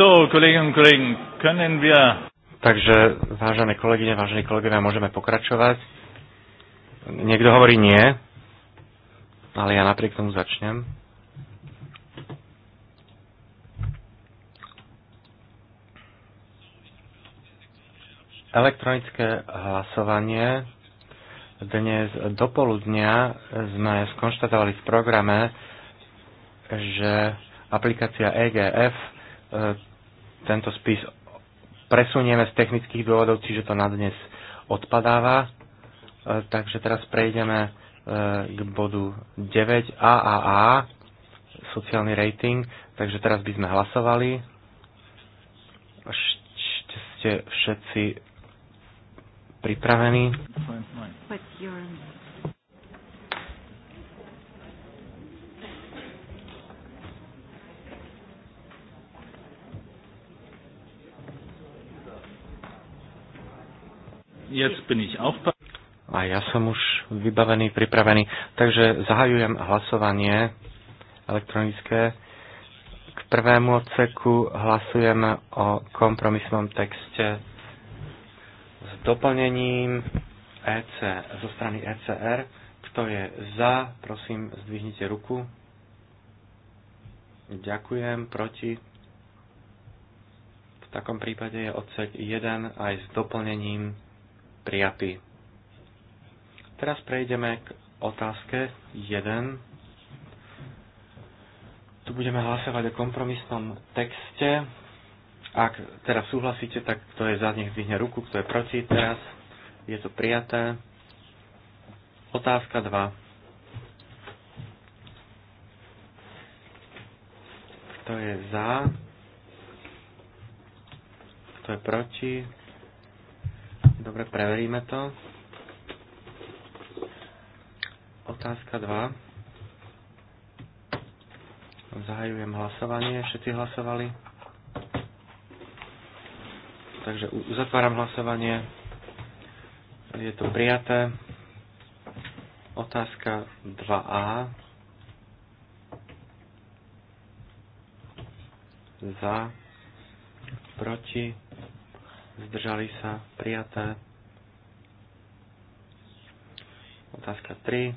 So, Kolleginnen und Kollegen, können wir... Takže, vážené kolegyne, vážení kolegovia, môžeme pokračovať. Niekto hovorí nie, ale ja napriek tomu začnem. Elektronické hlasovanie. Dnes do poludnia sme skonštatovali v programe, že aplikácia EGF e, tento spis presunieme z technických dôvodov, čiže to na dnes odpadáva. E, takže teraz prejdeme e, k bodu 9 AAA, sociálny rating. Takže teraz by sme hlasovali. Ešte ste všetci pripravení. A ja som už vybavený, pripravený. Takže zahajujem hlasovanie elektronické. K prvému odseku hlasujeme o kompromisnom texte s doplnením EC, zo strany ECR. Kto je za, prosím, zdvihnite ruku. Ďakujem. Proti? V takom prípade je odsek 1 aj s doplnením prijatý. Teraz prejdeme k otázke 1. Tu budeme hlasovať o kompromisnom texte. Ak teraz súhlasíte, tak kto je za, nech zvihne ruku, kto je proti teraz. Je to prijaté. Otázka 2. Kto je za? Kto je proti? Dobre, preveríme to. Otázka 2. Zahajujem hlasovanie. Všetci hlasovali? Takže uzatváram hlasovanie. Je to prijaté. Otázka 2a. Za, proti, zdržali sa, prijaté. Otázka 3.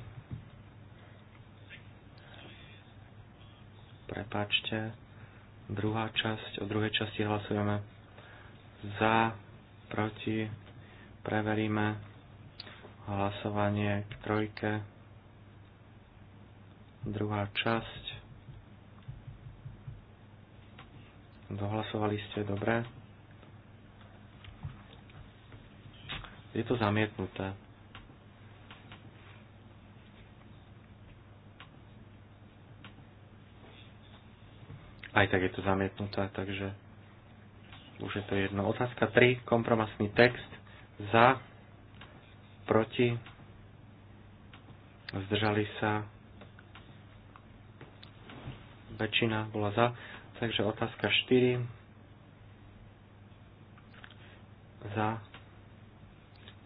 Prepačte. Druhá časť. O druhej časti hlasujeme za, proti. Preveríme hlasovanie k trojke. Druhá časť. Dohlasovali ste dobre. Je to zamietnuté. Aj tak je to zamietnuté, takže už je to jedno. Otázka 3. Kompromisný text za, proti, zdržali sa, väčšina bola za. Takže otázka 4. Za,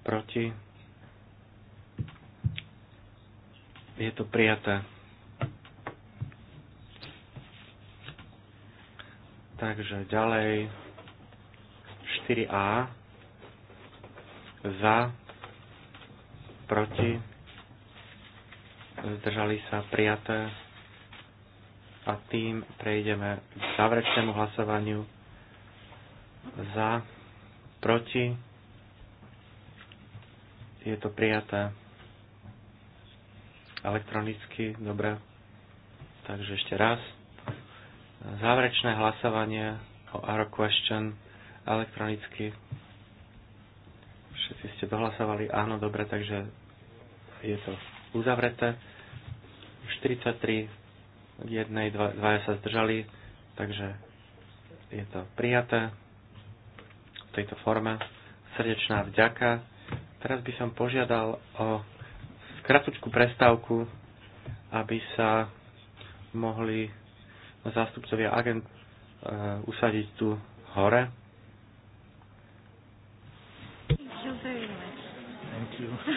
proti. Je to prijaté. Takže ďalej 4A za, proti, zdržali sa prijaté a tým prejdeme k záverečnému hlasovaniu za, proti, je to prijaté elektronicky, dobre. Takže ešte raz. Záverečné hlasovanie o aro Question elektronicky. Všetci ste dohlasovali, áno, dobre, takže je to uzavreté. 43 1, 2, 2 sa zdržali, takže je to prijaté v tejto forme. Srdečná vďaka Teraz by som požiadal o kratučku prestávku, aby sa mohli zástupcovia agent e, usadiť tu hore. Thank you very much. Thank you.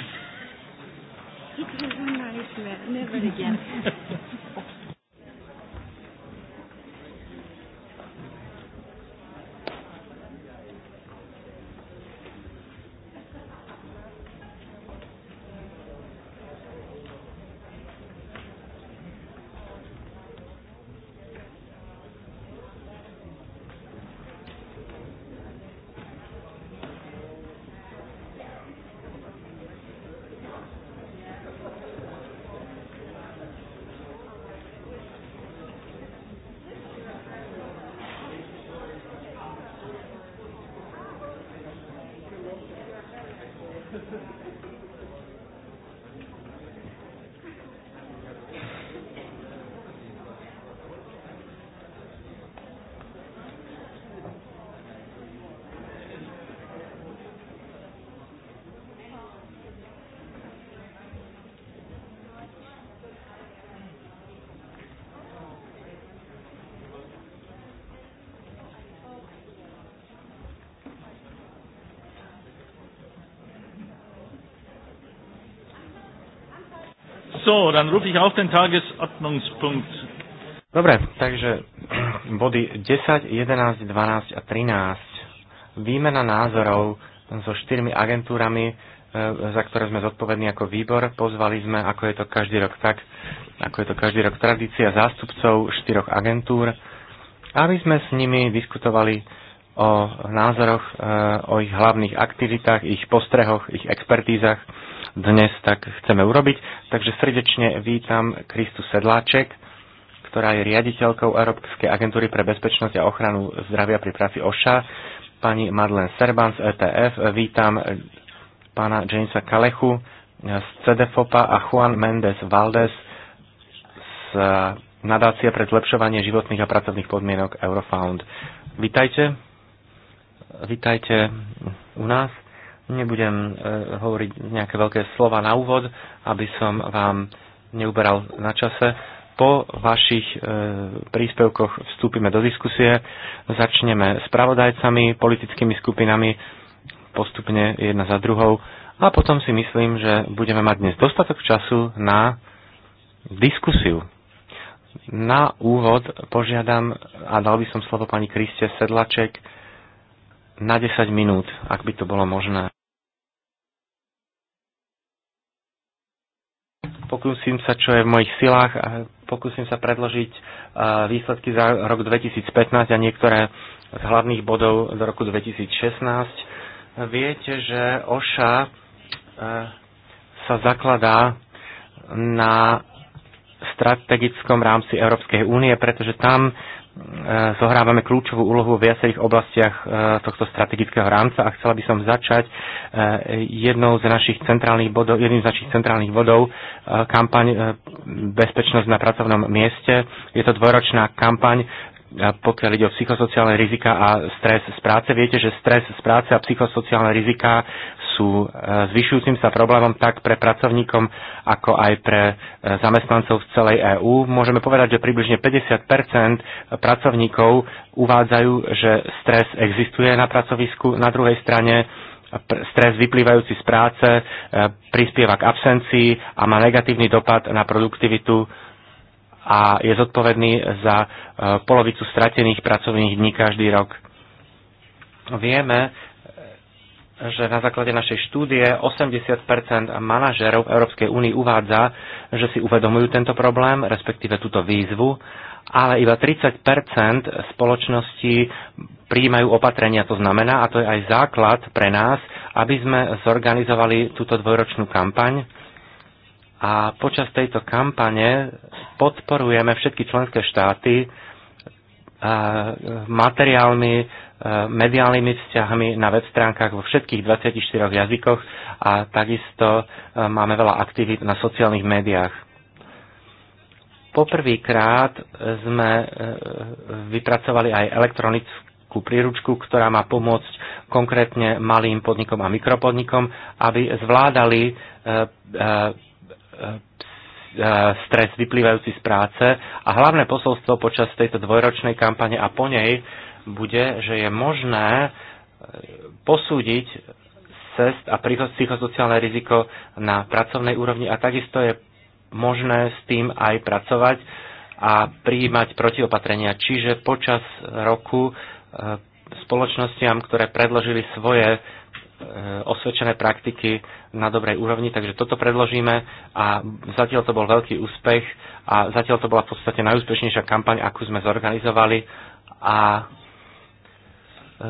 It was a nice never again. So, dann rufe ich auf den Tagesordnungspunkt. Dobre, takže body 10, 11, 12 a 13. Výmena názorov so štyrmi agentúrami, e, za ktoré sme zodpovední ako výbor. Pozvali sme, ako je to každý rok tak, ako je to každý rok tradícia zástupcov štyroch agentúr, aby sme s nimi diskutovali o názoroch, e, o ich hlavných aktivitách, ich postrehoch, ich expertízach dnes tak chceme urobiť. Takže srdečne vítam Kristu Sedláček, ktorá je riaditeľkou Európskej agentúry pre bezpečnosť a ochranu zdravia pri práci OŠA, pani Madeleine Serban z ETF, vítam pána Jamesa Kalechu z CDFOPA a Juan Mendes Valdez z nadácie pre zlepšovanie životných a pracovných podmienok Eurofound. Vítajte, vítajte u nás. Nebudem e, hovoriť nejaké veľké slova na úvod, aby som vám neuberal na čase. Po vašich e, príspevkoch vstúpime do diskusie, začneme s pravodajcami, politickými skupinami, postupne jedna za druhou a potom si myslím, že budeme mať dnes dostatok času na diskusiu. Na úvod požiadam a dal by som slovo pani Kriste Sedlaček na 10 minút, ak by to bolo možné. Pokúsim sa, čo je v mojich silách a pokúsim sa predložiť výsledky za rok 2015 a niektoré z hlavných bodov z roku 2016. Viete, že OŠA sa zakladá na strategickom rámci Európskej únie, pretože tam Eh, zohrávame kľúčovú úlohu v viacerých oblastiach eh, tohto strategického rámca a chcela by som začať eh, jednou z našich centrálnych bodov, jedným z našich centrálnych bodov kampaň Bezpečnosť na pracovnom mieste. Je to dvojročná kampaň, pokiaľ ide o psychosociálne rizika a stres z práce. Viete, že stres z práce a psychosociálne rizika sú e, zvyšujúcim sa problémom tak pre pracovníkom, ako aj pre e, zamestnancov z celej EÚ. Môžeme povedať, že približne 50 pracovníkov uvádzajú, že stres existuje na pracovisku. Na druhej strane e, stres vyplývajúci z práce prispieva k absencii a má negatívny dopad na produktivitu a je zodpovedný za polovicu stratených pracovných dní každý rok. Vieme, že na základe našej štúdie 80 manažerov Európskej únii uvádza, že si uvedomujú tento problém, respektíve túto výzvu, ale iba 30 spoločností príjmajú opatrenia. To znamená, a to je aj základ pre nás, aby sme zorganizovali túto dvojročnú kampaň. A počas tejto kampane podporujeme všetky členské štáty, E, materiálmi, e, mediálnymi vzťahmi na web stránkach vo všetkých 24 jazykoch a takisto e, máme veľa aktivít na sociálnych médiách. Poprvýkrát sme vypracovali aj elektronickú príručku, ktorá má pomôcť konkrétne malým podnikom a mikropodnikom, aby zvládali E, stres vyplývajúci z práce a hlavné posolstvo počas tejto dvojročnej kampane a po nej bude, že je možné e, posúdiť cest a psychosociálne riziko na pracovnej úrovni a takisto je možné s tým aj pracovať a prijímať protiopatrenia. Čiže počas roku e, spoločnostiam, ktoré predložili svoje Eh, osvedčené praktiky na dobrej úrovni, takže toto predložíme a zatiaľ to bol veľký úspech a zatiaľ to bola v podstate najúspešnejšia kampaň, akú sme zorganizovali a e,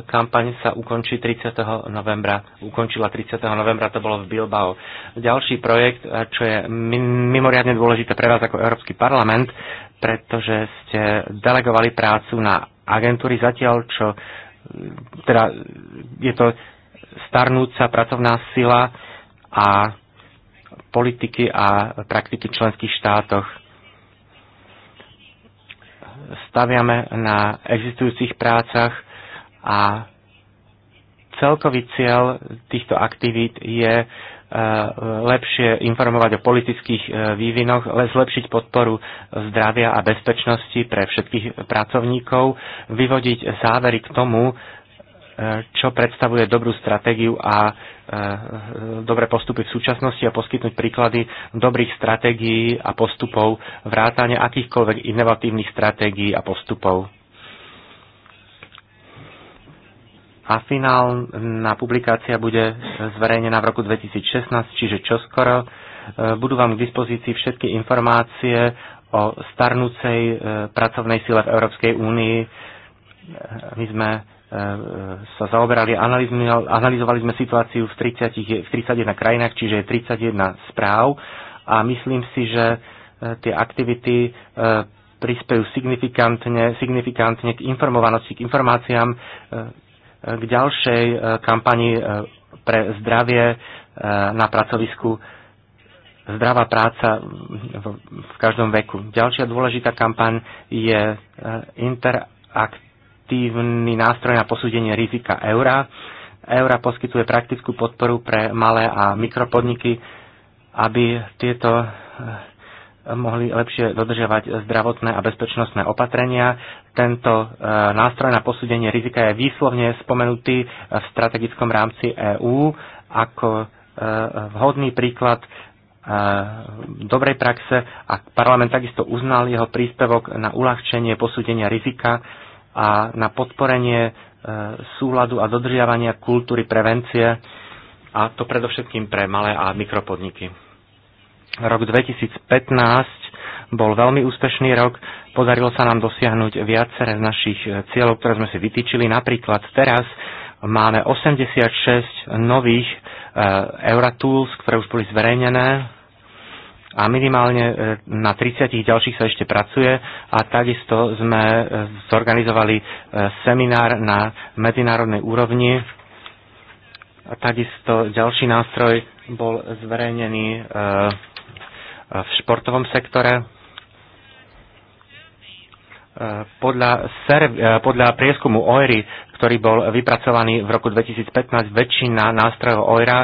kampaň sa ukončí 30. novembra. Ukončila 30. novembra, to bolo v Bilbao. Ďalší projekt, e, čo je mimoriadne dôležité pre vás ako Európsky parlament, pretože ste delegovali prácu na agentúry zatiaľ, čo e, teda je to starnúca pracovná sila a politiky a praktiky v členských štátoch. Staviame na existujúcich prácach a celkový cieľ týchto aktivít je e, lepšie informovať o politických e, vývinoch, zlepšiť podporu zdravia a bezpečnosti pre všetkých pracovníkov, vyvodiť závery k tomu, čo predstavuje dobrú stratégiu a e, dobré postupy v súčasnosti a poskytnúť príklady dobrých stratégií a postupov, vrátane akýchkoľvek inovatívnych stratégií a postupov. A finálna publikácia bude zverejnená v roku 2016, čiže čoskoro. E, budú vám k dispozícii všetky informácie o starnúcej e, pracovnej sile v Európskej únii. My sme E, e, sa zaoberali, analyzovali sme situáciu v, 30, v 31 krajinách, čiže je 31 správ a myslím si, že e, tie aktivity prispejú signifikantne, signifikantne k informovanosti, k informáciám, k ďalšej kampani pre zdravie na pracovisku zdravá práca v každom veku. Ďalšia dôležitá kampaň je interakt efektívny nástroj na posúdenie rizika eura. Eura poskytuje praktickú podporu pre malé a mikropodniky, aby tieto eh, mohli lepšie dodržiavať zdravotné a bezpečnostné opatrenia. Tento eh, nástroj na posúdenie rizika je výslovne spomenutý v strategickom rámci EÚ ako eh, vhodný príklad dobrej praxe a parlament takisto uznal jeho príspevok na uľahčenie posúdenia rizika a na podporenie e, súladu a dodržiavania kultúry prevencie a to predovšetkým pre malé a mikropodniky. Rok 2015 bol veľmi úspešný rok, podarilo sa nám dosiahnuť viacere z našich e, cieľov, ktoré sme si vytýčili. Napríklad teraz máme 86 nových e, Euratools, ktoré už boli zverejnené a minimálne e, na 30 ďalších sa ešte pracuje a takisto sme e, zorganizovali e, seminár na medzinárodnej úrovni. A takisto ďalší nástroj bol zverejnený v športovom sektore. Podľa, podľa prieskumu OERI, ktorý bol vypracovaný v roku 2015, väčšina nástrojov OERA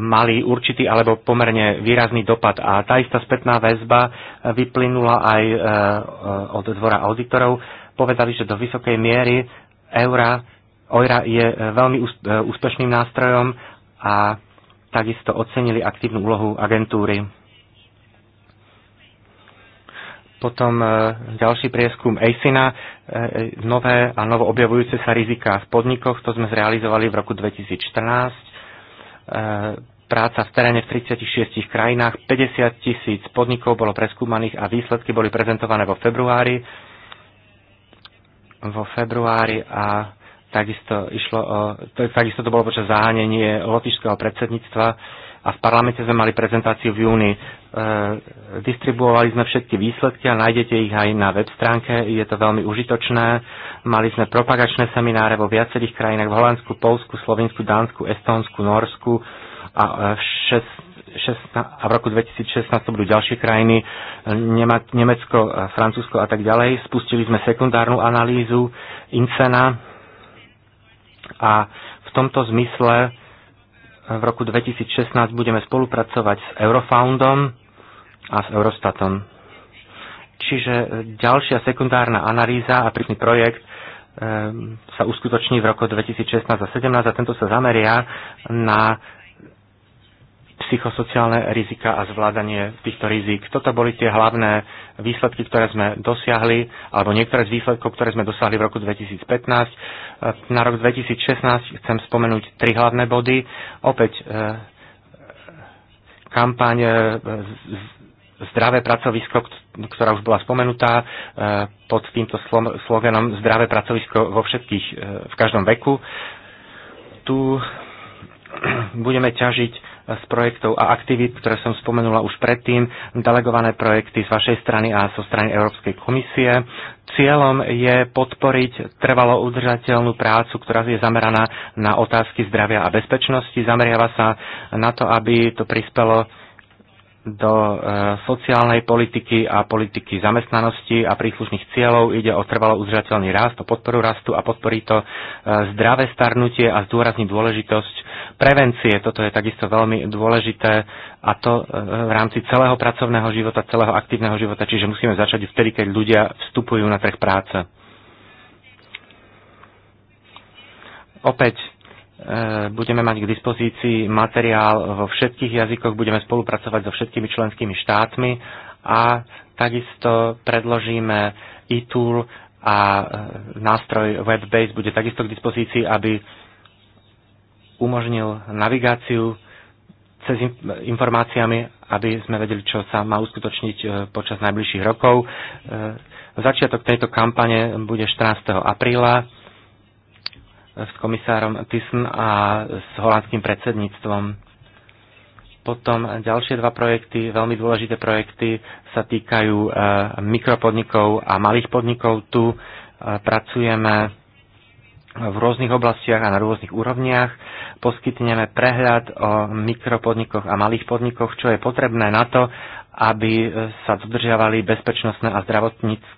mali určitý alebo pomerne výrazný dopad. A tá istá spätná väzba vyplynula aj e, e, od dvora auditorov. Povedali, že do vysokej miery eura, eura je e, veľmi úspešným nástrojom a takisto ocenili aktívnu úlohu agentúry. Potom ďalší prieskum ACINA, nové a novo objavujúce sa rizika v podnikoch, to sme zrealizovali v roku 2014 E, práca v teréne v 36 krajinách, 50 tisíc podnikov bolo preskúmaných a výsledky boli prezentované vo februári. Vo februári a takisto, išlo o, takisto to bolo počas zahánenie lotišského predsedníctva a v parlamente sme mali prezentáciu v júni. E, distribuovali sme všetky výsledky a nájdete ich aj na web stránke. Je to veľmi užitočné. Mali sme propagačné semináre vo viacerých krajinách v Holandsku, Polsku, Slovensku, Dánsku, Estónsku, Norsku a v, e, šest, a v roku 2016 to budú ďalšie krajiny, Nema, Nemecko, e, Francúzsko a tak ďalej. Spustili sme sekundárnu analýzu Incena a v tomto zmysle v roku 2016 budeme spolupracovať s Eurofoundom a s Eurostatom. Čiže e, ďalšia sekundárna analýza a prísny projekt e, sa uskutoční v roku 2016 a 2017 a tento sa zameria na psychosociálne rizika a zvládanie týchto rizik. Toto boli tie hlavné výsledky, ktoré sme dosiahli, alebo niektoré z výsledkov, ktoré sme dosiahli v roku 2015. Na rok 2016 chcem spomenúť tri hlavné body. Opäť e, kampaň e, Zdravé pracovisko, ktorá už bola spomenutá e, pod týmto sloganom Zdravé pracovisko vo všetkých, v každom veku. Tu budeme ťažiť z projektov a aktivít, ktoré som spomenula už predtým, delegované projekty z vašej strany a zo strany Európskej komisie. Cieľom je podporiť trvalo udržateľnú prácu, ktorá je zameraná na otázky zdravia a bezpečnosti. Zameriava sa na to, aby to prispelo do e, sociálnej politiky a politiky zamestnanosti a príslušných cieľov. Ide o trvalo udržateľný rast, o podporu rastu a podporí to e, zdravé starnutie a zdôrazní dôležitosť prevencie. Toto je takisto veľmi dôležité a to e, v rámci celého pracovného života, celého aktívneho života, čiže musíme začať vtedy, keď ľudia vstupujú na trh práce. Opäť Eh, budeme mať k dispozícii materiál vo všetkých jazykoch, budeme spolupracovať so všetkými členskými štátmi a takisto predložíme e-tool a eh, nástroj WebBase bude takisto k dispozícii, aby umožnil navigáciu cez informáciami, aby sme vedeli, čo sa má uskutočniť eh, počas najbližších rokov. Začiatok tejto kampane bude 14. apríla s komisárom Thyssen a s holandským predsedníctvom. Potom ďalšie dva projekty, veľmi dôležité projekty, sa týkajú e, mikropodnikov a malých podnikov. Tu e, pracujeme v rôznych oblastiach a na rôznych úrovniach. Poskytneme prehľad o mikropodnikoch a malých podnikoch, čo je potrebné na to, aby e, sa dodržiavali bezpečnostné a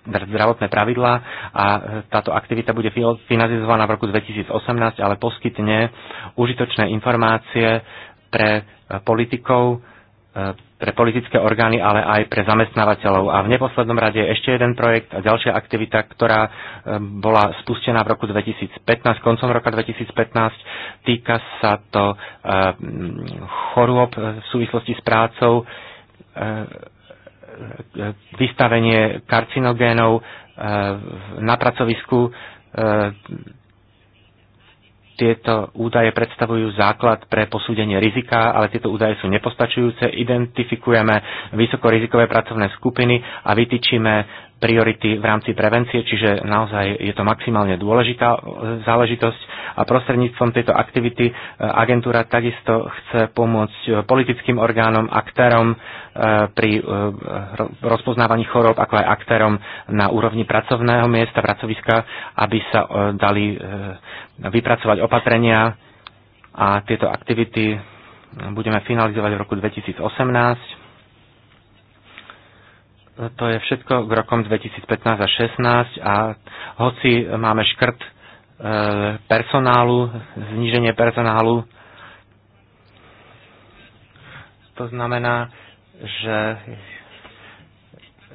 zdravotné pravidlá a e, táto aktivita bude finalizovaná v roku 2018, ale poskytne užitočné informácie pre e, politikov, pre politické orgány, ale aj pre zamestnávateľov. A v neposlednom rade je ešte jeden projekt a ďalšia aktivita, ktorá bola spustená v roku 2015, koncom roka 2015. Týka sa to chorôb v súvislosti s prácou, E, e, vystavenie karcinogénov e, na pracovisku. Tieto údaje predstavujú základ pre posúdenie rizika, ale tieto údaje sú nepostačujúce. Identifikujeme vysokorizikové pracovné skupiny a vytýčime priority v rámci prevencie, čiže naozaj je to maximálne dôležitá e, záležitosť a prostredníctvom tejto aktivity e, agentúra takisto chce pomôcť e, politickým orgánom, aktérom pri rozpoznávaní chorób, ako aj aktérom na úrovni pracovného miesta, pracoviska, aby sa dali vypracovať opatrenia a tieto aktivity budeme finalizovať v roku 2018 to je všetko k rokom 2015 a 2016 a hoci máme škrt e, personálu, zníženie personálu, to znamená, že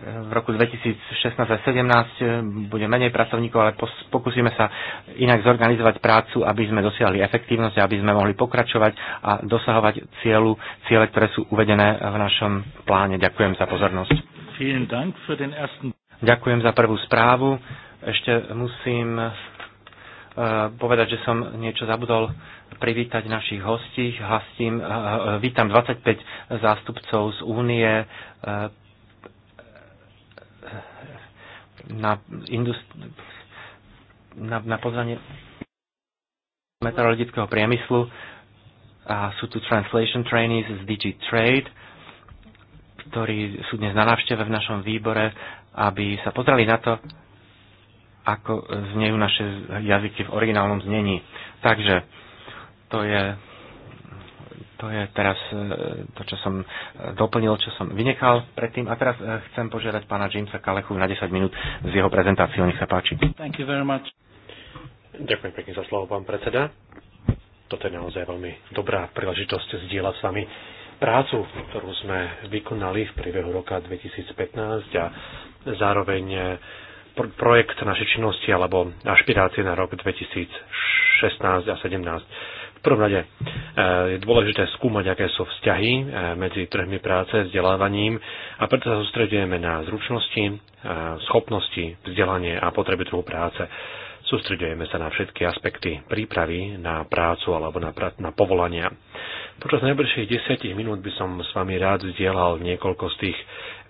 v roku 2016 a 2017 bude menej pracovníkov, ale pokúsime sa inak zorganizovať prácu, aby sme dosiahli efektívnosť, aby sme mohli pokračovať a dosahovať cieľu, ciele, ktoré sú uvedené v našom pláne. Ďakujem za pozornosť. Ďakujem za prvú správu. Ešte musím e, povedať, že som niečo zabudol privítať našich hostí. Hastím, e, e, vítam 25 zástupcov z únie na, indust- na, na pozvanie meteorologického priemyslu a sú tu translation trainees z DigiTrade. Trade ktorí sú dnes na návšteve v našom výbore, aby sa pozreli na to, ako znejú naše jazyky v originálnom znení. Takže to je, to je teraz e, to, čo som e, doplnil, čo som vynechal predtým. A teraz e, chcem požiadať pána Jamesa Kalechu na 10 minút z jeho prezentáciou. Nech sa páči. Thank you very much. Ďakujem pekne za slovo, pán predseda. Toto je naozaj veľmi dobrá príležitosť zdieľať s vami prácu, ktorú sme vykonali v priebehu roka 2015 a zároveň eh, projekt našej činnosti alebo ašpirácie na rok 2016 a 2017. V prvom rade eh, je dôležité skúmať, aké sú vzťahy eh, medzi trhmi práce, vzdelávaním a preto sa sústredujeme na zručnosti, schopnosti, vzdelanie a potreby trhu práce. Sústredujeme sa na všetky aspekty prípravy na prácu alebo na, pra- na povolania. Počas najbližších desiatich minút by som s vami rád vzdielal niekoľko z tých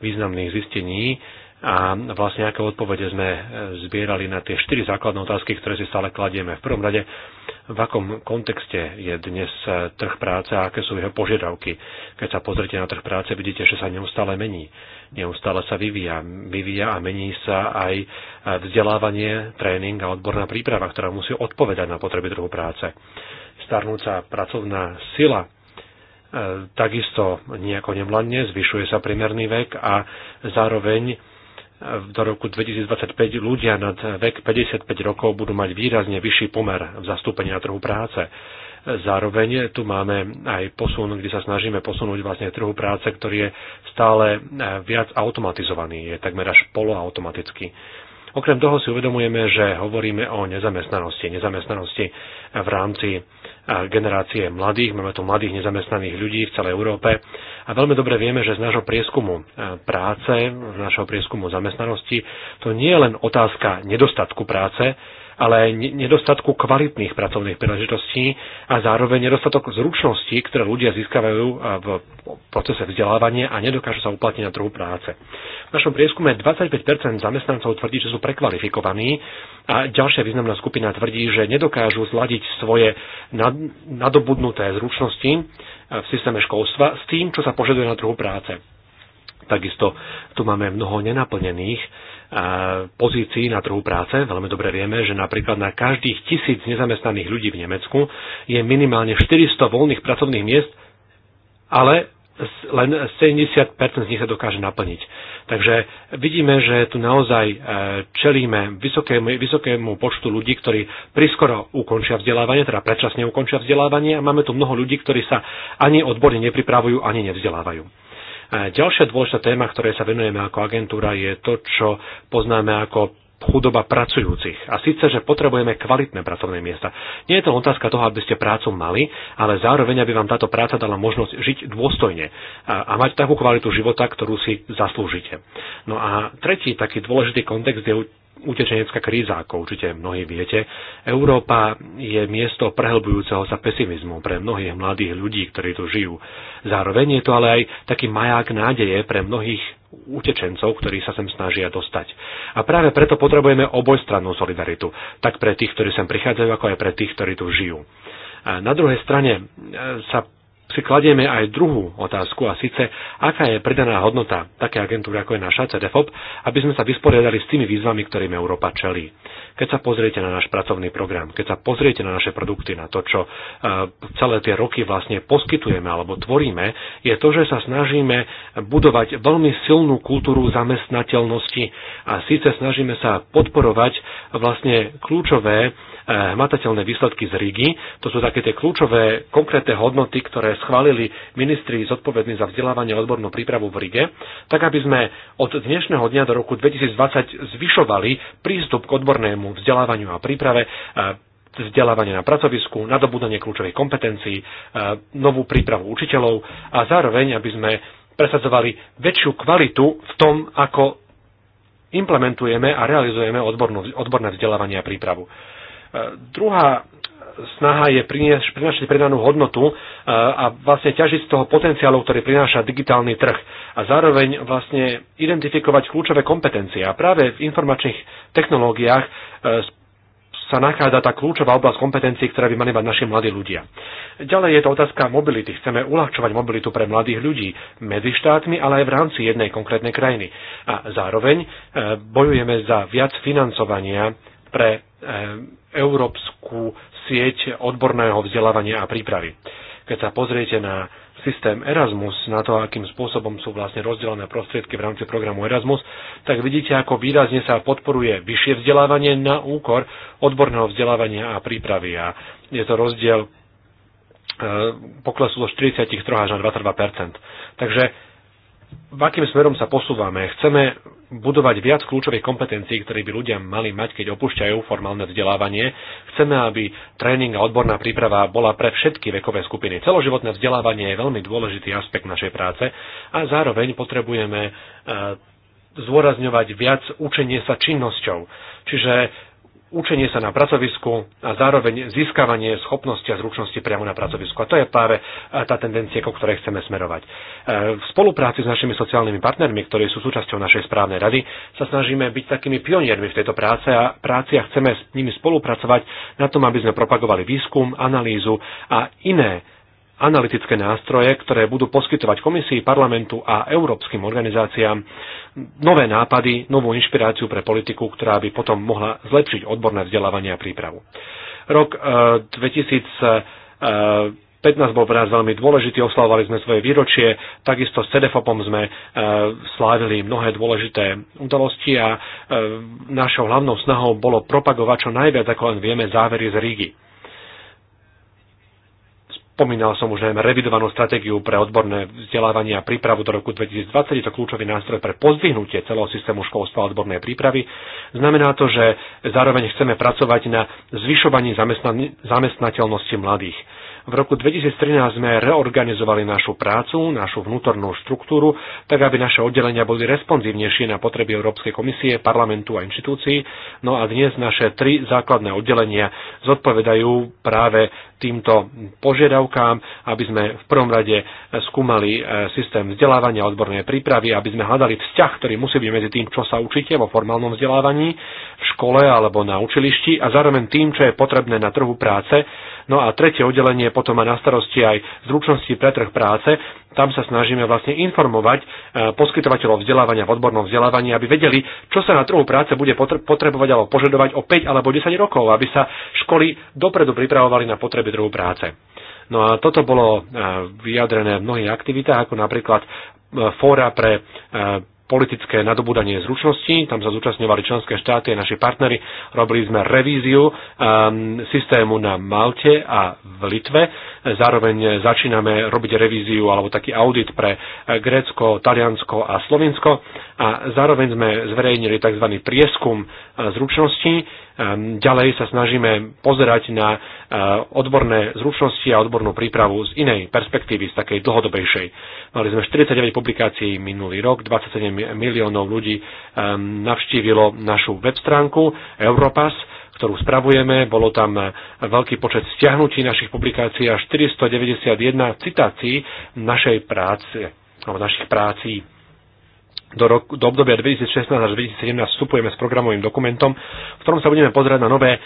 významných zistení a vlastne aké odpovede sme e, zbierali na tie štyri základné otázky, ktoré si stále kladieme. V prvom rade, v akom kontexte je dnes e, trh práce a aké sú jeho požiadavky. Keď sa pozrite na trh práce, vidíte, že sa neustále mení. Neustále sa vyvíja. Vyvíja a mení sa aj e, vzdelávanie, tréning a odborná príprava, ktorá musí odpovedať na potreby trhu práce starnúca pracovná sila e, takisto nejako nevladne, zvyšuje sa priemerný vek a zároveň e, do roku 2025 ľudia nad vek 55 rokov budú mať výrazne vyšší pomer v zastúpení na trhu práce. E, zároveň tu máme aj posun, kde sa snažíme posunúť vlastne trhu práce, ktorý je stále viac automatizovaný, je takmer až poloautomatický Okrem toho si uvedomujeme, že hovoríme o nezamestnanosti. Nezamestnanosti v rámci eh, generácie mladých. Máme tu mladých nezamestnaných ľudí v celej Európe a veľmi dobre vieme, že z nášho prieskumu eh, práce, z nášho prieskumu zamestnanosti, to nie je len otázka nedostatku práce, ale aj nedostatku kvalitných pracovných príležitostí a zároveň nedostatok zručností, ktoré ľudia získavajú v procese vzdelávania a nedokážu sa uplatniť na trhu práce. V našom prieskume 25 zamestnancov tvrdí, že sú prekvalifikovaní a ďalšia významná skupina tvrdí, že nedokážu zladiť svoje nadobudnuté zručnosti v systéme školstva s tým, čo sa požaduje na trhu práce. Takisto tu máme mnoho nenaplnených pozícií na trhu práce. Veľmi dobre vieme, že napríklad na každých tisíc nezamestnaných ľudí v Nemecku je minimálne 400 voľných pracovných miest, ale len 70% z nich sa dokáže naplniť. Takže vidíme, že tu naozaj e, čelíme vysokému, vysokému počtu ľudí, ktorí priskoro ukončia vzdelávanie, teda predčasne ukončia vzdelávanie a máme tu mnoho ľudí, ktorí sa ani odborne nepripravujú, ani nevzdelávajú. Ďalšia dôležitá téma, ktorej sa venujeme ako agentúra, je to, čo poznáme ako chudoba pracujúcich. A síce, že potrebujeme kvalitné pracovné miesta. Nie je to otázka toho, aby ste prácu mali, ale zároveň, aby vám táto práca dala možnosť žiť dôstojne a, a mať takú kvalitu života, ktorú si zaslúžite. No a tretí taký dôležitý kontext je utečenecká kríza, ako určite mnohí viete. Európa je miesto prehlbujúceho sa pesimizmu pre mnohých mladých ľudí, ktorí tu žijú. Zároveň je to ale aj taký maják nádeje pre mnohých utečencov, ktorí sa sem snažia dostať. A práve preto potrebujeme obojstrannú solidaritu, tak pre tých, ktorí sem prichádzajú, ako aj pre tých, ktorí tu žijú. A na druhej strane e, sa si kladieme aj druhú otázku a síce, aká je predaná hodnota také agentúry, ako je naša CDFOP, aby sme sa vysporiadali s tými výzvami, ktorým Európa čelí. Keď sa pozriete na náš pracovný program, keď sa pozriete na naše produkty, na to, čo e, celé tie roky vlastne poskytujeme alebo tvoríme, je to, že sa snažíme budovať veľmi silnú kultúru zamestnateľnosti a síce snažíme sa podporovať vlastne kľúčové e, hmatateľné výsledky z Rigi. To sú také tie kľúčové konkrétne hodnoty, ktoré schválili ministri zodpovední za vzdelávanie a odbornú prípravu v Rige, tak aby sme od dnešného dňa do roku 2020 zvyšovali prístup k odbornému tomu vzdelávaniu a príprave, e, vzdelávanie na pracovisku, nadobúdanie kľúčových kompetencií, e, novú prípravu učiteľov a zároveň, aby sme presadzovali väčšiu kvalitu v tom, ako implementujeme a realizujeme odbornú, odborné vzdelávanie a prípravu. E, druhá snaha je priniesť, prinašať pridanú hodnotu e, a vlastne ťažiť z toho potenciálu, ktorý prináša digitálny trh a zároveň vlastne identifikovať kľúčové kompetencie. A práve v informačných technológiách e, sa nachádza tá kľúčová oblasť kompetencií, ktorá by mali mať naši mladí ľudia. Ďalej je to otázka mobility. Chceme uľahčovať mobilitu pre mladých ľudí medzi štátmi, ale aj v rámci jednej konkrétnej krajiny. A zároveň e, bojujeme za viac financovania pre európsku sieť odborného vzdelávania a prípravy. Keď sa pozriete na systém Erasmus, na to, akým spôsobom sú vlastne rozdelené prostriedky v rámci programu Erasmus, tak vidíte, ako výrazne sa podporuje vyššie vzdelávanie na úkor odborného vzdelávania a prípravy. A je to rozdiel e, poklesu zo 43 až na 22 Takže v akým smerom sa posúvame. Chceme budovať viac kľúčových kompetencií, ktoré by ľudia mali mať, keď opúšťajú formálne vzdelávanie. Chceme, aby tréning a odborná príprava bola pre všetky vekové skupiny. Celoživotné vzdelávanie je veľmi dôležitý aspekt našej práce a zároveň potrebujeme eh, zdôrazňovať viac učenie sa činnosťou. Čiže učenie sa na pracovisku a zároveň získavanie schopnosti a zručnosti priamo na pracovisku. A to je práve e, tá tendencia, ko ktorej chceme smerovať. E, v spolupráci s našimi sociálnymi partnermi, ktorí sú súčasťou našej správnej rady, sa snažíme byť takými pioniermi v tejto práce a práci a chceme s nimi spolupracovať na tom, aby sme propagovali výskum, analýzu a iné analytické nástroje, ktoré budú poskytovať komisii, parlamentu a európskym organizáciám nové nápady, novú inšpiráciu pre politiku, ktorá by potom mohla zlepšiť odborné vzdelávanie a prípravu. Rok 2000 e, 15 bol pre nás veľmi dôležitý, oslavovali sme svoje výročie, takisto s CDFOPom sme e, slávili mnohé dôležité udalosti a e, našou hlavnou snahou bolo propagovať čo najviac, ako len vieme, závery z Rígy. Pomínal som už najmä revidovanú stratégiu pre odborné vzdelávanie a prípravu do roku 2020. Je to kľúčový nástroj pre pozdvihnutie celého systému školstva a odbornej prípravy. Znamená to, že zároveň chceme pracovať na zvyšovaní zamestnateľnosti mladých. V roku 2013 sme reorganizovali našu prácu, našu vnútornú štruktúru, tak aby naše oddelenia boli responsívnejšie na potreby Európskej komisie, parlamentu a inštitúcií. No a dnes naše tri základné oddelenia zodpovedajú práve týmto požiadavkám, aby sme v prvom rade skúmali e, systém vzdelávania, odbornej prípravy, aby sme hľadali vzťah, ktorý musí byť medzi tým, čo sa učíte vo formálnom vzdelávaní, v škole alebo na učilišti a zároveň tým, čo je potrebné na trhu práce, No a tretie oddelenie potom má na starosti aj zručnosti pre trh práce. Tam sa snažíme vlastne informovať e, poskytovateľov vzdelávania v odbornom vzdelávaní, aby vedeli, čo sa na trhu práce bude potrebovať alebo požadovať o 5 alebo 10 rokov, aby sa školy dopredu pripravovali na potreby trhu práce. No a toto bolo e, vyjadrené v mnohých aktivitách, ako napríklad e, fóra pre politické nadobúdanie zručností, tam sa zúčastňovali členské štáty a naši partnery. Robili sme revíziu um, systému na Malte a v Litve Zároveň začíname robiť revíziu alebo taký audit pre eh, Grécko, Taliansko a Slovinsko a zároveň sme zverejnili tzv. prieskum eh, zručností. Ehm, ďalej sa snažíme pozerať na eh, odborné zručnosti a odbornú prípravu z inej perspektívy, z takej dlhodobejšej. Mali sme 49 publikácií minulý rok, 27 miliónov ľudí ehm, navštívilo našu web stránku Europass ktorú spravujeme. Bolo tam e, veľký počet stiahnutí našich publikácií a 491 citácií našej práce, alebo našich prácí do, roku, do obdobia 2016 až 2017 vstupujeme s programovým dokumentom, v ktorom sa budeme pozerať na nové eh,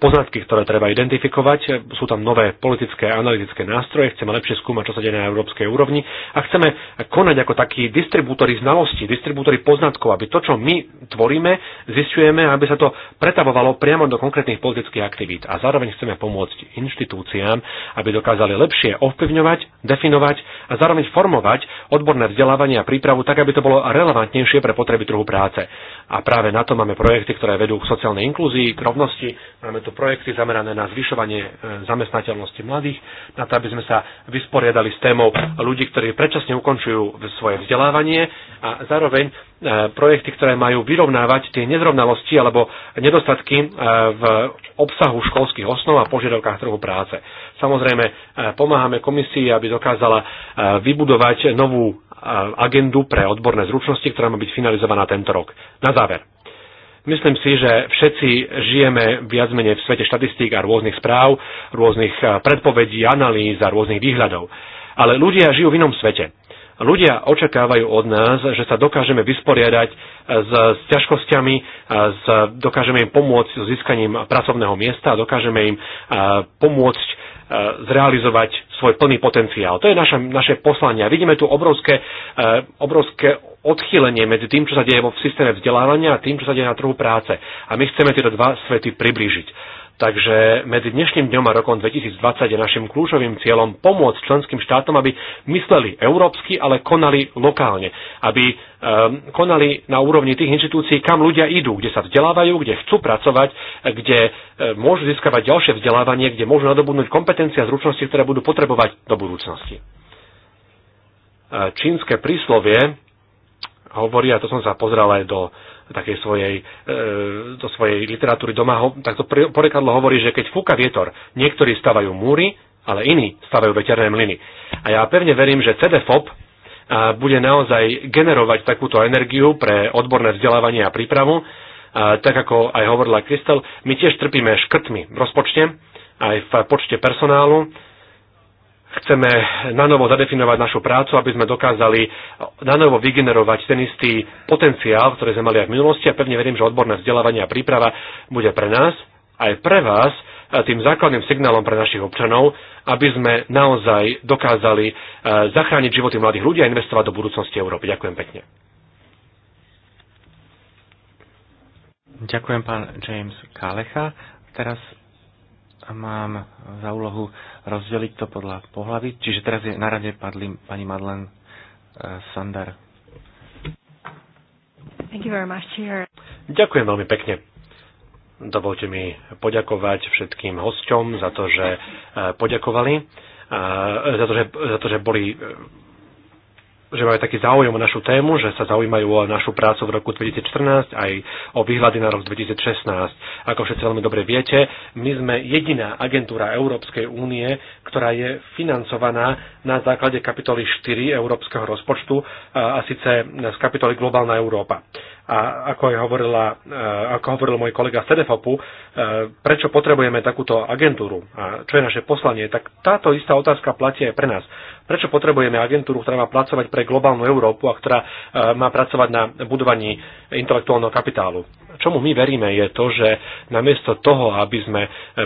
poznatky, ktoré treba identifikovať. Sú tam nové politické a analytické nástroje, chceme lepšie skúmať, čo sa deje na európskej úrovni a chceme konať ako takí distribútory znalostí, distribútory poznatkov, aby to, čo my tvoríme, zistujeme, aby sa to pretavovalo priamo do konkrétnych politických aktivít. A zároveň chceme pomôcť inštitúciám, aby dokázali lepšie ovplyvňovať, definovať a zároveň formovať odborné vzdelávanie a prípravu tak, aby to bolo relevantnejšie pre potreby trhu práce. A práve na to máme projekty, ktoré vedú k sociálnej inklúzii, k rovnosti. Máme tu projekty zamerané na zvyšovanie e, zamestnateľnosti mladých, na to, aby sme sa vysporiadali s témou ľudí, ktorí predčasne ukončujú svoje vzdelávanie a zároveň e, projekty, ktoré majú vyrovnávať tie nezrovnalosti alebo nedostatky e, v obsahu školských osnov a požiadavkách trhu práce. Samozrejme, pomáhame komisii, aby dokázala vybudovať novú Eh, agendu pre odborné zručnosti, ktorá má byť finalizovaná tento rok. Na záver. Myslím si, že všetci žijeme viac menej v svete štatistík a rôznych správ, rôznych eh, predpovedí, analýz a rôznych výhľadov. Ale ľudia žijú v inom svete. Ľudia očakávajú od nás, že sa dokážeme vysporiadať eh, s, s ťažkosťami, s, dokážeme im pomôcť s získaním pracovného miesta, dokážeme im pomôcť Eh, zrealizovať svoj plný potenciál. To je naše, naše poslanie. Vidíme tu obrovské, eh, obrovské odchýlenie medzi tým, čo sa deje vo systéme vzdelávania a tým, čo sa deje na trhu práce. A my chceme tieto dva svety priblížiť. Takže medzi dnešným dňom a rokom 2020 je našim kľúčovým cieľom pomôcť členským štátom, aby mysleli európsky, ale konali lokálne. Aby um, konali na úrovni tých inštitúcií, kam ľudia idú, kde sa vzdelávajú, kde chcú pracovať, kde um, môžu získavať ďalšie vzdelávanie, kde môžu nadobudnúť kompetencie a zručnosti, ktoré budú potrebovať do budúcnosti. E, čínske príslovie hovorí, a to som sa pozrel aj do takej svojej, e, do svojej literatúry doma, to porekadlo hovorí, že keď fúka vietor, niektorí stavajú múry, ale iní stavajú veterné mlyny. A ja pevne verím, že CDFOP e, bude naozaj generovať takúto energiu pre odborné vzdelávanie a prípravu. A e, tak ako aj hovorila Kristel, my tiež trpíme škrtmi v rozpočte, aj v počte personálu chceme nanovo zadefinovať našu prácu, aby sme dokázali nanovo vygenerovať ten istý potenciál, ktorý sme mali aj v minulosti a pevne verím, že odborné vzdelávanie a príprava bude pre nás aj pre vás tým základným signálom pre našich občanov, aby sme naozaj dokázali eh, zachrániť životy mladých ľudí a investovať do budúcnosti Európy. Ďakujem pekne. Ďakujem pán James Kalecha. Teraz mám za úlohu rozdeliť to podľa pohlavy. Čiže teraz je na rade padli pani Madlen eh, Sandar. Thank you very much, Chair. Ďakujem veľmi pekne. Dovolte mi poďakovať všetkým hosťom za to, že eh, poďakovali, eh, za to, že, za to, že boli že majú taký záujem o našu tému, že sa zaujímajú o našu prácu v roku 2014 aj o výhľady na rok 2016. Ako všetci veľmi dobre viete, my sme jediná agentúra Európskej únie, ktorá je financovaná na základe kapitoly 4 Európskeho rozpočtu a síce z kapitoly Globálna Európa a ako, aj hovorila, e, ako hovoril môj kolega Sedefapu, e, prečo potrebujeme takúto agentúru a čo je naše poslanie, tak táto istá otázka platí aj pre nás. Prečo potrebujeme agentúru, ktorá má pracovať pre globálnu Európu a ktorá e, má pracovať na budovaní intelektuálneho kapitálu? čomu my veríme, je to, že namiesto toho, aby sme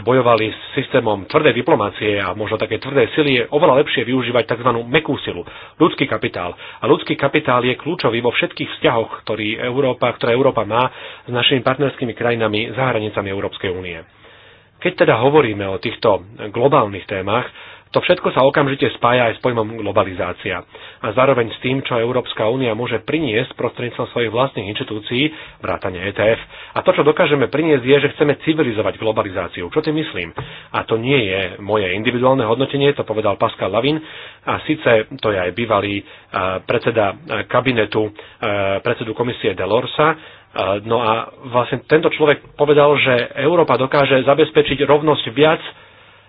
bojovali s systémom tvrdej diplomácie a možno také tvrdé sily, je oveľa lepšie využívať tzv. mekú silu, ľudský kapitál. A ľudský kapitál je kľúčový vo všetkých vzťahoch, ktorý Európa, ktoré Európa má s našimi partnerskými krajinami za hranicami Európskej únie. Keď teda hovoríme o týchto globálnych témach, to všetko sa okamžite spája aj s pojmom globalizácia a zároveň s tým, čo Európska únia môže priniesť prostredníctvom svojich vlastných inštitúcií, vrátane ETF. A to, čo dokážeme priniesť, je, že chceme civilizovať globalizáciu. Čo tým myslím? A to nie je moje individuálne hodnotenie, to povedal Pascal Lavin, a síce to je aj bývalý e, predseda e, kabinetu, e, predsedu komisie Delorsa, No a vlastne tento človek povedal, že Európa dokáže zabezpečiť rovnosť viac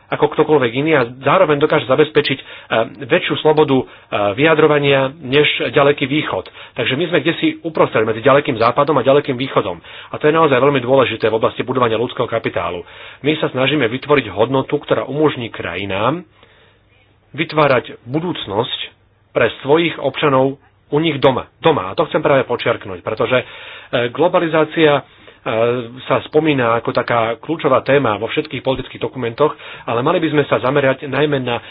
ako ktokoľvek iný a zároveň dokáže zabezpečiť eh, väčšiu slobodu eh, vyjadrovania než ďaleký východ. Takže my sme kde si uprostred medzi ďalekým západom a ďalekým východom. A to je naozaj veľmi dôležité v oblasti budovania ľudského kapitálu. My sa snažíme vytvoriť hodnotu, ktorá umožní krajinám vytvárať budúcnosť pre svojich občanov u nich doma. Doma. A to chcem práve počerknúť, pretože eh, globalizácia sa spomína ako taká kľúčová téma vo všetkých politických dokumentoch, ale mali by sme sa zamerať najmä na e,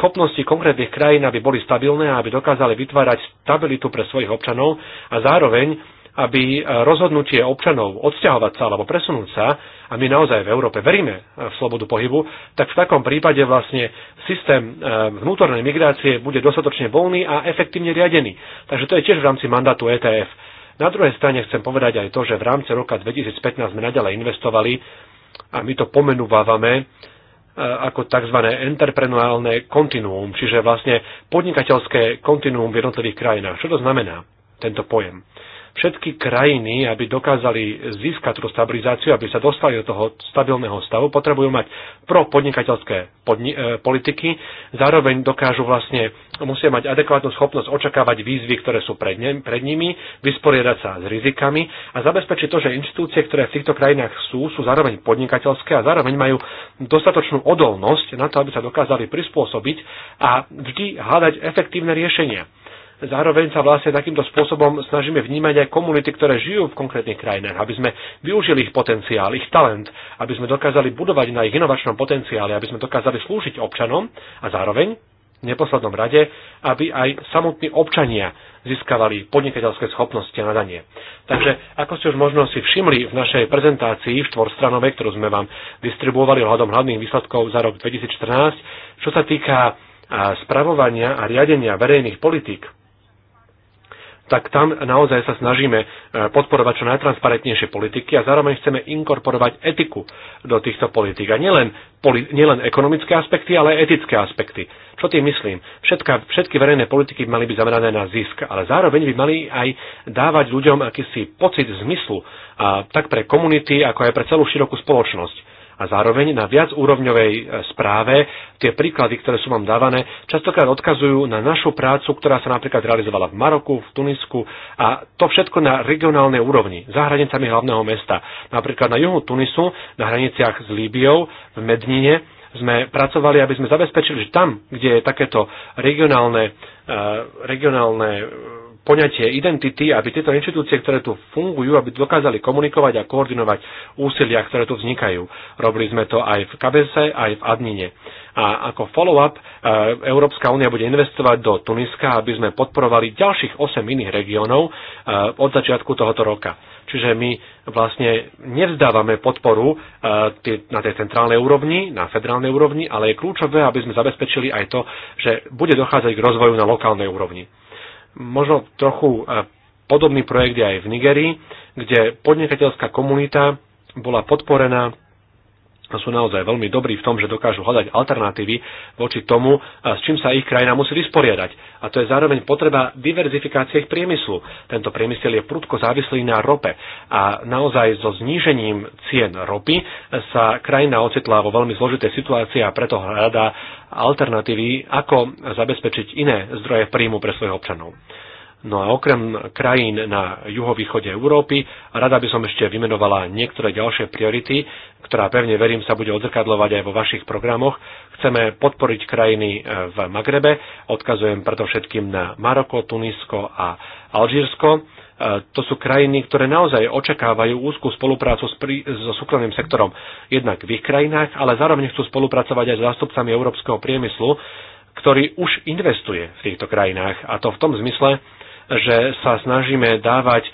schopnosti konkrétnych krajín, aby boli stabilné a aby dokázali vytvárať stabilitu pre svojich občanov a zároveň aby e, rozhodnutie občanov odsťahovať sa alebo presunúť sa, a my naozaj v Európe veríme e, v slobodu pohybu, tak v takom prípade vlastne systém vnútornej migrácie bude dostatočne voľný a efektívne riadený. Takže to je tiež v rámci mandátu ETF. Na druhej strane chcem povedať aj to, že v rámci roka 2015 sme naďalej investovali a my to pomenúvávame e, ako tzv. entrepreneurálne kontinuum, čiže vlastne podnikateľské kontinuum v jednotlivých krajinách. Čo to znamená, tento pojem? všetky krajiny, aby dokázali získať tú stabilizáciu, aby sa dostali do toho stabilného stavu, potrebujú mať propodnikateľské podni- e, politiky, zároveň dokážu vlastne, musia mať adekvátnu schopnosť očakávať výzvy, ktoré sú pred, ne- pred nimi, vysporiadať sa s rizikami a zabezpečiť to, že inštitúcie, ktoré v týchto krajinách sú, sú zároveň podnikateľské a zároveň majú dostatočnú odolnosť na to, aby sa dokázali prispôsobiť a vždy hľadať efektívne riešenia zároveň sa vlastne takýmto spôsobom snažíme vnímať aj komunity, ktoré žijú v konkrétnych krajinách, aby sme využili ich potenciál, ich talent, aby sme dokázali budovať na ich inovačnom potenciále, aby sme dokázali slúžiť občanom a zároveň v neposlednom rade, aby aj samotní občania získavali podnikateľské schopnosti a nadanie. Takže, ako ste už možno si všimli v našej prezentácii v štvorstranove, ktorú sme vám distribuovali hľadom hlavných výsledkov za rok 2014, čo sa týka spravovania a riadenia verejných politík, tak tam naozaj sa snažíme e, podporovať čo najtransparentnejšie politiky a zároveň chceme inkorporovať etiku do týchto politik. A nielen, poli, nielen ekonomické aspekty, ale aj etické aspekty. Čo tým myslím? Všetka, všetky verejné politiky by mali byť zamerané na zisk, ale zároveň by mali aj dávať ľuďom akýsi pocit zmyslu, a tak pre komunity, ako aj pre celú širokú spoločnosť a zároveň na viac úrovňovej e, správe tie príklady, ktoré sú vám dávané, častokrát odkazujú na našu prácu, ktorá sa napríklad realizovala v Maroku, v Tunisku a to všetko na regionálnej úrovni, za hranicami hlavného mesta. Napríklad na juhu Tunisu, na hraniciach s Líbiou, v Mednine, sme pracovali, aby sme zabezpečili, že tam, kde je takéto regionálne, e, regionálne poňatie identity, aby tieto inštitúcie, ktoré tu fungujú, aby dokázali komunikovať a koordinovať úsilia, ktoré tu vznikajú. Robili sme to aj v Kabese, aj v Adnine. A ako follow-up e, Európska únia bude investovať do Tuniska, aby sme podporovali ďalších 8 iných regiónov e, od začiatku tohoto roka. Čiže my vlastne nevzdávame podporu e, na tej centrálnej úrovni, na federálnej úrovni, ale je kľúčové, aby sme zabezpečili aj to, že bude dochádzať k rozvoju na lokálnej úrovni možno trochu e, podobný projekt je aj v Nigerii, kde podnikateľská komunita bola podporená sú naozaj veľmi dobrí v tom, že dokážu hľadať alternatívy voči tomu, s čím sa ich krajina musí vysporiadať. A to je zároveň potreba diverzifikácie ich priemyslu. Tento priemysel je prudko závislý na rope a naozaj so znížením cien ropy sa krajina ocitla vo veľmi zložitej situácii a preto hľadá alternatívy, ako zabezpečiť iné zdroje príjmu pre svojich občanov. No a okrem krajín na juhovýchode Európy, rada by som ešte vymenovala niektoré ďalšie priority, ktorá pevne verím sa bude odzrkadlovať aj vo vašich programoch. Chceme podporiť krajiny e, v Magrebe, odkazujem predovšetkým na Maroko, Tunisko a Alžírsko. E, to sú krajiny, ktoré naozaj očakávajú úzkú spoluprácu s prí, so súkromným sektorom jednak v ich krajinách, ale zároveň chcú spolupracovať aj s zástupcami európskeho priemyslu, ktorý už investuje v týchto krajinách. A to v tom zmysle, že sa snažíme dávať e,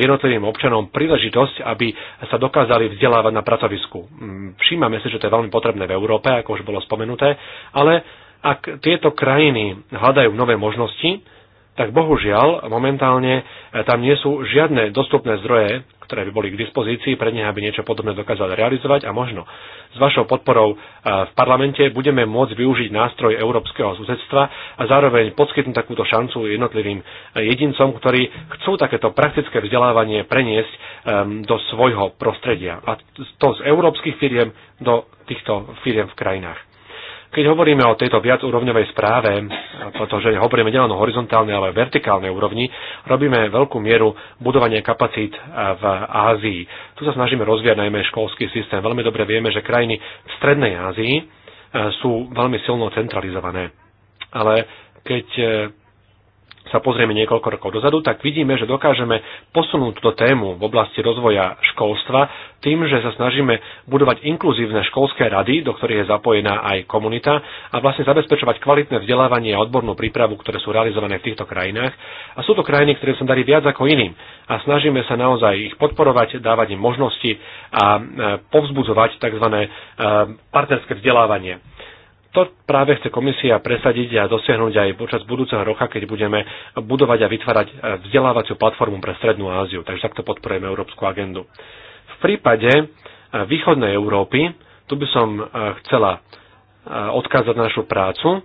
jednotlivým občanom príležitosť, aby sa dokázali vzdelávať na pracovisku. Mm, všímame si, že to je veľmi potrebné v Európe, ako už bolo spomenuté, ale ak tieto krajiny hľadajú nové možnosti, tak bohužiaľ momentálne e, tam nie sú žiadne dostupné zdroje, ktoré by boli k dispozícii pre nich, aby niečo podobné dokázali realizovať a možno s vašou podporou e, v parlamente budeme môcť využiť nástroj európskeho susedstva a zároveň poskytnúť takúto šancu jednotlivým e, jedincom, ktorí chcú takéto praktické vzdelávanie preniesť do svojho prostredia a to z európskych firiem do týchto firiem v krajinách. Keď hovoríme o tejto viacúrovňovej správe, pretože hovoríme nielen o horizontálnej, ale aj vertikálnej úrovni, robíme veľkú mieru budovania kapacít v Ázii. Tu sa snažíme rozvíjať najmä školský systém. Veľmi dobre vieme, že krajiny v Strednej Ázii eh, sú veľmi silno centralizované. Ale keď eh, sa pozrieme niekoľko rokov dozadu, tak vidíme, že dokážeme posunúť túto tému v oblasti rozvoja školstva tým, že sa snažíme budovať inkluzívne školské rady, do ktorých je zapojená aj komunita a vlastne zabezpečovať kvalitné vzdelávanie a odbornú prípravu, ktoré sú realizované v týchto krajinách. A sú to krajiny, ktoré sa darí viac ako iným a snažíme sa naozaj ich podporovať, dávať im možnosti a e, povzbudzovať tzv. E, partnerské vzdelávanie to práve chce komisia presadiť a dosiahnuť aj počas budúceho roka, keď budeme budovať a vytvárať e, vzdelávaciu platformu pre Strednú Áziu. Takže takto podporujeme európsku agendu. V prípade e, východnej Európy, tu by som e, chcela odkázať našu prácu,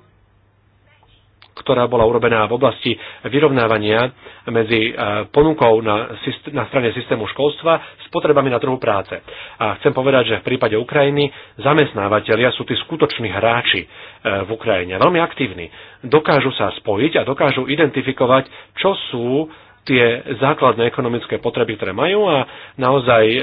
ktorá bola urobená v oblasti vyrovnávania medzi e, ponukou na, na strane systému školstva s potrebami na trhu práce. A chcem povedať, že v prípade Ukrajiny zamestnávateľia sú tí skutoční hráči e, v Ukrajine, veľmi aktívni. Dokážu sa spojiť a dokážu identifikovať, čo sú tie základné ekonomické potreby, ktoré majú a naozaj e,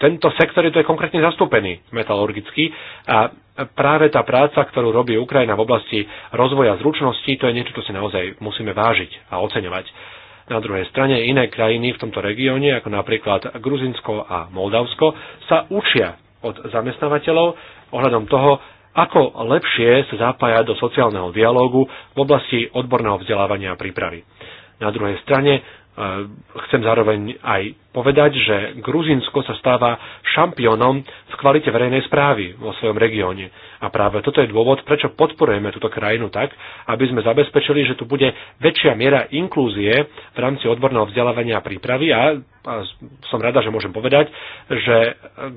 tento sektor je to je konkrétne zastúpený metalurgicky. a práve tá práca, ktorú robí Ukrajina v oblasti rozvoja zručností, to je niečo, čo si naozaj musíme vážiť a oceňovať. Na druhej strane iné krajiny v tomto regióne, ako napríklad Gruzinsko a Moldavsko, sa učia od zamestnávateľov ohľadom toho, ako lepšie sa zapájať do sociálneho dialógu v oblasti odborného vzdelávania a prípravy. Na druhej strane Eh, chcem zároveň aj povedať, že Gruzinsko sa stáva šampiónom v kvalite verejnej správy vo svojom regióne. A práve toto je dôvod, prečo podporujeme túto krajinu tak, aby sme zabezpečili, že tu bude väčšia miera inklúzie v rámci odborného vzdelávania a prípravy a, a som rada, že môžem povedať, že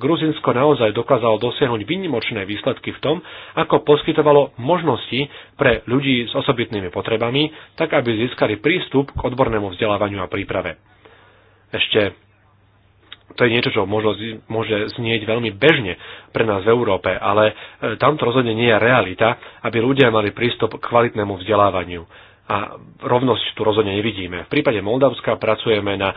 Gruzinsko naozaj dokázalo dosiahnuť výnimočné výsledky v tom, ako poskytovalo možnosti pre ľudí s osobitnými potrebami, tak aby získali prístup k odbornému vzdelávaniu a príprave. Ešte to je niečo, čo môže, môže znieť veľmi bežne pre nás v Európe, ale e, tamto rozhodne nie je realita, aby ľudia mali prístup k kvalitnému vzdelávaniu. A rovnosť tu rozhodne nevidíme. V prípade Moldavska pracujeme na e,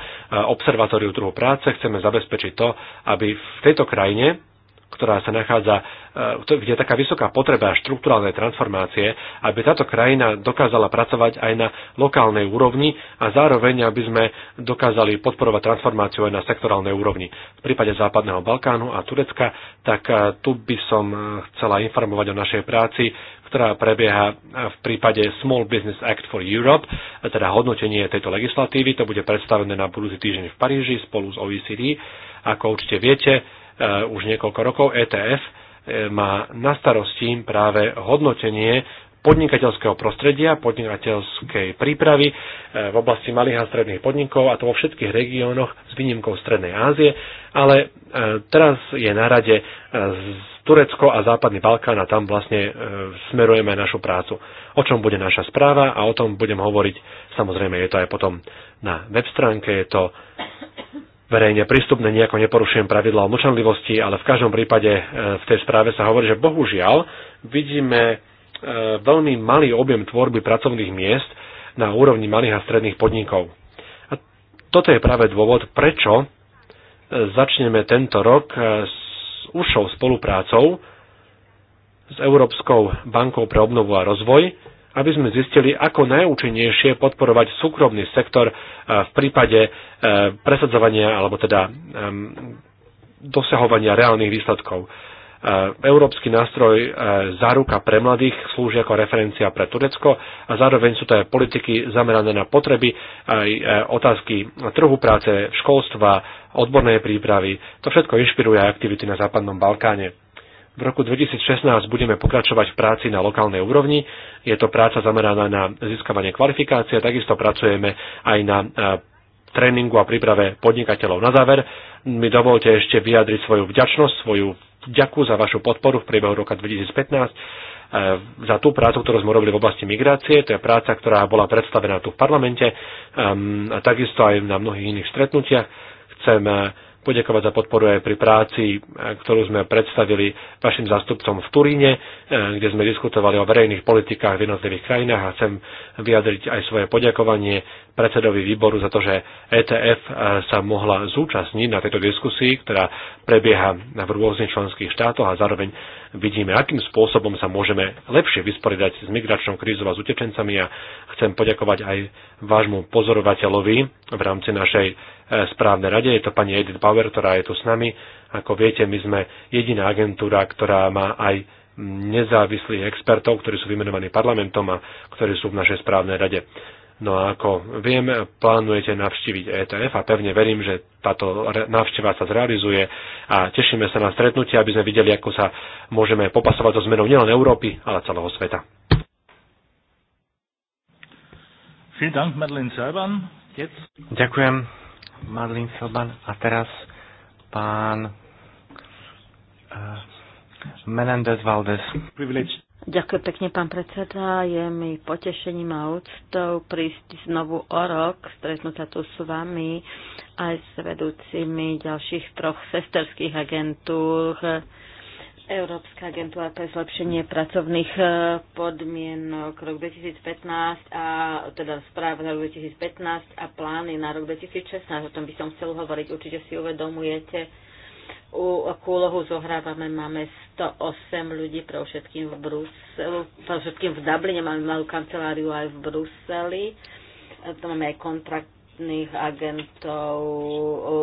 observatóriu trhu práce, chceme zabezpečiť to, aby v tejto krajine ktorá sa nachádza, e, kde je taká vysoká potreba štruktúralnej transformácie, aby táto krajina dokázala pracovať aj na lokálnej úrovni a zároveň, aby sme dokázali podporovať transformáciu aj na sektorálnej úrovni. V prípade Západného Balkánu a Turecka, tak e, tu by som e, chcela informovať o našej práci, ktorá prebieha v prípade Small Business Act for Europe, teda hodnotenie tejto legislatívy. To bude predstavené na budúci týždeň v Paríži spolu s OECD. Ako určite viete, Eh, už niekoľko rokov. ETF eh, má na starosti práve hodnotenie podnikateľského prostredia, podnikateľskej prípravy eh, v oblasti malých a stredných podnikov a to vo všetkých regiónoch s výnimkou Strednej Ázie, ale teraz je na rade z Turecko a Západný Balkán a tam vlastne smerujeme našu prácu. O čom bude naša správa a o tom budem hovoriť, samozrejme je to aj potom na web stránke, je to verejne prístupné, nejako neporušujem pravidla o mlčanlivosti, ale v každom prípade e, v tej správe sa hovorí, že bohužiaľ vidíme e, veľmi malý objem tvorby pracovných miest na úrovni malých a stredných podnikov. A toto je práve dôvod, prečo e, začneme tento rok s užšou spoluprácou s Európskou bankou pre obnovu a rozvoj, aby sme zistili, ako najúčinnejšie podporovať súkromný sektor e, v prípade e, presadzovania alebo teda e, dosahovania reálnych výsledkov. Európsky nástroj záruka pre mladých slúži ako referencia pre Turecko a zároveň sú to aj politiky zamerané na potreby, aj otázky trhu práce, školstva, odbornej prípravy. To všetko inšpiruje aj aktivity na Západnom Balkáne. V roku 2016 budeme pokračovať v práci na lokálnej úrovni. Je to práca zameraná na získavanie kvalifikácie, takisto pracujeme aj na e, tréningu a príprave podnikateľov. Na záver mi dovolte ešte vyjadriť svoju vďačnosť, svoju vďaku za vašu podporu v priebehu roka 2015 e, za tú prácu, ktorú sme robili v oblasti migrácie. To je práca, ktorá bola predstavená tu v parlamente ehm, a takisto aj na mnohých iných stretnutiach. Chcem e, poďakovať za podporu aj pri práci, e, ktorú sme predstavili vašim zástupcom v Turíne, e, kde sme diskutovali o verejných politikách v jednotlivých krajinách a chcem vyjadriť aj svoje poďakovanie predsedovi výboru za to, že ETF e, sa mohla zúčastniť na tejto diskusii, ktorá prebieha v rôznych členských štátoch a zároveň vidíme, akým spôsobom sa môžeme lepšie vysporiadať s migračnou krízou a s utečencami a chcem poďakovať aj vášmu pozorovateľovi v rámci našej E, správnej rade. Je to pani Edith Bauer, ktorá je tu s nami. Ako viete, my sme jediná agentúra, ktorá má aj nezávislých expertov, ktorí sú vymenovaní parlamentom a ktorí sú v našej správnej rade. No a ako viem, plánujete navštíviť ETF a pevne verím, že táto návšteva sa zrealizuje a tešíme sa na stretnutie, aby sme videli, ako sa môžeme popasovať so zmenou nielen Európy, ale celého sveta. Ďakujem. Madlin Filban a teraz pán eh, Menendez Valdez. Ďakujem pekne, pán predseda. Je mi potešením a úctou prísť znovu o rok, stretnúť sa tu s vami aj s vedúcimi ďalších troch sesterských agentúr Európska agentúra pre zlepšenie pracovných e, podmienok rok 2015 a teda správa na rok 2015 a plány na rok 2016. O tom by som chcel hovoriť. Určite si uvedomujete, u, akú úlohu zohrávame. Máme 108 ľudí pre všetkým v Bruselu, pre všetkým v Dubline, máme malú kanceláriu aj v Bruseli. To máme aj kontrakt štátnych agentov,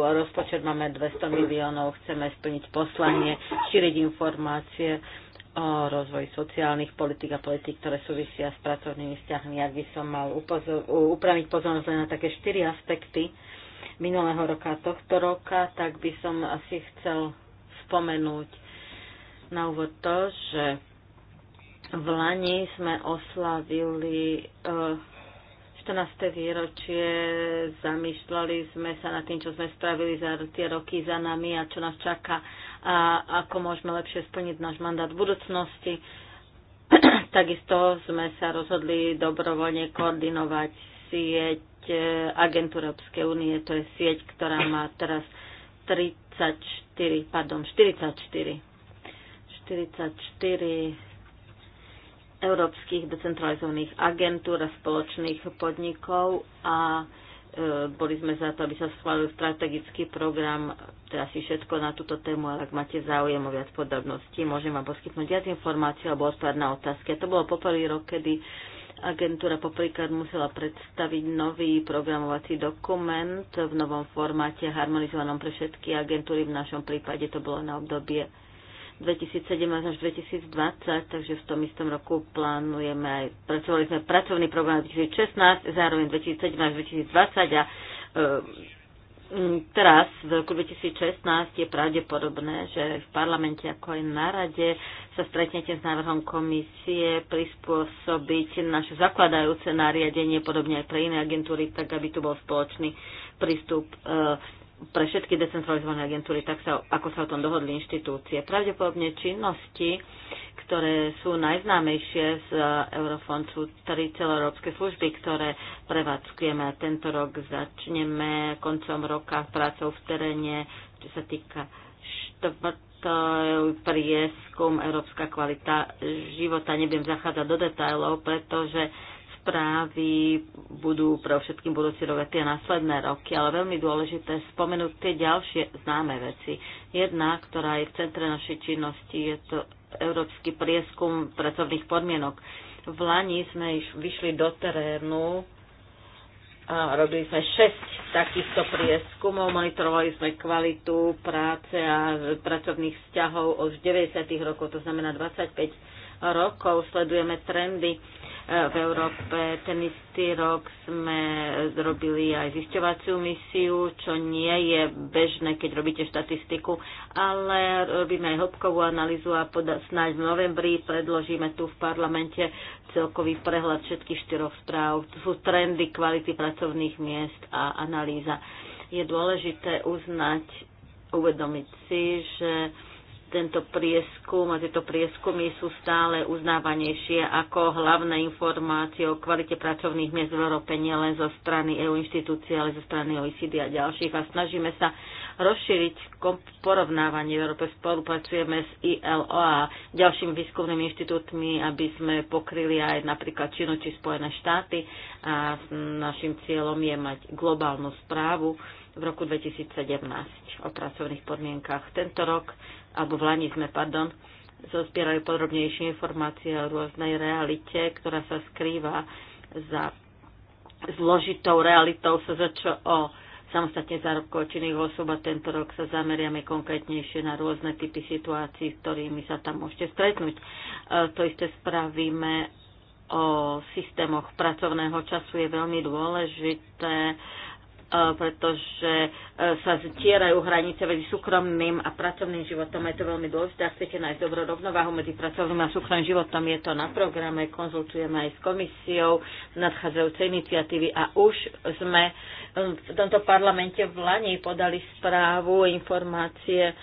rozpočet máme 200 miliónov, chceme splniť poslanie, šíriť informácie o rozvoji sociálnych politik a politik, ktoré súvisia s pracovnými vzťahmi. Ak by som mal upraviť pozornosť len na také štyri aspekty minulého roka a tohto roka, tak by som asi chcel spomenúť na úvod to, že v Lani sme oslavili uh, 14. výročie, zamýšľali sme sa nad tým, čo sme spravili za tie roky za nami a čo nás čaká a ako môžeme lepšie splniť náš mandát v budúcnosti. Takisto sme sa rozhodli dobrovoľne koordinovať sieť e, agentúr Európskej únie, to je sieť, ktorá má teraz 34, pardon, 44 44 európskych decentralizovaných agentúr a spoločných podnikov a e, boli sme za to, aby sa schválil strategický program, teraz si všetko na túto tému, ale ak máte záujem o viac podrobností, môžem vám poskytnúť viac informácií alebo odpovedať na otázky. A to bolo poprvý rok, kedy agentúra poprvýkrát musela predstaviť nový programovací dokument v novom formáte, harmonizovanom pre všetky agentúry, v našom prípade to bolo na obdobie 2017 až 2020, takže v tom istom roku plánujeme aj, pracovali sme pracovný program 2016, zároveň 2017 až 2020 a e, teraz v roku 2016 je pravdepodobné, že v parlamente ako aj na rade sa stretnete s návrhom komisie prispôsobiť naše zakladajúce nariadenie, podobne aj pre iné agentúry, tak aby tu bol spoločný prístup e, pre všetky decentralizované agentúry, tak sa, ako sa o tom dohodli inštitúcie. Pravdepodobne činnosti, ktoré sú najznámejšie z e, Eurofond, sú tri celoeurópske služby, ktoré prevádzkujeme. Tento rok začneme koncom roka prácou v teréne, čo sa týka štvrt prieskum Európska kvalita života. Nebudem zachádzať do detajlov, pretože správy budú pre všetkým budúci cieľové tie následné roky, ale veľmi dôležité spomenúť tie ďalšie známe veci. Jedna, ktorá je v centre našej činnosti, je to Európsky prieskum pracovných podmienok. V Lani sme vyšli do terénu a robili sme šesť takýchto prieskumov, monitorovali sme kvalitu práce a pracovných vzťahov od 90. rokov, to znamená 25 rokov, sledujeme trendy Eh, v Európe. Ten istý rok sme robili aj zisťovaciu misiu, čo nie je bežné, keď robíte štatistiku, ale robíme aj hĺbkovú analýzu a poda- snáď v novembri predložíme tu v parlamente celkový prehľad všetkých štyroch správ. To sú trendy kvality pracovných miest a analýza. Je dôležité uznať, uvedomiť si, že tento prieskum a tieto prieskumy sú stále uznávanejšie ako hlavné informácie o kvalite pracovných miest v Európe nielen zo strany EU inštitúcií, ale zo strany OECD a ďalších. A snažíme sa rozšíriť porovnávanie v Európe. Spolupracujeme s ILO a ďalšími výskumnými inštitútmi, aby sme pokryli aj napríklad Čínu či Spojené štáty. A našim cieľom je mať globálnu správu v roku 2017 o pracovných podmienkach. Tento rok alebo v Lani sme, pardon, zozbierali podrobnejšie informácie o rôznej realite, ktorá sa skrýva za zložitou realitou sa o samostatne zárobkov činných osob a tento rok sa zameriame konkrétnejšie na rôzne typy situácií, s ktorými sa tam môžete stretnúť. E, to isté spravíme o systémoch pracovného času je veľmi dôležité E, pretože e, sa ztierajú hranice medzi súkromným a pracovným životom. Je to veľmi dôležité. Ak chcete nájsť dobrú rovnováhu medzi pracovným a súkromným životom, je to na programe. Konzultujeme aj s komisiou nadchádzajúce iniciatívy a už sme e, v tomto parlamente v Lani podali správu, informácie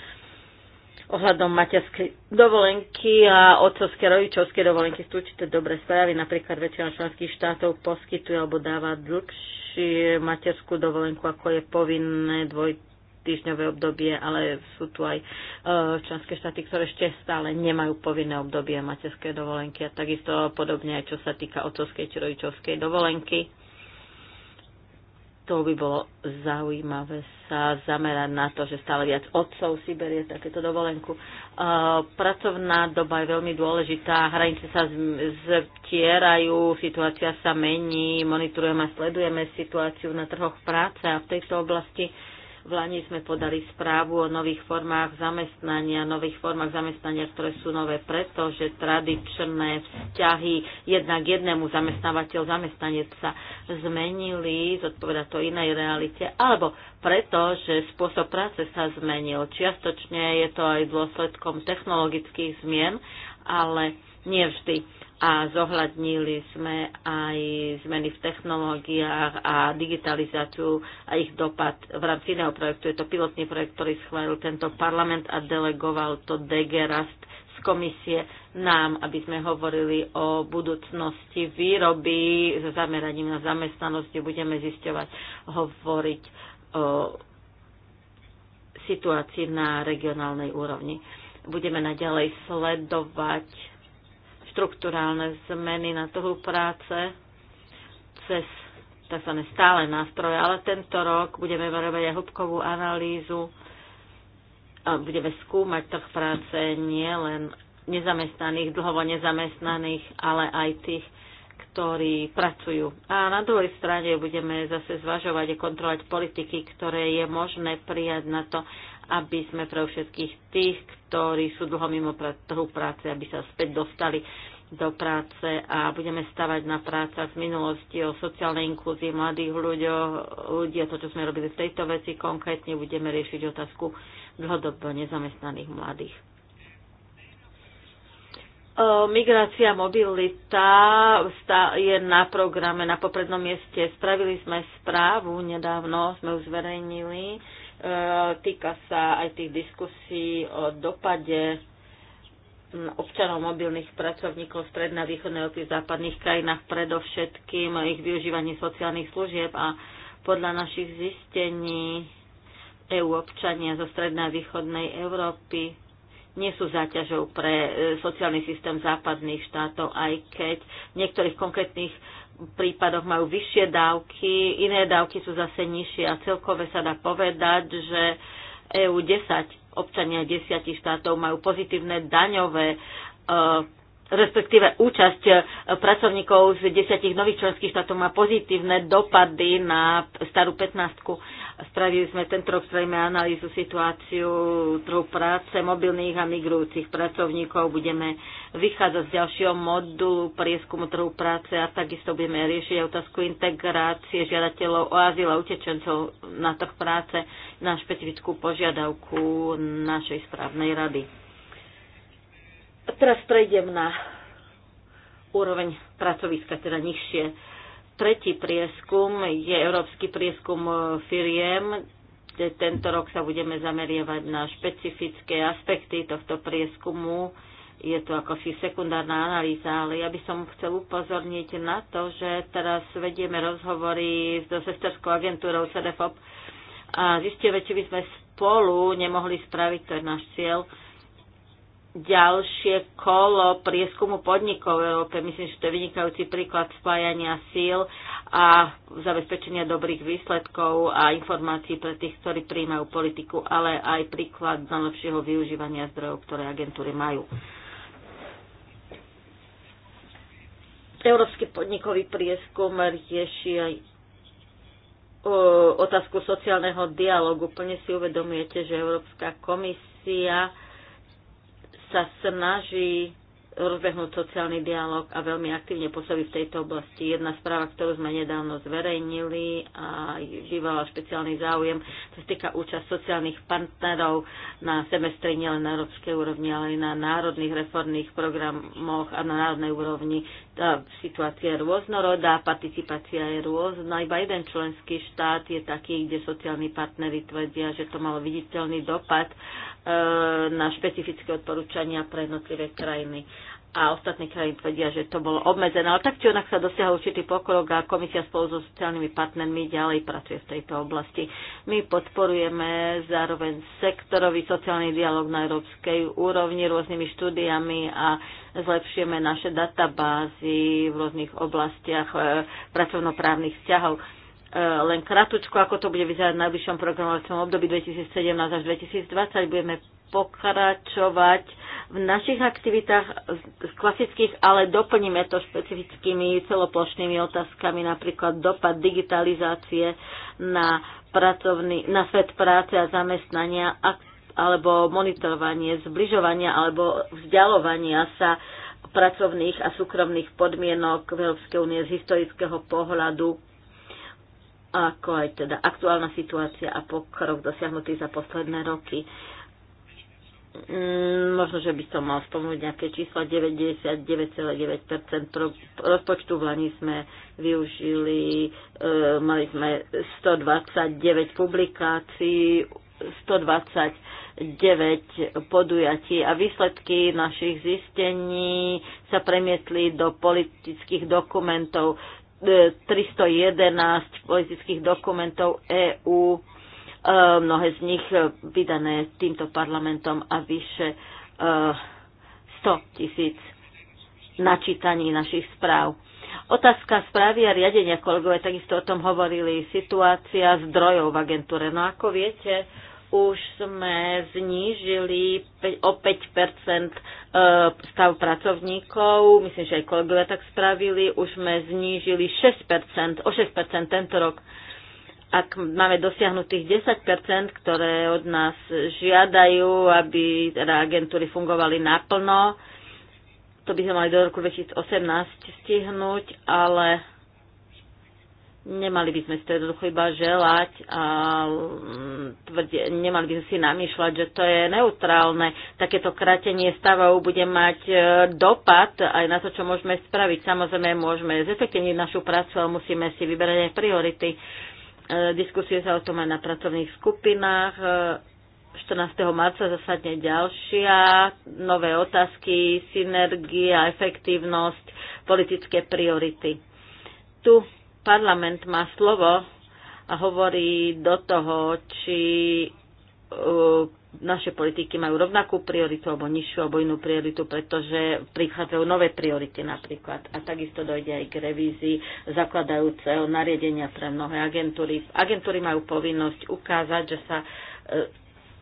ohľadom materskej dovolenky a otcovskej rodičovskej dovolenky sú určite dobré správy. Napríklad väčšina členských štátov poskytuje alebo dáva dlhšie či materskú dovolenku, ako je povinné dvoj obdobie, ale sú tu aj eh, členské štáty, ktoré ešte stále nemajú povinné obdobie materskej dovolenky a takisto podobne aj čo sa týka otcovskej či rodičovskej dovolenky to by bolo zaujímavé sa zamerať na to, že stále viac otcov si berie takéto dovolenku. Pracovná doba je veľmi dôležitá, hranice sa zvtierajú, situácia sa mení, monitorujeme a sledujeme situáciu na trhoch práce a v tejto oblasti v Lani sme podali správu o nových formách zamestnania, nových formách zamestnania, ktoré sú nové pretože, že tradičné vzťahy jednak jednému zamestnávateľ zamestnanec sa zmenili, zodpoveda to inej realite, alebo preto, že spôsob práce sa zmenil. Čiastočne je to aj dôsledkom technologických zmien, ale nie vždy a zohľadnili sme aj zmeny v technológiách a digitalizáciu a ich dopad v rámci iného projektu. Je to pilotný projekt, ktorý schválil tento parlament a delegoval to DGRAST z komisie nám, aby sme hovorili o budúcnosti výroby so zameraním na zamestnanosť, kde budeme zisťovať, hovoriť o situácii na regionálnej úrovni. Budeme naďalej sledovať štruktúrálne zmeny na trhu práce cez tzv. stále nástroje, ale tento rok budeme robiť aj hĺbkovú analýzu a budeme skúmať trh práce nielen nezamestnaných, dlhovo nezamestnaných, ale aj tých, ktorí pracujú. A na druhej strane budeme zase zvažovať a kontrolovať politiky, ktoré je možné prijať na to, aby sme pre všetkých tých, ktorí sú dlho mimo trhu práce, aby sa späť dostali do práce a budeme stavať na práca z minulosti o sociálnej inklúzii mladých ľuďoch, ľudí a to, čo sme robili v tejto veci konkrétne, budeme riešiť otázku dlhodobo nezamestnaných mladých. Migrácia, mobilita je na programe, na poprednom mieste. Spravili sme správu, nedávno sme ju zverejnili Eh, týka sa aj tých diskusí o dopade mm, občanov mobilných pracovníkov stredná, východnej Európy v západných krajinách, predovšetkým ich využívanie sociálnych služieb a podľa našich zistení EU občania zo strednej a východnej Európy nie sú záťažou pre eh, sociálny systém západných štátov, aj keď v niektorých konkrétnych prípadoch majú vyššie dávky, iné dávky sú zase nižšie a celkové sa dá povedať, že EU 10, občania 10 štátov majú pozitívne daňové e, respektíve účasť e, pracovníkov z desiatich nových členských štátov má pozitívne dopady na starú 15. Spravili sme tento rok spravíme analýzu situáciu trhu práce mobilných a migrujúcich pracovníkov. Budeme vychádzať z ďalšieho modulu prieskumu trhu práce a takisto budeme riešiť otázku integrácie žiadateľov o azyl a utečencov na trh práce na špecifickú požiadavku našej správnej rady. Teraz prejdem na úroveň pracoviska, teda nižšie. Tretí prieskum je európsky prieskum firiem, kde tento rok sa budeme zameriavať na špecifické aspekty tohto prieskumu. Je to ako si sekundárna analýza, ale ja by som chcel upozorniť na to, že teraz vedieme rozhovory so sesterskou agentúrou CDFOP a zistíme, či by sme spolu nemohli spraviť, to je náš cieľ, ďalšie kolo prieskumu podnikov v Európe. Myslím, že to je vynikajúci príklad spájania síl a zabezpečenia dobrých výsledkov a informácií pre tých, ktorí príjmajú politiku, ale aj príklad najlepšieho využívania zdrojov, ktoré agentúry majú. Európsky podnikový prieskum rieši aj otázku sociálneho dialogu. Plne si uvedomujete, že Európska komisia sa snaží rozbehnúť sociálny dialog a veľmi aktívne pôsobiť v tejto oblasti. Jedna správa, ktorú sme nedávno zverejnili a živala špeciálny záujem, to sa týka účasť sociálnych partnerov na semestri nielen na európskej úrovni, ale aj na národných reformných programoch a na národnej úrovni. Tá situácia je rôznorodá, participácia je rôzna. Iba jeden členský štát je taký, kde sociálni partnery tvrdia, že to malo viditeľný dopad e, na špecifické odporúčania pre jednotlivé krajiny a ostatní krajiny tvrdia, že to bolo obmedzené. Ale tak či onak sa dosiahol určitý pokrok a komisia spolu so sociálnymi partnermi ďalej pracuje v tejto oblasti. My podporujeme zároveň sektorový sociálny dialog na európskej úrovni rôznymi štúdiami a zlepšujeme naše databázy v rôznych oblastiach e, pracovnoprávnych vzťahov e, len kratučko, ako to bude vyzerať v najbližšom programovacom období 2017 až 2020. Budeme pokračovať v našich aktivitách z klasických, ale doplníme to špecifickými celoplošnými otázkami, napríklad dopad digitalizácie na, pracovný, na svet práce a zamestnania, alebo monitorovanie, zbližovania alebo vzdialovania sa pracovných a súkromných podmienok v Európskej únie z historického pohľadu ako aj teda aktuálna situácia a pokrok dosiahnutý za posledné roky. Uh, Mm, možno, že by som mal spomnúť nejaké čísla, 99,9% rozpočtu v Lani sme využili, e, mali sme 129 publikácií, 129 podujatí a výsledky našich zistení sa premietli do politických dokumentov 311 e, politických dokumentov EÚ Eh, mnohé z nich eh, vydané týmto parlamentom a vyše 100 eh, tisíc načítaní našich správ. Otázka správy a riadenia, kolegové takisto o tom hovorili, situácia zdrojov v agentúre. No ako viete, už sme znížili o 5 stav pracovníkov, myslím, že aj kolegovia tak spravili, už sme znížili 6 o 6 tento rok ak máme dosiahnuť tých 10%, ktoré od nás žiadajú, aby teda agentúry fungovali naplno, to by sme mali do roku 2018 stihnúť, ale nemali by sme si to jednoducho iba želať a tvrdie, nemali by sme si namýšľať, že to je neutrálne. Takéto kratenie stavov bude mať e, dopad aj na to, čo môžeme spraviť. Samozrejme, môžeme zefektívniť našu prácu, ale musíme si vyberať aj priority E, diskusie sa o tom aj na pracovných skupinách. 14. E, marca zasadne ďalšia, nové otázky, synergia, efektívnosť, politické priority. Tu parlament má slovo a hovorí do toho, či E, naše politiky majú rovnakú prioritu alebo nižšiu alebo inú prioritu, pretože prichádzajú nové priority napríklad. A takisto dojde aj k revízii zakladajúceho nariadenia pre mnohé agentúry. Agentúry majú povinnosť ukázať, že sa e,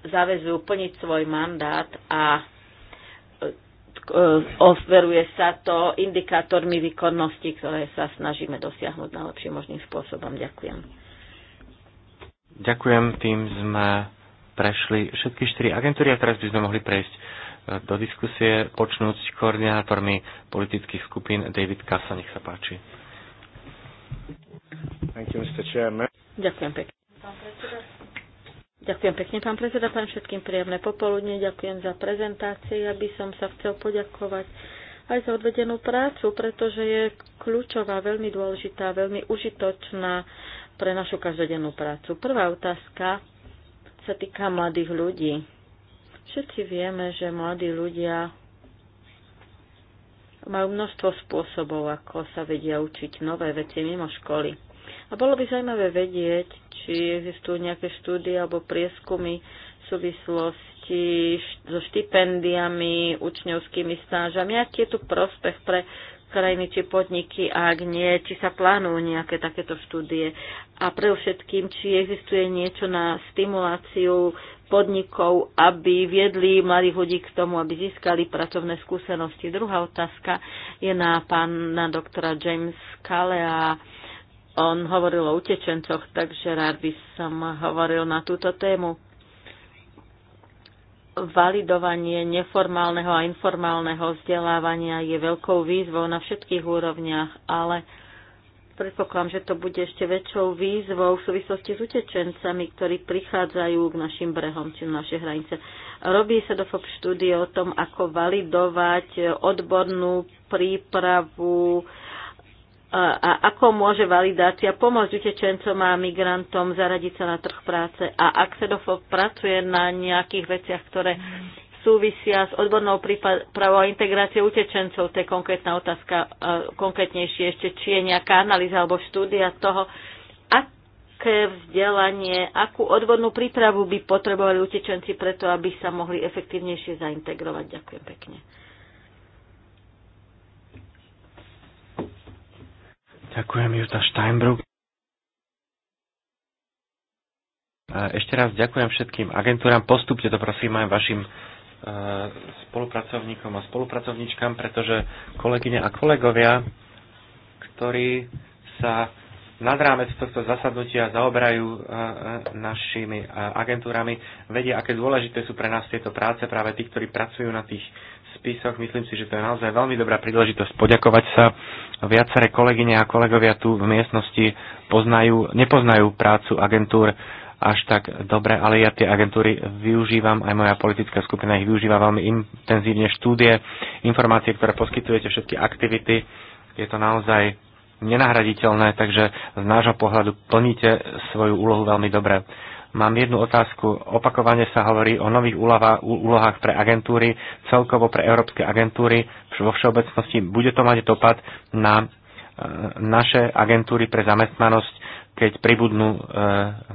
záväzujú plniť svoj mandát a e, overuje sa to indikátormi výkonnosti, ktoré sa snažíme dosiahnuť najlepším možným spôsobom. Ďakujem. Ďakujem, tým sme prešli všetky štyri agentúry a teraz by sme mohli prejsť e, do diskusie, počnúť s koordinátormi politických skupín. David Kasa, nech sa páči. Thank you, Mr. Chairman. Ďakujem pekne, pán Ďakujem pekne, pán predseda, pán všetkým príjemné popoludne. Ďakujem za prezentácie. Ja by som sa chcel poďakovať aj za odvedenú prácu, pretože je kľúčová, veľmi dôležitá, veľmi užitočná pre našu každodennú prácu. Prvá otázka sa týka mladých ľudí. Všetci vieme, že mladí ľudia majú množstvo spôsobov, ako sa vedia učiť nové veci mimo školy. A bolo by zaujímavé vedieť, či existujú nejaké štúdie alebo prieskumy v súvislosti so štipendiami, učňovskými stážami, aký je tu prospech pre krajiny či podniky a ak nie, či sa plánujú nejaké takéto štúdie. A pre všetkým, či existuje niečo na stimuláciu podnikov, aby viedli mladých ľudí k tomu, aby získali pracovné skúsenosti. Druhá otázka je na pána doktora James Kalea. On hovoril o utečencoch, takže rád by som hovoril na túto tému validovanie neformálneho a informálneho vzdelávania je veľkou výzvou na všetkých úrovniach, ale predpokladám, že to bude ešte väčšou výzvou v súvislosti s utečencami, ktorí prichádzajú k našim brehom či na naše hranice. Robí sa FOP štúdie o tom, ako validovať odbornú prípravu a ako môže validácia pomôcť utečencom a migrantom zaradiť sa na trh práce a ak SEDOFO pracuje na nejakých veciach, ktoré súvisia s odbornou prípravou a integráciou utečencov, to je konkrétna otázka, e, konkrétnejšie ešte, či je nejaká analýza alebo štúdia toho, aké vzdelanie, akú odbornú prípravu by potrebovali utečenci preto, aby sa mohli efektívnejšie zaintegrovať. Ďakujem pekne. Ďakujem, Jutta Steinbrück. Ešte raz ďakujem všetkým agentúram. Postupte to prosím aj vašim e, spolupracovníkom a spolupracovníčkam, pretože kolegyne a kolegovia, ktorí sa nad rámec tohto zasadnutia zaoberajú e, e, našimi agentúrami, vedia, aké dôležité sú pre nás tieto práce, práve tí, ktorí pracujú na tých spisoch. Myslím si, že to je naozaj veľmi dobrá príležitosť poďakovať sa. Viaceré kolegyne a kolegovia tu v miestnosti poznajú, nepoznajú prácu agentúr až tak dobre, ale ja tie agentúry využívam, aj moja politická skupina ich využíva veľmi intenzívne štúdie, informácie, ktoré poskytujete, všetky aktivity. Je to naozaj nenahraditeľné, takže z nášho pohľadu plníte svoju úlohu veľmi dobre. Mám jednu otázku. Opakovane sa hovorí o nových úlohách pre agentúry, celkovo pre európske agentúry vo všeobecnosti. Bude to mať dopad na e, naše agentúry pre zamestnanosť, keď pribudnú e,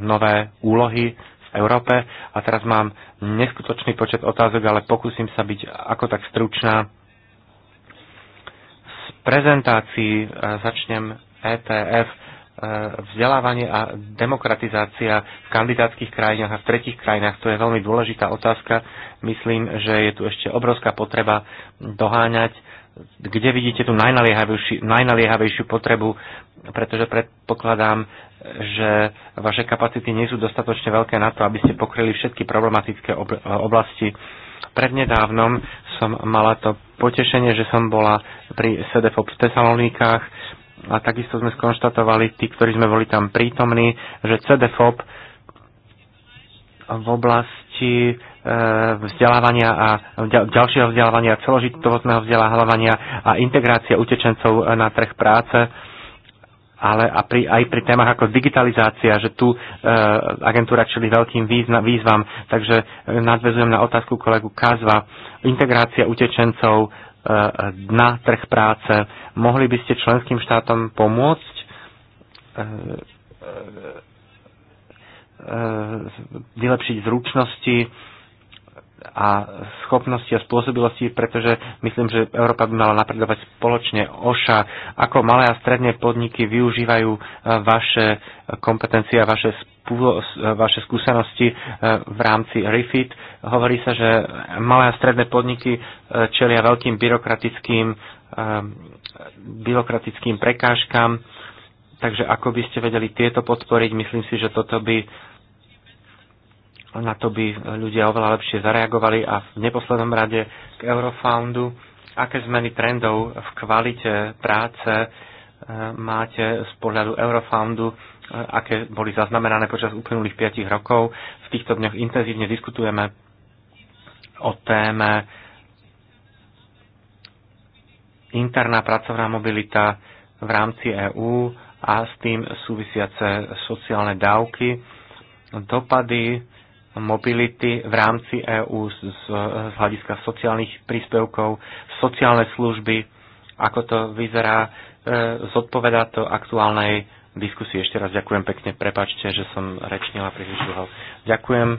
nové úlohy v Európe. A teraz mám neskutočný počet otázok, ale pokúsim sa byť ako tak stručná. Z prezentácií e, začnem ETF Eh, vzdelávanie a demokratizácia v kandidátskych krajinách a v tretich krajinách, to je veľmi dôležitá otázka. Myslím, že je tu ešte obrovská potreba doháňať, kde vidíte tú najnaliehavejšiu, najnaliehavejšiu potrebu, pretože predpokladám, že vaše kapacity nie sú dostatočne veľké na to, aby ste pokryli všetky problematické eh, oblasti. Prednedávnom som mala to potešenie, že som bola pri SEDEFOP v Tesalonikách a takisto sme skonštatovali, tí, ktorí sme boli tam prítomní, že CDFOP v oblasti e, vzdelávania a ďalšieho vzdelávania, celoživotného vzdelávania a integrácia utečencov na trh práce, ale a pri, aj pri témach ako digitalizácia, že tu e, agentúra čili veľkým význam, výzvam. Takže e, nadvezujem na otázku kolegu Kazva. Integrácia utečencov, na trh práce. Mohli by ste členským štátom pomôcť eh, eh, eh, vylepšiť zručnosti a schopnosti a spôsobilosti, pretože myslím, že Európa by mala napredovať spoločne OŠA, ako malé a stredné podniky využívajú e, vaše kompetencie a vaše e, vaše skúsenosti e, v rámci REFIT. Hovorí sa, že malé a stredné podniky čelia veľkým byrokratickým, byrokratickým prekážkam, takže ako by ste vedeli tieto podporiť, myslím si, že toto by na to by ľudia oveľa lepšie zareagovali a v neposlednom rade k Eurofoundu, aké zmeny trendov v kvalite práce e, máte z pohľadu Eurofoundu, e, aké boli zaznamenané počas uplynulých 5 rokov. V týchto dňoch intenzívne diskutujeme o téme interná pracovná mobilita v rámci EÚ a s tým súvisiace sociálne dávky, dopady mobility v rámci EÚ z, z hľadiska sociálnych príspevkov, sociálne služby, ako to vyzerá, e, zodpovedá to aktuálnej diskusii. Ešte raz ďakujem pekne, prepačte, že som rečnila príliš dlho. Ďakujem.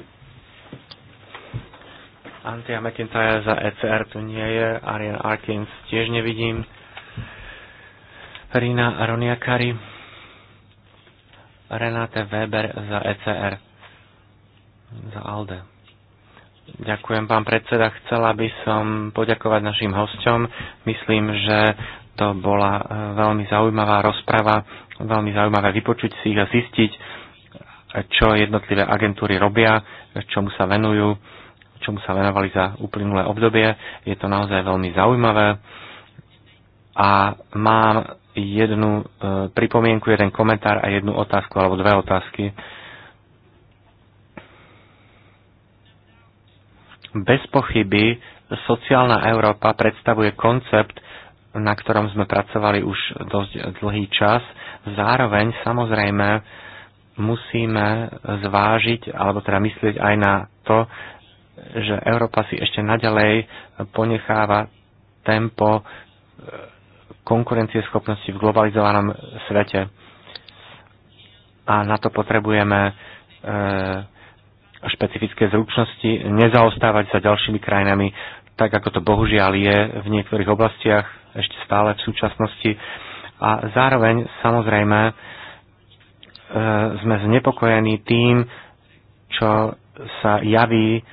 Antia McIntyre za ECR tu nie je, Arian Arkins tiež nevidím, Rina Roniakari, Renate Weber za ECR za ALDE. Ďakujem, pán predseda. Chcela by som poďakovať našim hosťom. Myslím, že to bola e, veľmi zaujímavá rozprava, veľmi zaujímavé vypočuť si ich a zistiť, čo jednotlivé agentúry robia, čomu sa venujú, čomu sa venovali za uplynulé obdobie. Je to naozaj veľmi zaujímavé. A mám jednu e, pripomienku, jeden komentár a jednu otázku alebo dve otázky Bez pochyby sociálna Európa predstavuje koncept, na ktorom sme pracovali už dosť dlhý čas. Zároveň samozrejme musíme zvážiť, alebo teda myslieť aj na to, že Európa si ešte naďalej ponecháva tempo konkurencieschopnosti v globalizovanom svete. A na to potrebujeme e, špecifické zručnosti, nezaostávať za ďalšími krajinami, tak ako to bohužiaľ je v niektorých oblastiach ešte stále v súčasnosti. A zároveň samozrejme e, sme znepokojení tým, čo sa javí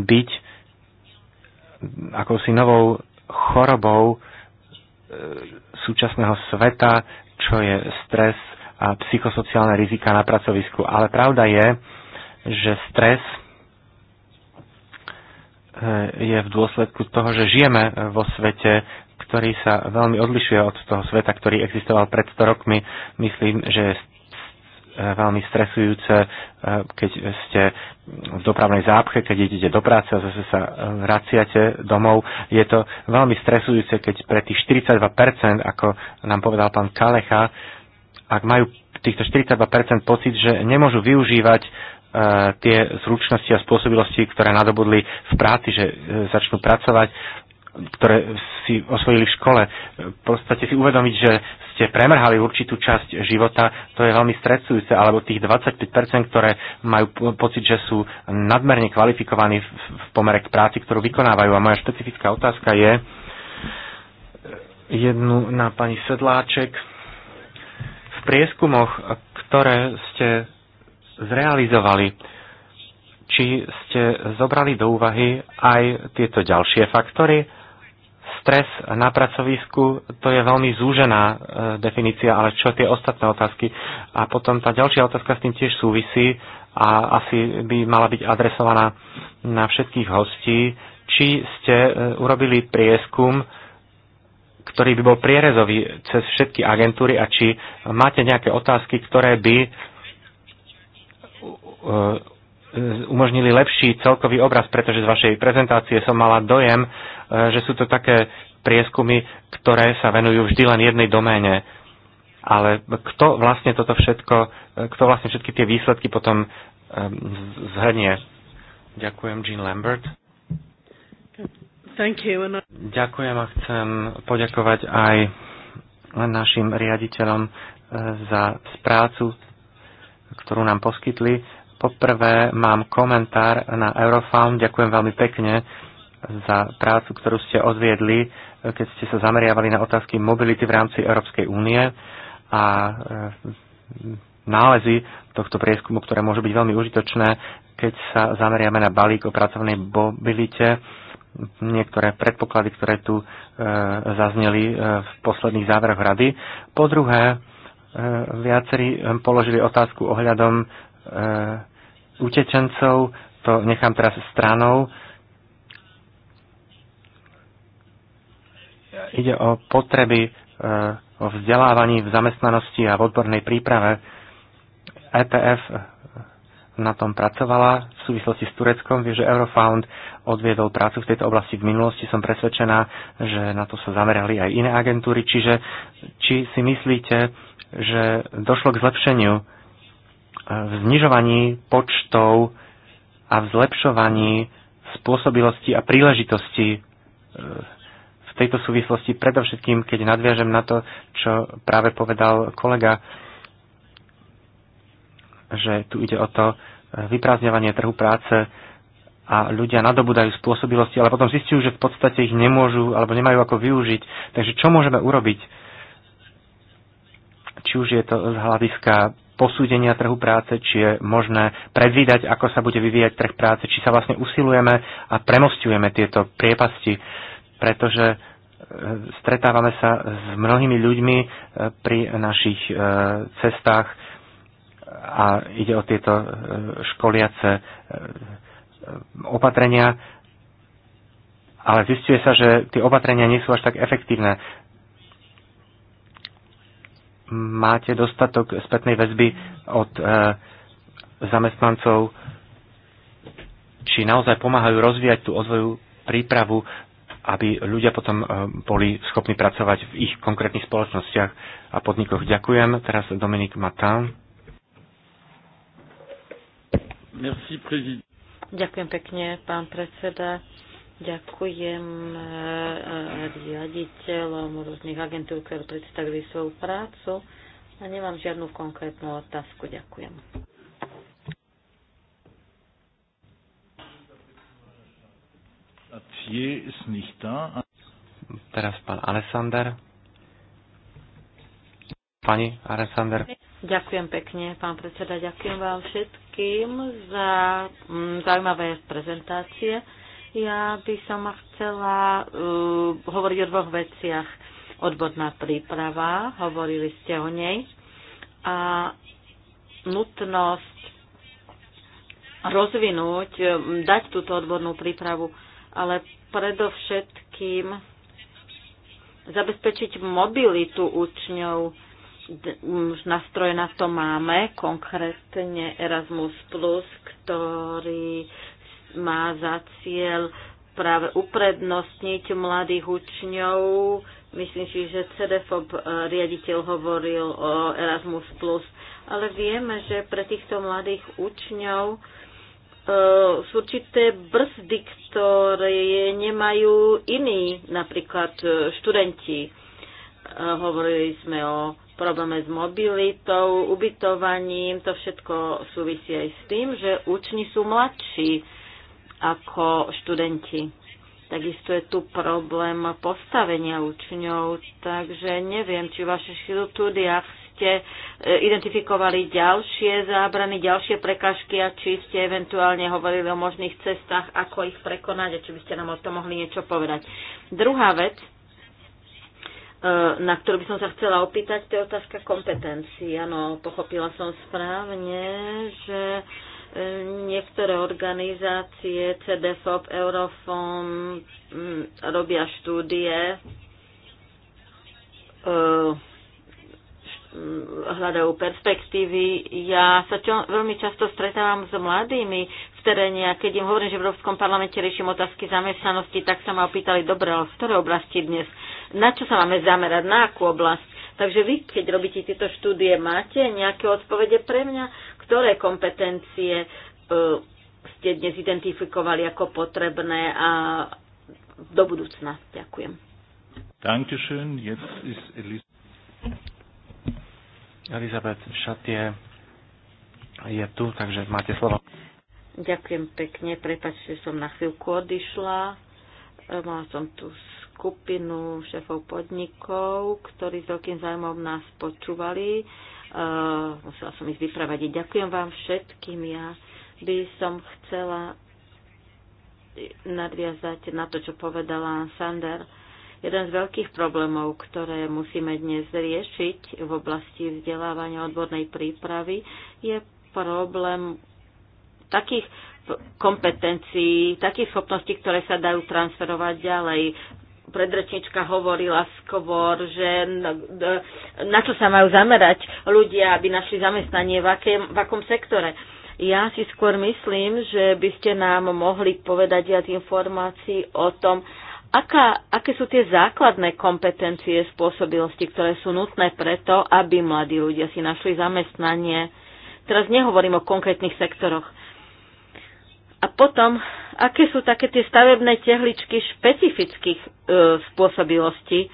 byť akousi novou chorobou e, súčasného sveta, čo je stres a psychosociálne rizika na pracovisku. Ale pravda je, že stres eh, je v dôsledku toho, že žijeme eh, vo svete, ktorý sa veľmi odlišuje od toho sveta, ktorý existoval pred 100 rokmi. Myslím, že je eh, veľmi stresujúce, keď ste v dopravnej zápche, keď idete do práce a zase sa vraciate domov. Je to veľmi stresujúce, keď pre tých 42%, ako nám povedal pán Kalecha, ak majú týchto 42% pocit, že nemôžu využívať E, tie zručnosti a spôsobilosti, ktoré nadobudli v práci, že e, začnú pracovať, ktoré si osvojili v škole. V podstate si uvedomiť, že ste premrhali určitú časť života, to je veľmi stresujúce, alebo tých 25%, ktoré majú pocit, že sú nadmerne kvalifikovaní v pomere k práci, ktorú vykonávajú. A moja špecifická otázka je jednu na pani Sedláček. V prieskumoch, ktoré ste zrealizovali. Či ste zobrali do úvahy aj tieto ďalšie faktory? Stres na pracovisku, to je veľmi zúžená e, definícia, ale čo tie ostatné otázky? A potom tá ďalšia otázka s tým tiež súvisí a asi by mala byť adresovaná na všetkých hostí. Či ste e, urobili prieskum, ktorý by bol prierezový cez všetky agentúry a či máte nejaké otázky, ktoré by E, umožnili lepší celkový obraz, pretože z vašej prezentácie som mala dojem, e, že sú to také prieskumy, ktoré sa venujú vždy len jednej doméne. Ale kto vlastne toto všetko, e, kto vlastne všetky tie výsledky potom zhrnie? Ďakujem, Jean Lambert. Thank you. Ďakujem a chcem poďakovať aj našim riaditeľom za prácu, ktorú nám poskytli Poprvé mám komentár na Eurofound. Ďakujem veľmi pekne za prácu, ktorú ste odviedli, keď ste sa zameriavali na otázky mobility v rámci Európskej únie a e, nálezy tohto prieskumu, ktoré môžu byť veľmi užitočné, keď sa zameriame na balík o pracovnej mobilite, niektoré predpoklady, ktoré tu e, zazneli e, v posledných záveroch rady. Po druhé, e, viacerí e, položili otázku ohľadom Eh, utečencov, to nechám teraz stranou. Ide o potreby eh, o vzdelávaní v zamestnanosti a v odbornej príprave. ETF eh, na tom pracovala v súvislosti s Tureckom. Vie, že Eurofound odviedol prácu v tejto oblasti v minulosti. Som presvedčená, že na to sa zamerali aj iné agentúry. Čiže či si myslíte, že došlo k zlepšeniu v znižovaní počtov a v zlepšovaní spôsobilosti a príležitosti e, v tejto súvislosti, predovšetkým, keď nadviažem na to, čo práve povedal kolega, že tu ide o to e, vyprázdňovanie trhu práce a ľudia nadobudajú spôsobilosti, ale potom zistujú, že v podstate ich nemôžu alebo nemajú ako využiť. Takže čo môžeme urobiť? Či už je to z hľadiska posúdenia trhu práce, či je možné predvídať, ako sa bude vyvíjať trh práce, či sa vlastne usilujeme a premostujeme tieto priepasti, pretože e, stretávame sa s mnohými ľuďmi e, pri našich e, cestách a ide o tieto školiace opatrenia, ale zistuje sa, že tie opatrenia nie sú až tak efektívne máte dostatok spätnej väzby od e, zamestnancov, či naozaj pomáhajú rozvíjať tú odvoju prípravu, aby ľudia potom e, boli schopní pracovať v ich konkrétnych spoločnostiach a podnikoch. Ďakujem. Teraz Dominik Matán. Merci, Ďakujem pekne, pán predseda. Ďakujem eh, eh, riaditeľom rôznych agentúr, ktoré predstavili svoju prácu a nemám žiadnu konkrétnu otázku. Ďakujem. Teraz pán Alessander. Pani Alessander. Ďakujem pekne, pán predseda. Ďakujem vám všetkým za mm, zaujímavé prezentácie. Ja by som chcela uh, hovoriť o dvoch veciach. Odborná príprava, hovorili ste o nej, a nutnosť rozvinúť, um, dať túto odbornú prípravu, ale predovšetkým zabezpečiť mobilitu učňov. Už um, nástroje na to máme, konkrétne Erasmus+, ktorý má za cieľ práve uprednostniť mladých učňov. Myslím si, že CDFOB eh, riaditeľ hovoril o Erasmus+, ale vieme, že pre týchto mladých učňov eh, sú určité brzdy, ktoré nemajú iní, napríklad eh, študenti. Hovorili sme o probléme s mobilitou, ubytovaním, to všetko súvisí aj s tým, že učni sú mladší ako študenti. Takisto je tu problém postavenia učňov, takže neviem, či v vašich štúdiách ste e, identifikovali ďalšie zábrany, ďalšie prekažky a či ste eventuálne hovorili o možných cestách, ako ich prekonať a či by ste nám o tom mohli niečo povedať. Druhá vec, e, na ktorú by som sa chcela opýtať, to je otázka kompetencií. Áno, pochopila som správne, že E, niektoré organizácie, CDFOP, Eurofom, robia štúdie, e, hľadajú perspektívy. Ja sa čo, veľmi často stretávam s mladými v teréne a keď im hovorím, že v Európskom parlamente riešim otázky zamestnanosti, tak sa ma opýtali, dobre, ale v ktorej oblasti dnes? Na čo sa máme zamerať? Na akú oblasť? Takže vy, keď robíte tieto štúdie, máte nejaké odpovede pre mňa? ktoré kompetencie e, ste dnes identifikovali ako potrebné a do budúcna. Ďakujem. Dankeschön. Jetzt ist Elis Elizabeth Šatie je tu, takže máte slovo. Ďakujem pekne. Prepačte, som na chvíľku odišla. E, mala som tu skupinu šéfov podnikov, ktorí s veľkým zájmom nás počúvali. Uh, musela som ich vypravadiť. Ďakujem vám všetkým. Ja by som chcela nadviazať na to, čo povedala Sander. Jeden z veľkých problémov, ktoré musíme dnes riešiť v oblasti vzdelávania odbornej prípravy, je problém takých kompetencií, takých schopností, ktoré sa dajú transferovať ďalej predrečnička hovorila skôr, že na čo sa majú zamerať ľudia, aby našli zamestnanie, v, akém, v akom sektore. Ja si skôr myslím, že by ste nám mohli povedať viac informácií o tom, aká, aké sú tie základné kompetencie spôsobilosti, ktoré sú nutné preto, aby mladí ľudia si našli zamestnanie. Teraz nehovorím o konkrétnych sektoroch, a potom, aké sú také tie stavebné tehličky špecifických e, spôsobilostí,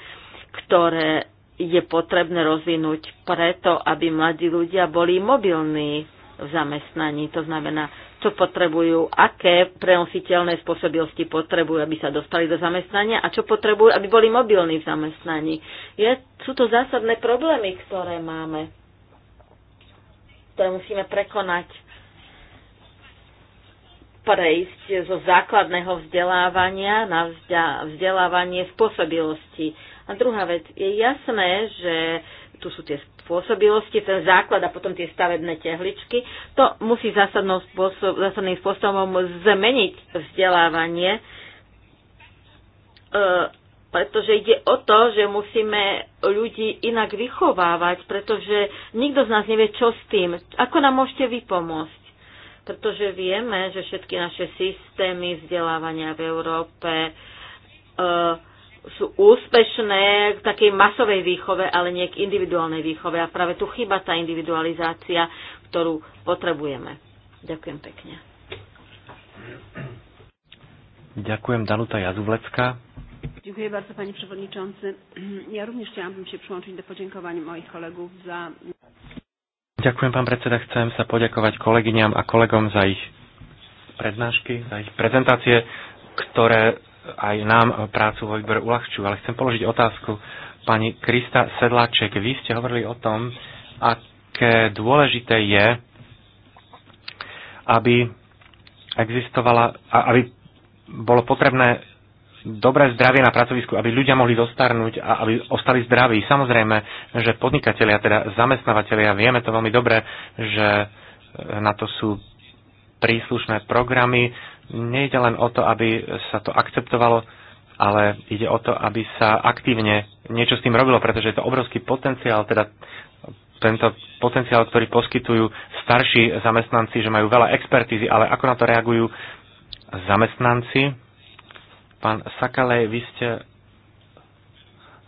ktoré je potrebné rozvinúť preto, aby mladí ľudia boli mobilní v zamestnaní. To znamená, čo potrebujú, aké prenositeľné spôsobilosti potrebujú, aby sa dostali do zamestnania a čo potrebujú, aby boli mobilní v zamestnaní. Je, sú to zásadné problémy, ktoré máme, ktoré musíme prekonať prejsť zo základného vzdelávania na vzdelávanie spôsobilosti. A druhá vec, je jasné, že tu sú tie spôsobilosti, ten základ a potom tie stavebné tehličky, to musí spôsob, zásadným spôsobom zmeniť vzdelávanie, e, pretože ide o to, že musíme ľudí inak vychovávať, pretože nikto z nás nevie, čo s tým, ako nám môžete vypomôcť pretože vieme, že všetky naše systémy vzdelávania v Európe e, sú úspešné k takej masovej výchove, ale nie k individuálnej výchove. A práve tu chýba tá individualizácia, ktorú potrebujeme. Ďakujem pekne. Ďakujem Danuta Jazuvlecka. Dziękuję bardzo Panie Przewodniczący. Ja również chciałabym się przyłączyć do podziękowań moich kolegów za Ďakujem, pán predseda. Chcem sa poďakovať kolegyňam a kolegom za ich prednášky, za ich prezentácie, ktoré aj nám prácu vo výbore uľahčujú. Ale chcem položiť otázku pani Krista Sedláček. Vy ste hovorili o tom, aké dôležité je, aby existovala, aby bolo potrebné dobré zdravie na pracovisku, aby ľudia mohli dostarnúť a aby ostali zdraví. Samozrejme, že podnikatelia, teda zamestnávateľia, vieme to veľmi dobre, že e, na to sú príslušné programy. Nejde len o to, aby sa to akceptovalo, ale ide o to, aby sa aktívne niečo s tým robilo, pretože je to obrovský potenciál, teda tento potenciál, ktorý poskytujú starší zamestnanci, že majú veľa expertízy, ale ako na to reagujú zamestnanci, Pán Sakalej, vy ste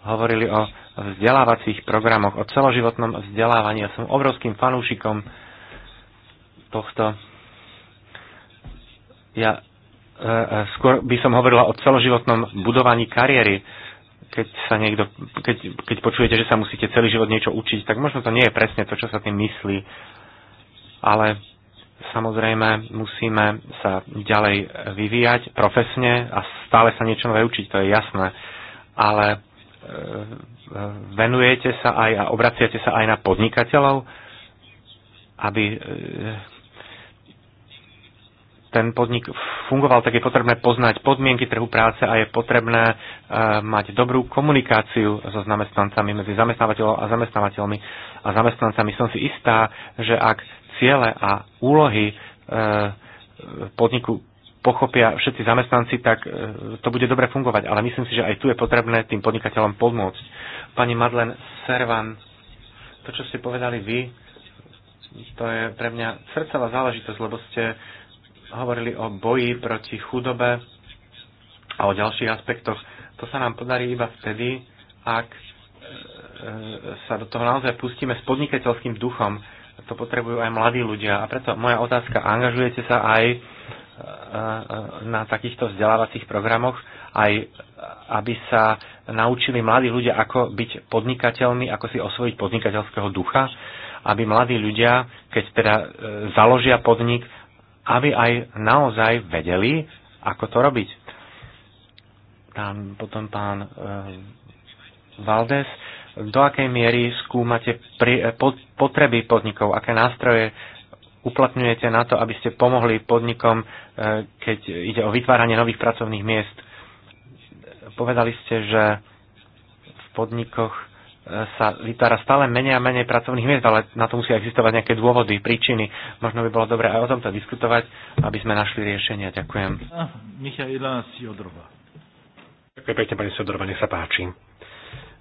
hovorili o vzdelávacích programoch, o celoživotnom vzdelávaní. Ja som obrovským fanúšikom tohto. Ja e, e, skôr by som hovorila o celoživotnom budovaní kariéry. Keď, sa niekto, keď, keď počujete, že sa musíte celý život niečo učiť, tak možno to nie je presne to, čo sa tým myslí. Ale Samozrejme, musíme sa ďalej vyvíjať profesne a stále sa niečo nové učiť, to je jasné. Ale e, e, venujete sa aj a obraciate sa aj na podnikateľov, aby e, ten podnik fungoval, tak je potrebné poznať podmienky trhu práce a je potrebné e, mať dobrú komunikáciu so zamestnancami, medzi zamestnávateľom a zamestnávateľmi a zamestnancami. Som si istá, že ak ciele a úlohy e, podniku pochopia všetci zamestnanci, tak e, to bude dobre fungovať. Ale myslím si, že aj tu je potrebné tým podnikateľom pomôcť. Pani Madlen Servan, to, čo ste povedali vy, to je pre mňa srdcová záležitosť, lebo ste hovorili o boji proti chudobe a o ďalších aspektoch. To sa nám podarí iba vtedy, ak e, sa do toho naozaj pustíme s podnikateľským duchom, to potrebujú aj mladí ľudia. A preto moja otázka, angažujete sa aj e, e, na takýchto vzdelávacích programoch, aj aby sa naučili mladí ľudia, ako byť podnikateľmi, ako si osvojiť podnikateľského ducha, aby mladí ľudia, keď teda e, založia podnik, aby aj naozaj vedeli, ako to robiť. Tam potom pán Valdes do akej miery skúmate pri, eh, potreby podnikov, aké nástroje uplatňujete na to, aby ste pomohli podnikom, eh, keď ide o vytváranie nových pracovných miest. Povedali ste, že v podnikoch eh, sa vytvára stále menej a menej pracovných miest, ale na to musia existovať nejaké dôvody, príčiny. Možno by bolo dobré aj o tomto diskutovať, aby sme našli riešenia. Ďakujem. Ah, Michaela Siodrova. Ďakujem pekne, pani Siodrova, nech sa páči.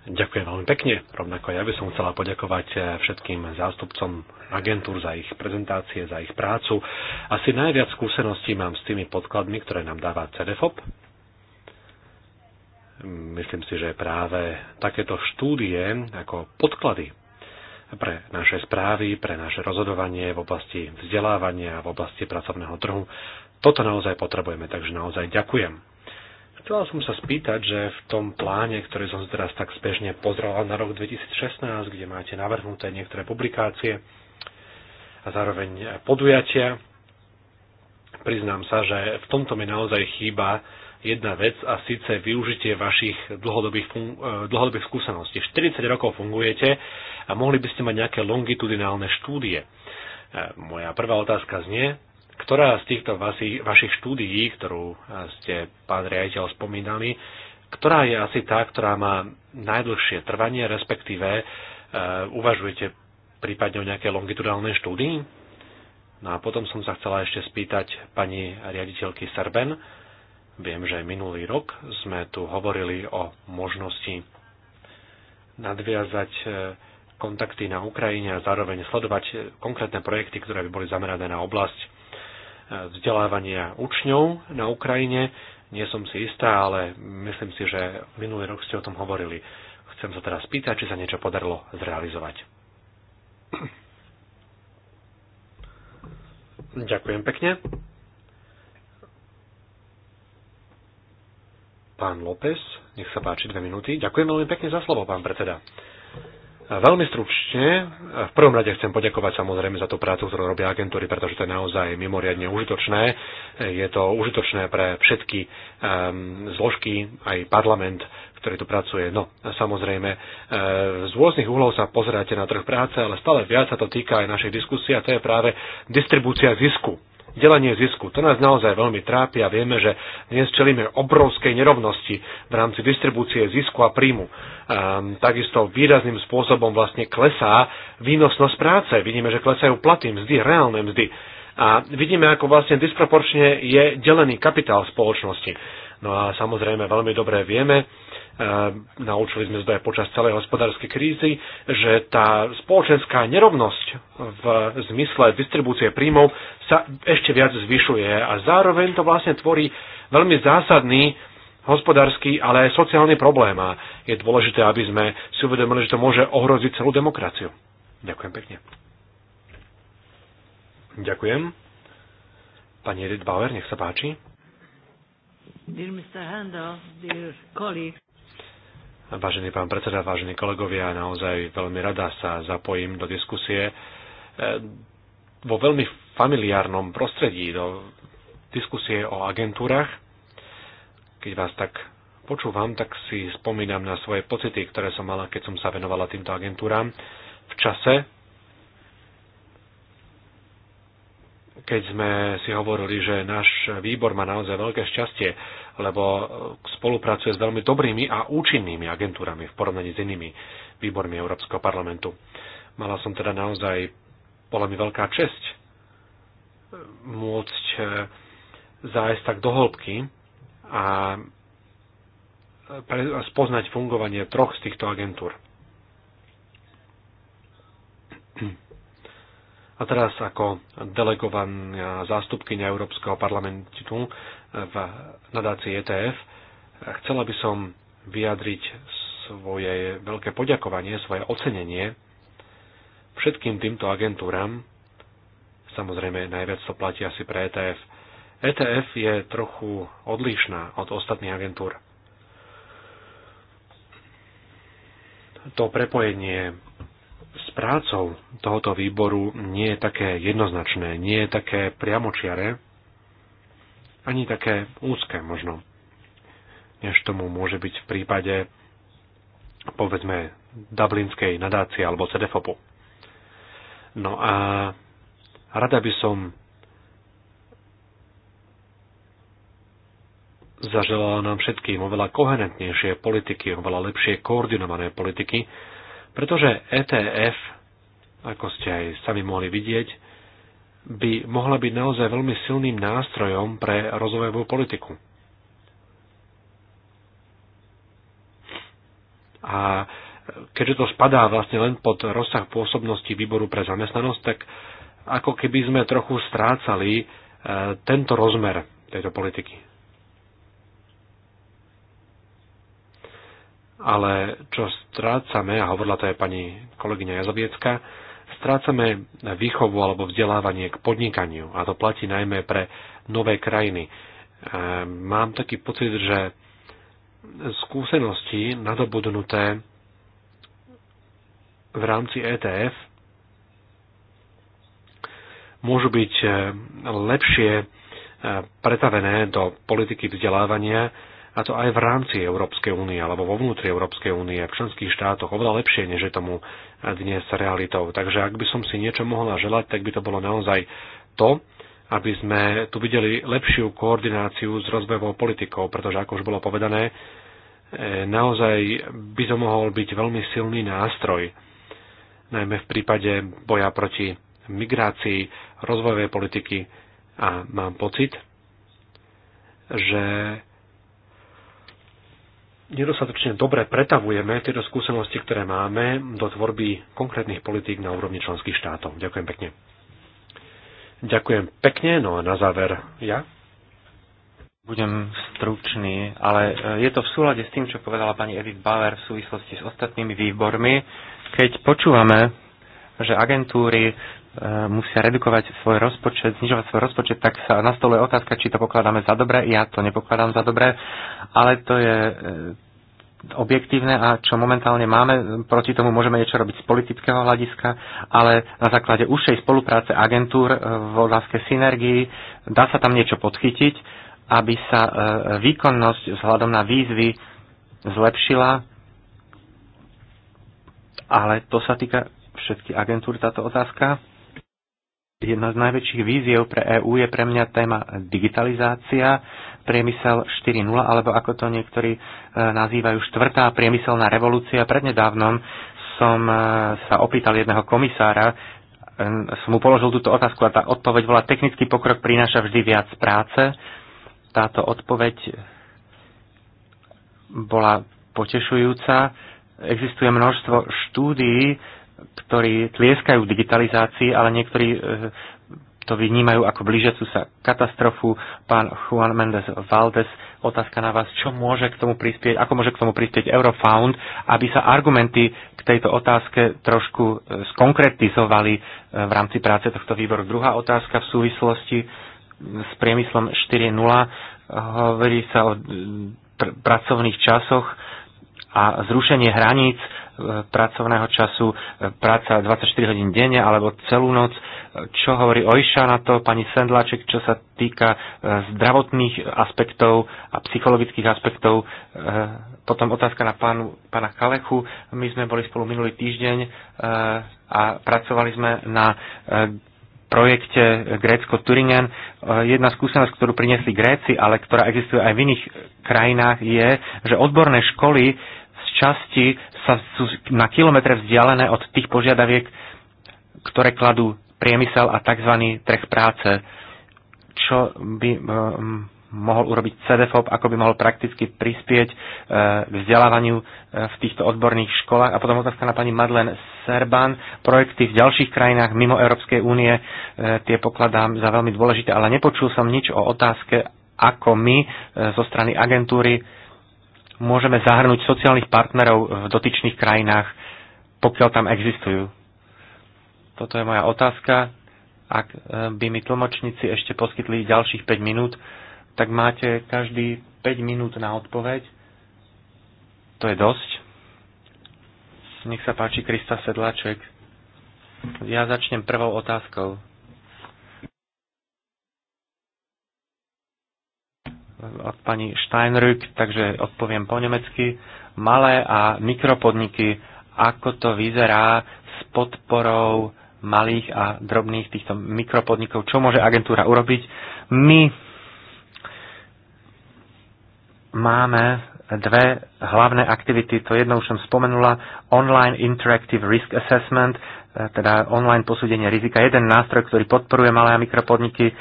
Ďakujem veľmi pekne. Rovnako ja by som chcela poďakovať eh, všetkým zástupcom agentúr za ich prezentácie, za ich prácu. Asi najviac skúseností mám s tými podkladmi, ktoré nám dáva CDFOP. Myslím si, že práve takéto štúdie ako podklady pre naše správy, pre naše rozhodovanie v oblasti vzdelávania, v oblasti pracovného trhu, toto naozaj potrebujeme, takže naozaj ďakujem. Chcela som sa spýtať, že v tom pláne, ktorý som teraz tak spežne pozrel na rok 2016, kde máte navrhnuté niektoré publikácie a zároveň podujatia, priznám sa, že v tomto mi naozaj chýba jedna vec a síce využitie vašich dlhodobých, fun- e, dlhodobých skúseností. 40 rokov fungujete a mohli by ste mať nejaké longitudinálne štúdie. E, moja prvá otázka znie, ktorá z týchto vasi, vašich štúdií, ktorú eh, ste, pán riaditeľ, spomínali, ktorá je asi tá, ktorá má najdlhšie trvanie, respektíve e, uvažujete prípadne o nejaké longitudálnej štúdii? No a potom som sa chcela ešte spýtať pani riaditeľky Serben. Viem, že minulý rok sme tu hovorili o možnosti nadviazať e, kontakty na Ukrajine a zároveň sledovať konkrétne projekty, ktoré by boli zamerané na oblasť vzdelávania učňov na Ukrajine. Nie som si istá, ale myslím si, že minulý rok ste o tom hovorili. Chcem sa teraz pýtať, či sa niečo podarilo zrealizovať. Ďakujem pekne. Pán López, nech sa páči dve minúty. Ďakujem veľmi pekne za slovo, pán predseda. Veľmi stručne, v prvom rade chcem poďakovať samozrejme za tú prácu, ktorú robia agentúry, pretože to je naozaj mimoriadne užitočné. Je to užitočné pre všetky um, zložky, aj parlament, ktorý tu pracuje. No, samozrejme, ehm, z rôznych uhlov sa pozeráte na trh práce, ale stále viac sa to týka aj našej diskusie a to je práve distribúcia zisku delenie zisku. To nás naozaj veľmi trápi a vieme, že dnes čelíme obrovskej nerovnosti v rámci distribúcie zisku a príjmu. Um, takisto výrazným spôsobom vlastne klesá výnosnosť práce. Vidíme, že klesajú platy, mzdy, reálne mzdy. A vidíme, ako vlastne disproporčne je delený kapitál spoločnosti No a samozrejme veľmi dobre vieme, e, naučili sme sa aj počas celej hospodárskej krízy, že tá spoločenská nerovnosť v zmysle distribúcie príjmov sa ešte viac zvyšuje a zároveň to vlastne tvorí veľmi zásadný hospodársky, ale aj sociálny problém a je dôležité, aby sme si uvedomili, že to môže ohroziť celú demokraciu. Ďakujem pekne. Ďakujem. Pani Edith Bauer, nech sa páči. Vážený pán predseda, vážení kolegovia, naozaj veľmi rada sa zapojím do diskusie e, vo veľmi familiárnom prostredí, do diskusie o agentúrach. Keď vás tak počúvam, tak si spomínam na svoje pocity, ktoré som mala, keď som sa venovala týmto agentúram v čase, keď sme si hovorili, že náš výbor má naozaj veľké šťastie, lebo spolupracuje s veľmi dobrými a účinnými agentúrami v porovnaní s inými výbormi Európskeho parlamentu. Mala som teda naozaj, bola mi veľká česť eh, môcť eh, zájsť tak do hĺbky eh, a spoznať fungovanie troch z týchto agentúr. A teraz ako delegovaná zástupkynia Európskeho parlamentu v nadácii ETF, chcela by som vyjadriť svoje veľké poďakovanie, svoje ocenenie všetkým týmto agentúram. Samozrejme, najviac to platí asi pre ETF. ETF je trochu odlišná od ostatných agentúr. To prepojenie s prácou tohoto výboru nie je také jednoznačné, nie je také priamočiare, ani také úzke možno, než tomu môže byť v prípade, povedzme, Dublinskej nadácie alebo CDFOPu. No a rada by som zaželala nám všetkým oveľa koherentnejšie politiky, oveľa lepšie koordinované politiky, pretože ETF, ako ste aj sami mohli vidieť, by mohla byť naozaj veľmi silným nástrojom pre rozvojovú politiku. A keďže to spadá vlastne len pod rozsah pôsobnosti výboru pre zamestnanosť, tak ako keby sme trochu strácali eh, tento rozmer tejto politiky. ale čo strácame, a hovorila to aj pani kolegyňa Jazoviecka, strácame výchovu alebo vzdelávanie k podnikaniu a to platí najmä pre nové krajiny. E, mám taký pocit, že skúsenosti nadobudnuté v rámci ETF môžu byť e, lepšie e, pretavené do politiky vzdelávania, a to aj v rámci Európskej únie alebo vo vnútri Európskej únie v členských štátoch oveľa lepšie, než je tomu dnes realitou. Takže ak by som si niečo mohla želať, tak by to bolo naozaj to, aby sme tu videli lepšiu koordináciu s rozvojovou politikou, pretože ako už bolo povedané, e, naozaj by to mohol byť veľmi silný nástroj, najmä v prípade boja proti migrácii, rozvojovej politiky a mám pocit, že nedostatočne dobre pretavujeme tieto skúsenosti, ktoré máme do tvorby konkrétnych politík na úrovni členských štátov. Ďakujem pekne. Ďakujem pekne, no a na záver ja. Budem stručný, ale e, je to v súlade s tým, čo povedala pani Edith Bauer v súvislosti s ostatnými výbormi. Keď počúvame, že agentúry Eh, musia redukovať svoj rozpočet, znižovať svoj rozpočet, tak sa nastoluje otázka, či to pokladáme za dobré. Ja to nepokladám za dobré, ale to je eh, objektívne a čo momentálne máme, proti tomu môžeme niečo robiť z politického hľadiska, ale na základe užšej spolupráce agentúr eh, v otázke synergii dá sa tam niečo podchytiť, aby sa výkonnosť vzhľadom na výzvy zlepšila, ale to sa týka všetky agentúr táto otázka. Jedna z najväčších víziev pre EÚ je pre mňa téma digitalizácia, priemysel 4.0, alebo ako to niektorí e, nazývajú štvrtá priemyselná revolúcia. Prednedávnom som e, sa opýtal jedného komisára, e, som mu položil túto otázku a tá odpoveď bola technický pokrok prináša vždy viac práce. Táto odpoveď bola potešujúca. Existuje množstvo štúdií, ktorí tlieskajú v digitalizácii, ale niektorí e, to vnímajú ako blížiacu sa katastrofu. Pán Juan Mendez Valdez otázka na vás, čo môže k tomu prispieť, ako môže k tomu prispieť Eurofound, aby sa argumenty k tejto otázke trošku e, skonkretizovali e, v rámci práce tohto výboru. Druhá otázka v súvislosti s priemyslom 4.0 hovorí sa o pr- pracovných časoch a zrušenie hraníc pracovného času, e, práca 24 hodín denne alebo celú noc. E, čo hovorí Ojša na to, pani Sendláček, čo sa týka e, zdravotných aspektov a psychologických aspektov. Potom otázka na pánu, pána Kalechu. My sme boli spolu minulý týždeň a pracovali sme na projekte Grécko-Turingen. Jedna skúsenosť, ktorú priniesli Gréci, ale ktorá existuje aj v iných krajinách, je, že odborné školy časti sa sú na kilometre vzdialené od tých požiadaviek, ktoré kladú priemysel a tzv. trh práce. Čo by eh, mohol urobiť CDFOP, ako by mohol prakticky prispieť eh, k vzdelávaniu eh, v týchto odborných školách. A potom otázka na pani Madlen Serban. Projekty v ďalších krajinách mimo Európskej únie tie pokladám za veľmi dôležité, ale nepočul som nič o otázke, ako my zo strany agentúry môžeme zahrnúť sociálnych partnerov v dotyčných krajinách, pokiaľ tam existujú? Toto je moja otázka. Ak e, by mi tlmočníci ešte poskytli ďalších 5 minút, tak máte každý 5 minút na odpoveď. To je dosť. Nech sa páči Krista Sedláček. Ja začnem prvou otázkou. od pani Steinrück, takže odpoviem po nemecky. Malé a mikropodniky, ako to vyzerá s podporou malých a drobných týchto mikropodnikov, čo môže agentúra urobiť. My máme dve hlavné aktivity, to jedno už som spomenula, online interactive risk assessment, e, teda online posúdenie rizika, jeden nástroj, ktorý podporuje malé a mikropodniky,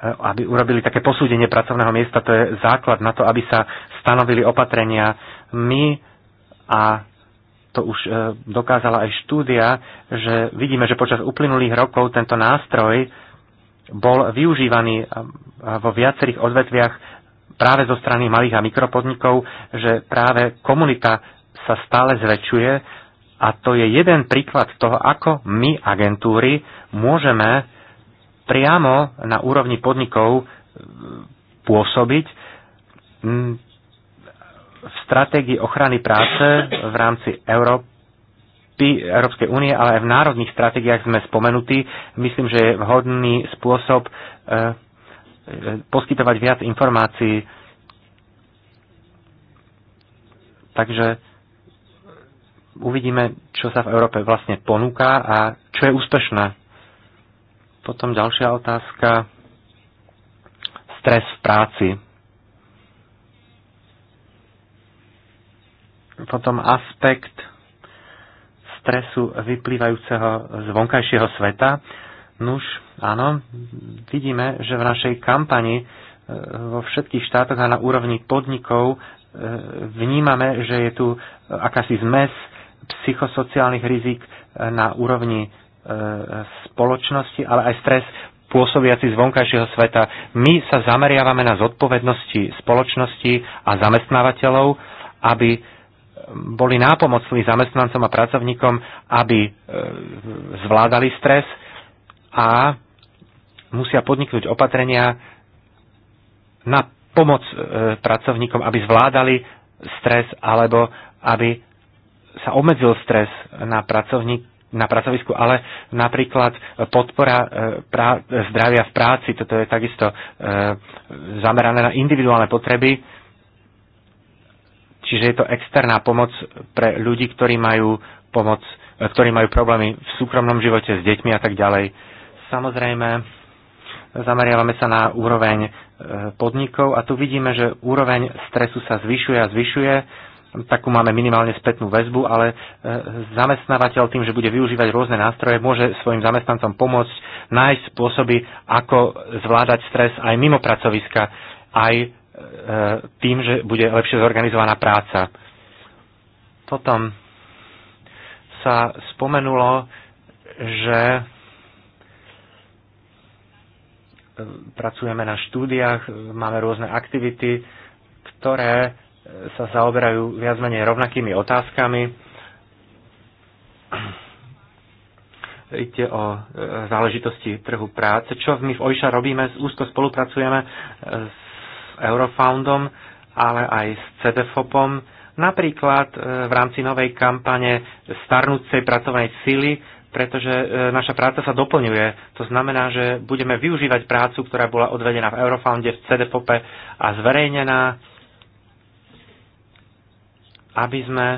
E, aby urobili také posúdenie pracovného miesta, to je základ na to, aby sa stanovili opatrenia. My a to už e, dokázala aj štúdia, že vidíme, že počas uplynulých rokov tento nástroj bol využívaný e, vo viacerých odvetviach práve zo strany malých a mikropodnikov, že práve komunita sa stále zväčšuje a to je jeden príklad toho, ako my agentúry môžeme priamo na úrovni podnikov e, pôsobiť v stratégii ochrany práce v rámci Európy, Európskej únie, ale aj v národných stratégiách sme spomenutí. Myslím, že je vhodný spôsob e, poskytovať viac informácií. Takže uvidíme, čo sa v Európe vlastne ponúka a čo je úspešné. Potom ďalšia otázka. Stres v práci. Potom aspekt stresu vyplývajúceho z vonkajšieho sveta. Nuž, áno, vidíme, že v našej kampani e, vo všetkých štátoch a na úrovni podnikov e, vnímame, že je tu akási zmes psychosociálnych rizik e, na úrovni spoločnosti, ale aj stres pôsobiaci z vonkajšieho sveta. My sa zameriavame na zodpovednosti spoločnosti a zamestnávateľov, aby boli nápomocní zamestnancom a pracovníkom, aby e, zvládali stres a musia podniknúť opatrenia na pomoc e, pracovníkom, aby zvládali stres alebo aby sa obmedzil stres na pracovník, na pracovisku, ale napríklad podpora e, prá- zdravia v práci, toto je takisto e, zamerané na individuálne potreby, čiže je to externá pomoc pre ľudí, ktorí majú pomoc, e, ktorí majú problémy v súkromnom živote s deťmi a tak ďalej. Samozrejme, zameriavame sa na úroveň podnikov a tu vidíme, že úroveň stresu sa zvyšuje a zvyšuje takú máme minimálne spätnú väzbu, ale e, zamestnávateľ tým, že bude využívať rôzne nástroje, môže svojim zamestnancom pomôcť nájsť spôsoby, ako zvládať stres aj mimo pracoviska, aj e, tým, že bude lepšie zorganizovaná práca. Potom sa spomenulo, že e, pracujeme na štúdiách, máme rôzne aktivity, ktoré sa zaoberajú viac menej rovnakými otázkami. Ide o e, záležitosti trhu práce. Čo my v OIŠA robíme, úzko spolupracujeme e, s Eurofoundom, ale aj s CDFOPom. Napríklad e, v rámci novej kampane starnúcej pracovnej sily, pretože naša práca sa doplňuje. To znamená, že budeme využívať prácu, ktorá bola odvedená v Eurofounde, v CDFOPe a zverejnená aby sme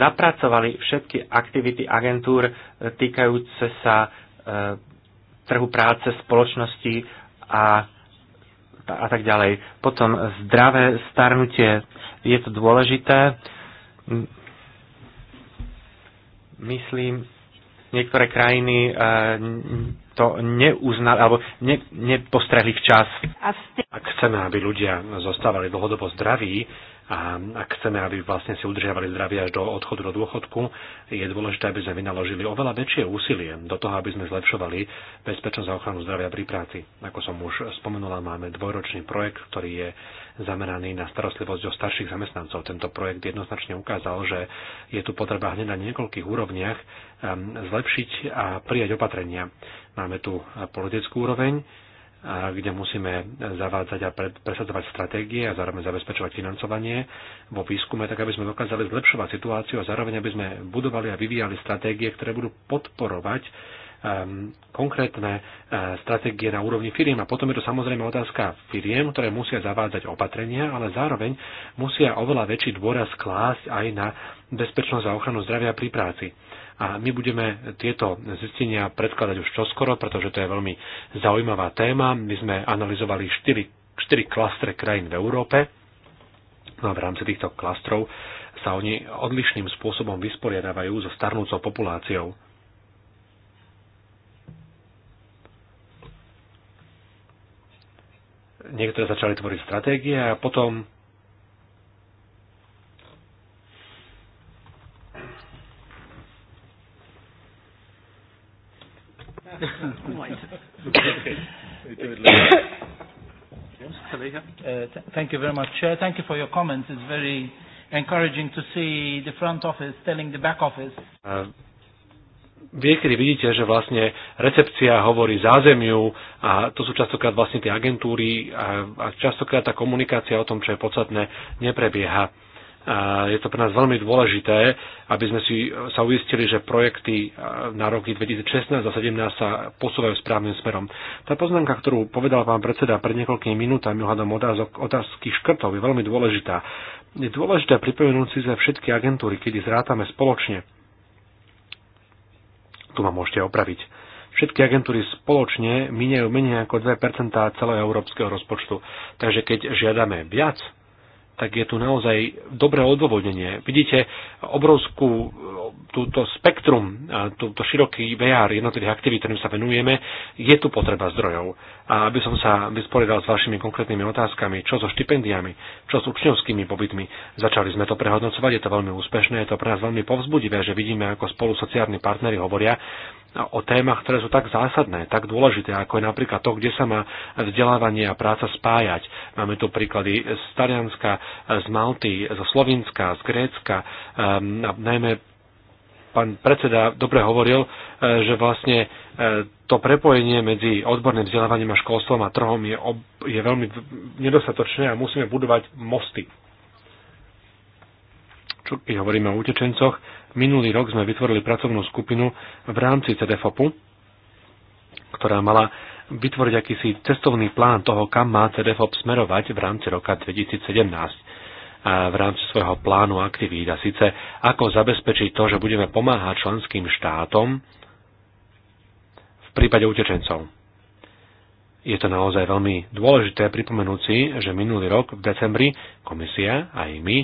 zapracovali všetky aktivity agentúr týkajúce sa e, trhu práce, spoločnosti a, a tak ďalej. Potom zdravé starnutie je to dôležité. Myslím, niektoré krajiny e, to neuznali alebo ne, nepostrehli včas. Ak chceme, aby ľudia zostávali dlhodobo zdraví, a ak chceme, aby vlastne si udržiavali zdravie až do odchodu do dôchodku, je dôležité, aby sme vynaložili oveľa väčšie úsilie do toho, aby sme zlepšovali bezpečnosť a ochranu zdravia pri práci. Ako som už spomenula, máme dvojročný projekt, ktorý je zameraný na starostlivosť o starších zamestnancov. Tento projekt jednoznačne ukázal, že je tu potreba hneď na niekoľkých úrovniach um, zlepšiť a prijať opatrenia. Máme tu politickú úroveň, kde musíme zavádzať a presadzovať stratégie a zároveň zabezpečovať financovanie vo výskume, tak aby sme dokázali zlepšovať situáciu a zároveň aby sme budovali a vyvíjali stratégie, ktoré budú podporovať um, konkrétne uh, stratégie na úrovni firiem. A potom je to samozrejme otázka firiem, ktoré musia zavádzať opatrenia, ale zároveň musia oveľa väčší dôraz klásť aj na bezpečnosť a ochranu zdravia pri práci a my budeme tieto zistenia predkladať už čoskoro, pretože to je veľmi zaujímavá téma. My sme analyzovali 4, 4 klastre krajín v Európe. No a v rámci týchto klastrov sa oni odlišným spôsobom vysporiadávajú so starnúcou populáciou. Niektoré začali tvoriť stratégie a potom thank you very much, Chair. Thank you for your comments. It's very encouraging to see the front office telling the back office. Uh, kedy vidíte, že vlastne recepcia hovorí zázemiu a to sú častokrát vlastne tie agentúry a, a častokrát tá komunikácia o tom, čo je podstatné, neprebieha je to pre nás veľmi dôležité, aby sme si sa uistili, že projekty e, na roky 2016 a 2017 sa posúvajú správnym smerom. Tá poznámka, ktorú povedal pán predseda pred niekoľkými minútami ohľadom otázok, otázky škrtov, je veľmi dôležitá. Je dôležité pripomenúť si, že všetky agentúry, kedy zrátame spoločne, tu ma môžete opraviť, Všetky agentúry spoločne minajú menej ako 2% celého európskeho rozpočtu. Takže keď žiadame viac, tak je tu naozaj dobré odôvodnenie. Vidíte obrovskú túto spektrum, túto široký VR jednotlivých aktivít, ktorým sa venujeme, je tu potreba zdrojov a aby som sa vysporiadal s vašimi konkrétnymi otázkami, čo so štipendiami, čo s učňovskými pobytmi. Začali sme to prehodnocovať, je to veľmi úspešné, je to pre nás veľmi povzbudivé, že vidíme, ako spolu sociálni partnery hovoria o témach, ktoré sú tak zásadné, tak dôležité, ako je napríklad to, kde sa má vzdelávanie a práca spájať. Máme tu príklady z Talianska, z Malty, zo Slovinska, z Grécka, um, najmä pán predseda dobre hovoril, e, že vlastne e, to prepojenie medzi odborným vzdelávaním a školstvom a trhom je, ob, je veľmi nedostatočné a musíme budovať mosty. Čo, keď hovoríme o utečencoch, minulý rok sme vytvorili pracovnú skupinu v rámci CDFOPu, ktorá mala vytvoriť akýsi cestovný plán toho, kam má CDFOP smerovať v rámci roka 2017 v rámci svojho plánu aktivít. A síce ako zabezpečiť to, že budeme pomáhať členským štátom v prípade utečencov. Je to naozaj veľmi dôležité pripomenúť si, že minulý rok v decembri komisia aj my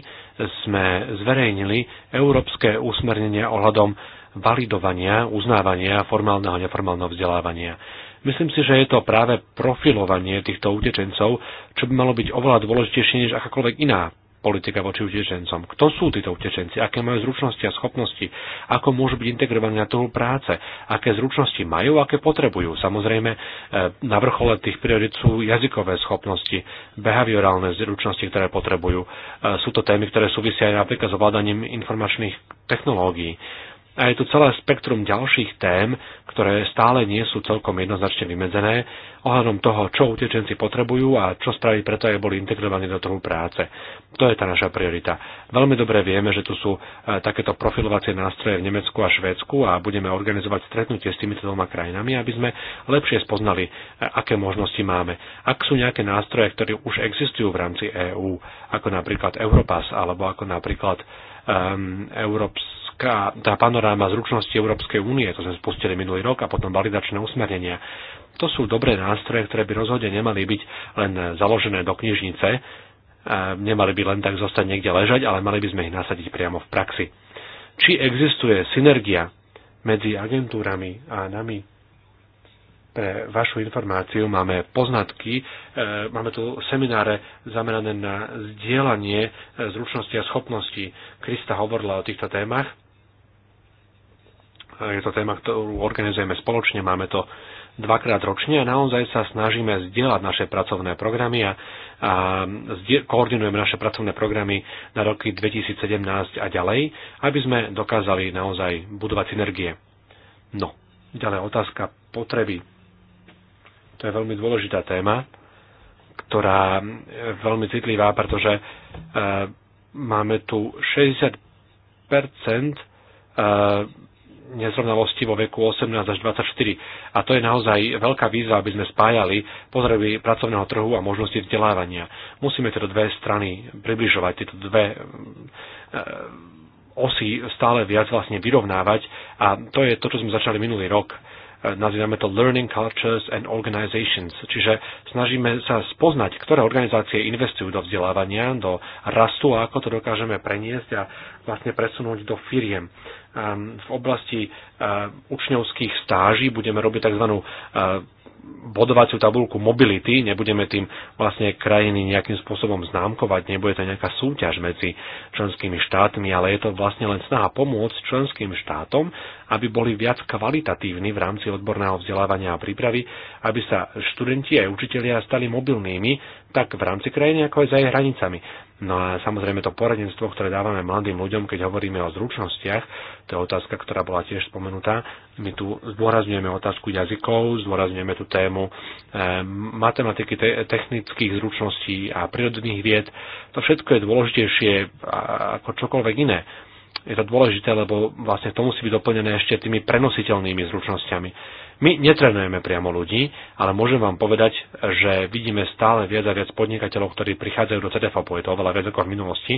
sme zverejnili európske usmernenia ohľadom validovania, uznávania formálneho a neformálneho vzdelávania. Myslím si, že je to práve profilovanie týchto utečencov, čo by malo byť oveľa dôležitejšie než akákoľvek iná politika voči utečencom. Kto sú títo utečenci? Aké majú zručnosti a schopnosti? Ako môžu byť integrovaní na trhu práce? Aké zručnosti majú? Aké potrebujú? Samozrejme, e, na vrchole tých priorit sú jazykové schopnosti, behaviorálne zručnosti, ktoré potrebujú. E, sú to témy, ktoré súvisia aj napríklad s ovládaním informačných technológií a je tu celé spektrum ďalších tém, ktoré stále nie sú celkom jednoznačne vymedzené ohľadom toho, čo utečenci potrebujú a čo spraviť preto, aby boli integrovaní do trhu práce. To je tá naša priorita. Veľmi dobre vieme, že tu sú e, takéto profilovacie nástroje v Nemecku a Švédsku a budeme organizovať stretnutie s týmito dvoma krajinami, aby sme lepšie spoznali, e, aké možnosti máme. Ak sú nejaké nástroje, ktoré už existujú v rámci EÚ, ako napríklad Europass alebo ako napríklad um, ehm, Európs tá panoráma zručnosti Európskej únie, to sme spustili minulý rok a potom validačné usmernenia. To sú dobré nástroje, ktoré by rozhodne nemali byť len založené do knižnice, e, nemali by len tak zostať niekde ležať, ale mali by sme ich nasadiť priamo v praxi. Či existuje synergia medzi agentúrami a nami? Pre vašu informáciu máme poznatky, e, máme tu semináre zamerané na zdieľanie e, zručnosti a schopností. Krista hovorila o týchto témach je to téma, ktorú organizujeme spoločne, máme to dvakrát ročne a naozaj sa snažíme zdieľať naše pracovné programy a, a zdieľ, koordinujeme naše pracovné programy na roky 2017 a ďalej, aby sme dokázali naozaj budovať synergie. No, ďalej otázka potreby. To je veľmi dôležitá téma, ktorá je veľmi citlivá, pretože e, máme tu 60 e, nezrovnalosti vo veku 18 až 24. A to je naozaj veľká výzva, aby sme spájali potreby pracovného trhu a možnosti vzdelávania. Musíme tieto dve strany približovať, tieto dve e, osy stále viac vlastne vyrovnávať a to je to, čo sme začali minulý rok e, nazývame to Learning Cultures and Organizations, čiže snažíme sa spoznať, ktoré organizácie investujú do vzdelávania, do rastu a ako to dokážeme preniesť a vlastne presunúť do firiem. Ehm, v oblasti ehm, učňovských stáží budeme robiť tzv ehm, bodovaciu tabulku mobility, nebudeme tým vlastne krajiny nejakým spôsobom známkovať, nebude to nejaká súťaž medzi členskými štátmi, ale je to vlastne len snaha pomôcť členským štátom, aby boli viac kvalitatívni v rámci odborného vzdelávania a prípravy, aby sa študenti aj učitelia stali mobilnými tak v rámci krajiny, ako aj za jej hranicami. No a samozrejme to poradenstvo, ktoré dávame mladým ľuďom, keď hovoríme o zručnostiach, to je otázka, ktorá bola tiež spomenutá. My tu zdôrazňujeme otázku jazykov, zdôrazňujeme tú tému e, matematiky, te, technických zručností a prírodných vied. To všetko je dôležitejšie eh, ako čokoľvek iné je to dôležité, lebo vlastne to musí byť doplnené ešte tými prenositeľnými zručnosťami. My netrenujeme priamo ľudí, ale môžem vám povedať, že vidíme stále viac a viac podnikateľov, ktorí prichádzajú do CDFAPu. Je to oveľa viac ako v minulosti.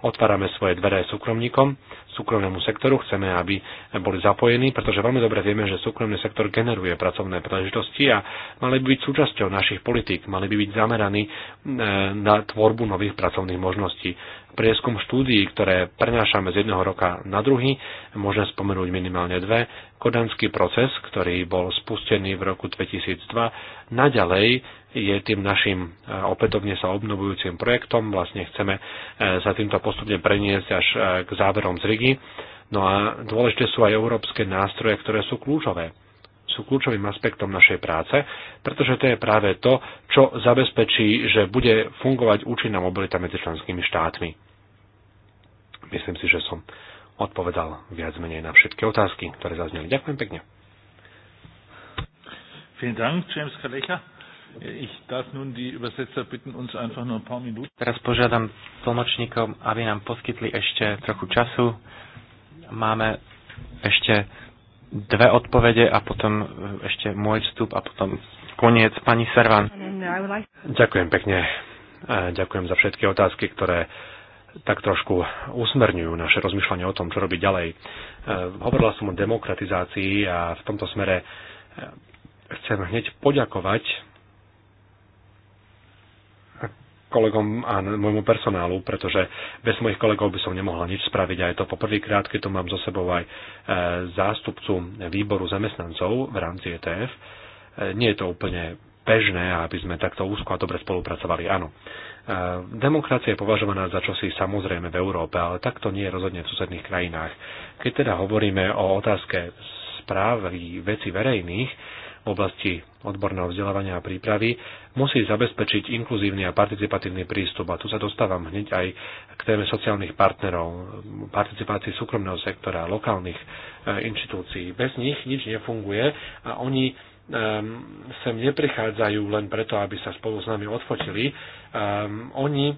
Otvárame svoje dvere aj súkromníkom, súkromnému sektoru. Chceme, aby boli zapojení, pretože veľmi dobre vieme, že súkromný sektor generuje pracovné príležitosti a mali by byť súčasťou našich politik, mali by byť zameraní e, na tvorbu nových pracovných možností prieskum štúdií, ktoré prenášame z jedného roka na druhý, môžem spomenúť minimálne dve. Kodanský proces, ktorý bol spustený v roku 2002, naďalej je tým našim eh, opätovne sa obnovujúcim projektom. Vlastne chceme eh, sa týmto postupne preniesť až eh, k záverom z Rigi. No a dôležité sú aj európske nástroje, ktoré sú kľúčové sú kľúčovým aspektom našej práce, pretože to je práve to, čo zabezpečí, že bude fungovať účinná mobilita medzi členskými štátmi. Myslím si, že som odpovedal viac menej na všetky otázky, ktoré zazneli. Ďakujem pekne. Vielen Dank, James Kalecha. Ich darf nun die Übersetzer bitten, uns einfach nur ein paar Minuten. Teraz požiadam tlmočníkom, aby nám poskytli ešte trochu času. Máme ešte dve odpovede a potom e, ešte môj vstup a potom koniec pani Servan. No, ďakujem pekne. E, ďakujem za všetky otázky, ktoré tak trošku usmerňujú naše rozmýšľanie o tom, čo robiť ďalej. E, hovorila som o demokratizácii a v tomto smere e, chcem hneď poďakovať kolegom a môjmu personálu, pretože bez mojich kolegov by som nemohla nič spraviť a je to poprvýkrát, keď tu mám zo sebou aj e, zástupcu výboru zamestnancov v rámci ETF. Nie je to úplne bežné aby sme takto úzko a dobre spolupracovali. Áno, e, demokracia je považovaná za čosi samozrejme v Európe, ale takto nie je rozhodne v susedných krajinách. Keď teda hovoríme o otázke správy veci verejných v oblasti odborného vzdelávania a prípravy, musí zabezpečiť inkluzívny a participatívny prístup. A tu sa dostávam hneď aj k téme sociálnych partnerov, participácii súkromného sektora, lokálnych e, inštitúcií. Bez nich nič nefunguje a oni Ehm, sem neprichádzajú len preto, aby sa spolu s nami odfotili. Ehm, oni e,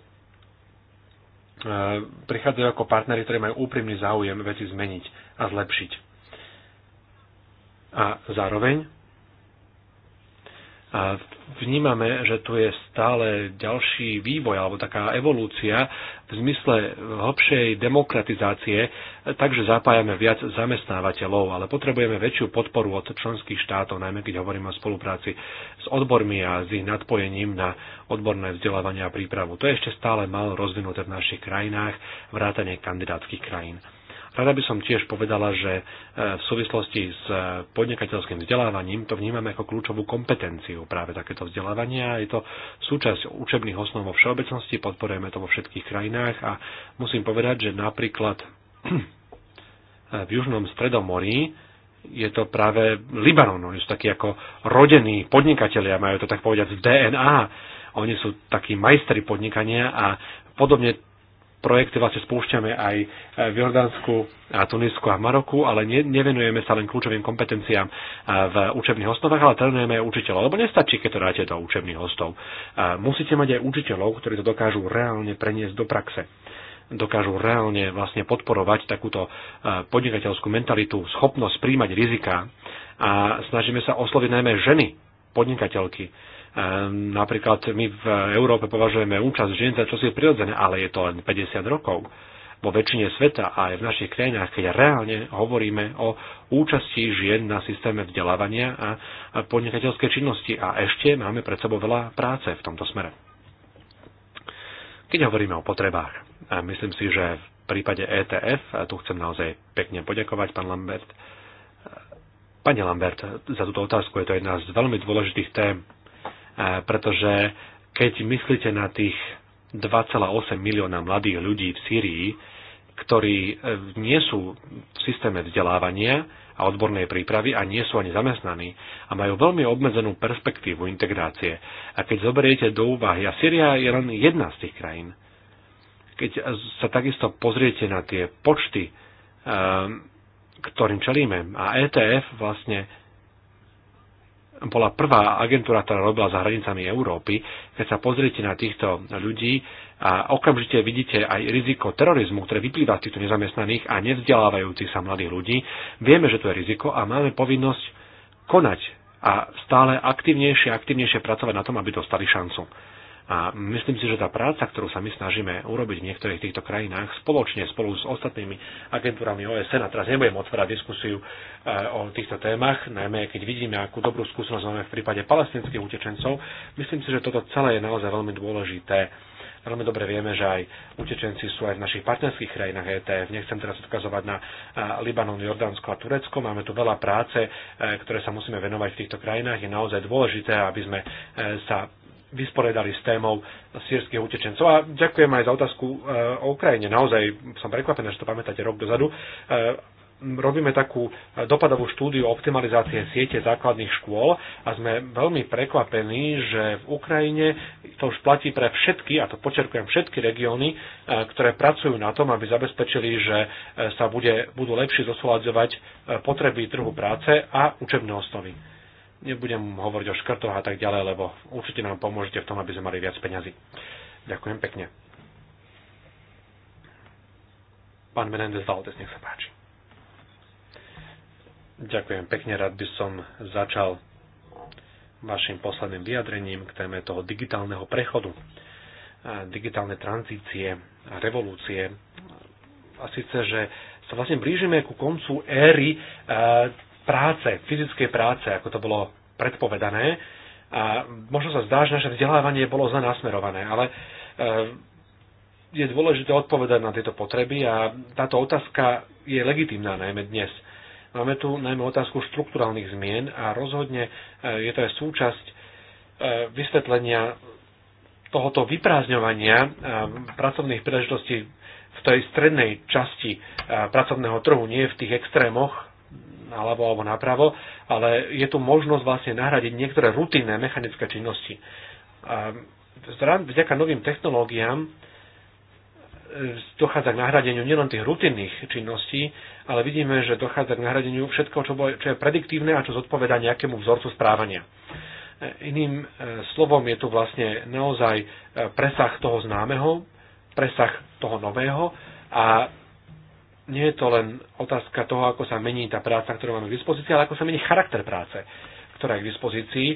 prichádzajú ako partnery, ktorí majú úprimný záujem veci zmeniť a zlepšiť. A zároveň a vnímame, že tu je stále ďalší vývoj alebo taká evolúcia v zmysle hlbšej demokratizácie, takže zapájame viac zamestnávateľov, ale potrebujeme väčšiu podporu od členských štátov, najmä keď hovoríme o spolupráci s odbormi a s ich nadpojením na odborné vzdelávanie a prípravu. To je ešte stále málo rozvinuté v našich krajinách, vrátanie kandidátskych krajín. Rada by som tiež povedala, že e, v súvislosti s e, podnikateľským vzdelávaním to vnímame ako kľúčovú kompetenciu práve takéto vzdelávania, a je to súčasť učebných osnov vo všeobecnosti, podporujeme to vo všetkých krajinách a musím povedať, že napríklad e, v južnom stredomorí je to práve Libanon. Oni sú takí ako rodení podnikatelia, majú to tak povedať z DNA. Oni sú takí majstri podnikania a podobne projekty vlastne spúšťame aj e, v Jordánsku a Tunisku a v Maroku, ale ne, nevenujeme sa len kľúčovým kompetenciám e, v učebných osnovách, ale trénujeme aj učiteľov, lebo nestačí, keď to dáte do učebných hostov. E, musíte mať aj učiteľov, ktorí to dokážu reálne preniesť do praxe dokážu reálne vlastne podporovať takúto podnikateľskú mentalitu, schopnosť príjmať rizika a snažíme sa osloviť najmä ženy podnikateľky, Ehm, napríklad my v Európe považujeme účasť žien za čosi prirodzené, ale je to len 50 rokov. Vo väčšine sveta a aj v našich krajinách, keď reálne hovoríme o účasti žien na systéme vzdelávania a podnikateľskej činnosti a ešte máme pred sebou veľa práce v tomto smere. Keď hovoríme o potrebách, myslím si, že v prípade ETF, a tu chcem naozaj pekne poďakovať, pán Lambert, e, Pane Lambert, za túto otázku je to jedna z veľmi dôležitých tém E, pretože keď myslíte na tých 2,8 milióna mladých ľudí v Syrii, ktorí e, nie sú v systéme vzdelávania a odbornej prípravy a nie sú ani zamestnaní a majú veľmi obmedzenú perspektívu integrácie. A keď zoberiete do úvahy, a Syria je len jedna z tých krajín, keď sa takisto pozriete na tie počty, e, ktorým čelíme, a ETF vlastne bola prvá agentúra, ktorá robila za hranicami Európy. Keď sa pozriete na týchto ľudí, a okamžite vidíte aj riziko terorizmu, ktoré vyplýva z týchto nezamestnaných a nevzdelávajúcich sa mladých ľudí. Vieme, že to je riziko a máme povinnosť konať a stále aktivnejšie a aktivnejšie pracovať na tom, aby dostali šancu. A myslím si, že tá práca, ktorú sa my snažíme urobiť v niektorých týchto krajinách spoločne, spolu s ostatnými agentúrami OSN, a teraz nebudem otvárať diskusiu e, o týchto témach, najmä keď vidíme, akú dobrú skúsenosť máme v prípade palestinských utečencov, myslím si, že toto celé je naozaj veľmi dôležité veľmi dobre vieme, že aj utečenci sú aj v našich partnerských krajinách ETF. Nechcem teraz odkazovať na Libanon, Jordánsko a Turecko. Máme tu veľa práce, e, ktoré sa musíme venovať v týchto krajinách. Je naozaj dôležité, aby sme e, sa vysporiadali s témou sírskych utečencov. A ďakujem aj za otázku e, o Ukrajine. Naozaj som prekvapený, že to pamätáte rok dozadu e, robíme takú e, dopadovú štúdiu optimalizácie siete základných škôl a sme veľmi prekvapení, že v Ukrajine to už platí pre všetky, a to počerkujem všetky regióny, ktoré pracujú na tom, aby zabezpečili, že sa bude, budú lepšie zosúľadzovať potreby trhu práce a učebné osnovy nebudem hovoriť o škrtoch a tak ďalej, lebo určite nám pomôžete v tom, aby sme mali viac peňazí. Ďakujem pekne. Pán Menendez Valdez, nech sa páči. Ďakujem pekne, rád by som začal vašim posledným vyjadrením k téme toho digitálneho prechodu, digitálne tranzície a revolúcie. A síce, že sa vlastne blížime ku koncu éry práce, fyzickej práce, ako to bolo predpovedané. A možno sa zdá, že naše vzdelávanie bolo zle nasmerované, ale e, je dôležité odpovedať na tieto potreby a táto otázka je legitimná najmä dnes. Máme tu najmä otázku štrukturálnych zmien a rozhodne e, je to aj súčasť e, vysvetlenia tohoto vyprázdňovania pracovných príležitostí v tej strednej časti pracovného trhu, nie v tých extrémoch naľavo alebo napravo, ale je tu možnosť vlastne nahradiť niektoré rutinné mechanické činnosti. A vďaka novým technológiám e, dochádza k nahradeniu nielen tých rutinných činností, ale vidíme, že dochádza k nahradeniu všetkého, čo, čo je prediktívne a čo zodpoveda nejakému vzorcu správania. E, iným e, slovom je tu vlastne naozaj presah toho známeho, presah toho nového a nie je to len otázka toho, ako sa mení tá práca, ktorú máme k dispozícii, ale ako sa mení charakter práce, ktorá je k dispozícii.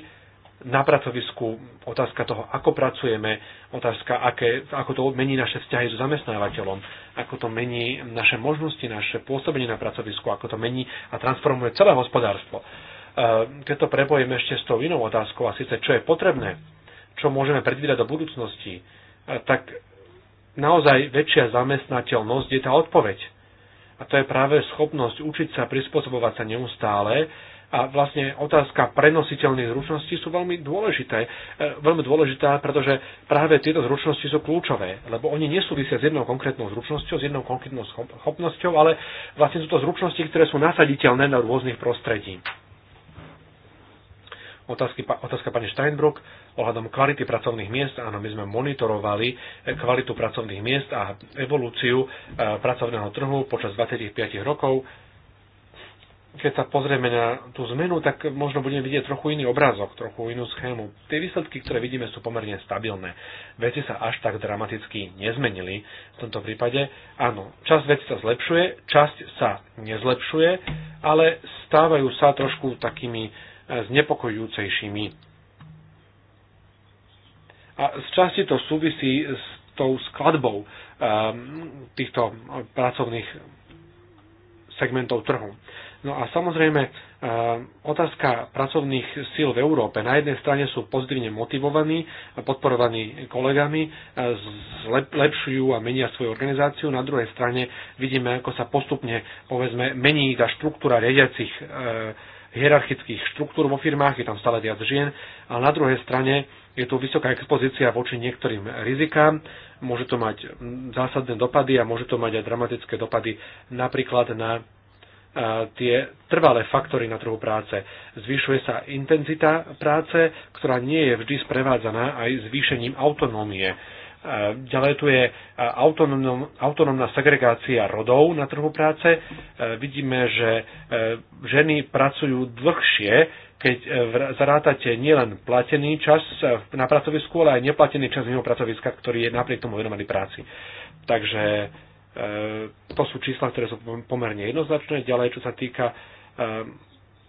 Na pracovisku otázka toho, ako pracujeme, otázka, aké, ako to mení naše vzťahy so zamestnávateľom, ako to mení naše možnosti, naše pôsobenie na pracovisku, ako to mení a transformuje celé hospodárstvo. E, keď to prepojeme ešte s tou inou otázkou, a síce čo je potrebné, čo môžeme predvídať do budúcnosti, e, tak naozaj väčšia zamestnateľnosť je tá odpoveď a to je práve schopnosť učiť sa, prispôsobovať sa neustále, a vlastne otázka prenositeľných zručností sú veľmi dôležité. E, veľmi dôležitá, pretože práve tieto zručnosti sú kľúčové, lebo oni nesúvisia s jednou konkrétnou zručnosťou, s jednou konkrétnou schopnosťou, ale vlastne sú to zručnosti, ktoré sú nasaditeľné na rôznych prostredí. Otázky, otázka pani Steinbrück ohľadom kvality pracovných miest. Áno, my sme monitorovali eh, kvalitu pracovných miest a evolúciu eh, pracovného trhu počas 25 rokov. Keď sa pozrieme na tú zmenu, tak možno budeme vidieť trochu iný obrázok, trochu inú schému. Tie výsledky, ktoré vidíme, sú pomerne stabilné. Veci sa až tak dramaticky nezmenili v tomto prípade. Áno, časť veci sa zlepšuje, časť sa nezlepšuje, ale stávajú sa trošku takými eh, znepokojujúcejšími a z časti to súvisí s tou skladbou um, týchto pracovných segmentov trhu. No a samozrejme, ehm, otázka pracovných síl v Európe. Na jednej strane sú pozitívne motivovaní, podporovaní kolegami, e, zlepšujú a menia svoju organizáciu. Na druhej strane vidíme, ako sa postupne, povedzme, mení tá štruktúra riadiacich e, hierarchických štruktúr vo firmách, je tam stále viac žien, ale na druhej strane je tu vysoká expozícia voči niektorým rizikám, môže to mať mm, zásadné dopady a môže to mať aj dramatické dopady napríklad na e, tie trvalé faktory na trhu práce. Zvyšuje sa intenzita práce, ktorá nie je vždy sprevádzaná aj zvýšením autonómie Eh, ďalej tu je eh, autonómna segregácia rodov na trhu práce. Eh, vidíme, že ženy pracujú dlhšie, keď zarátate nielen platený čas na pracovisku, ale aj neplatený čas mimo pracoviska, ktorý je napriek tomu venovaný práci. Takže to sú čísla, ktoré sú pomerne jednoznačné. Ďalej, čo sa týka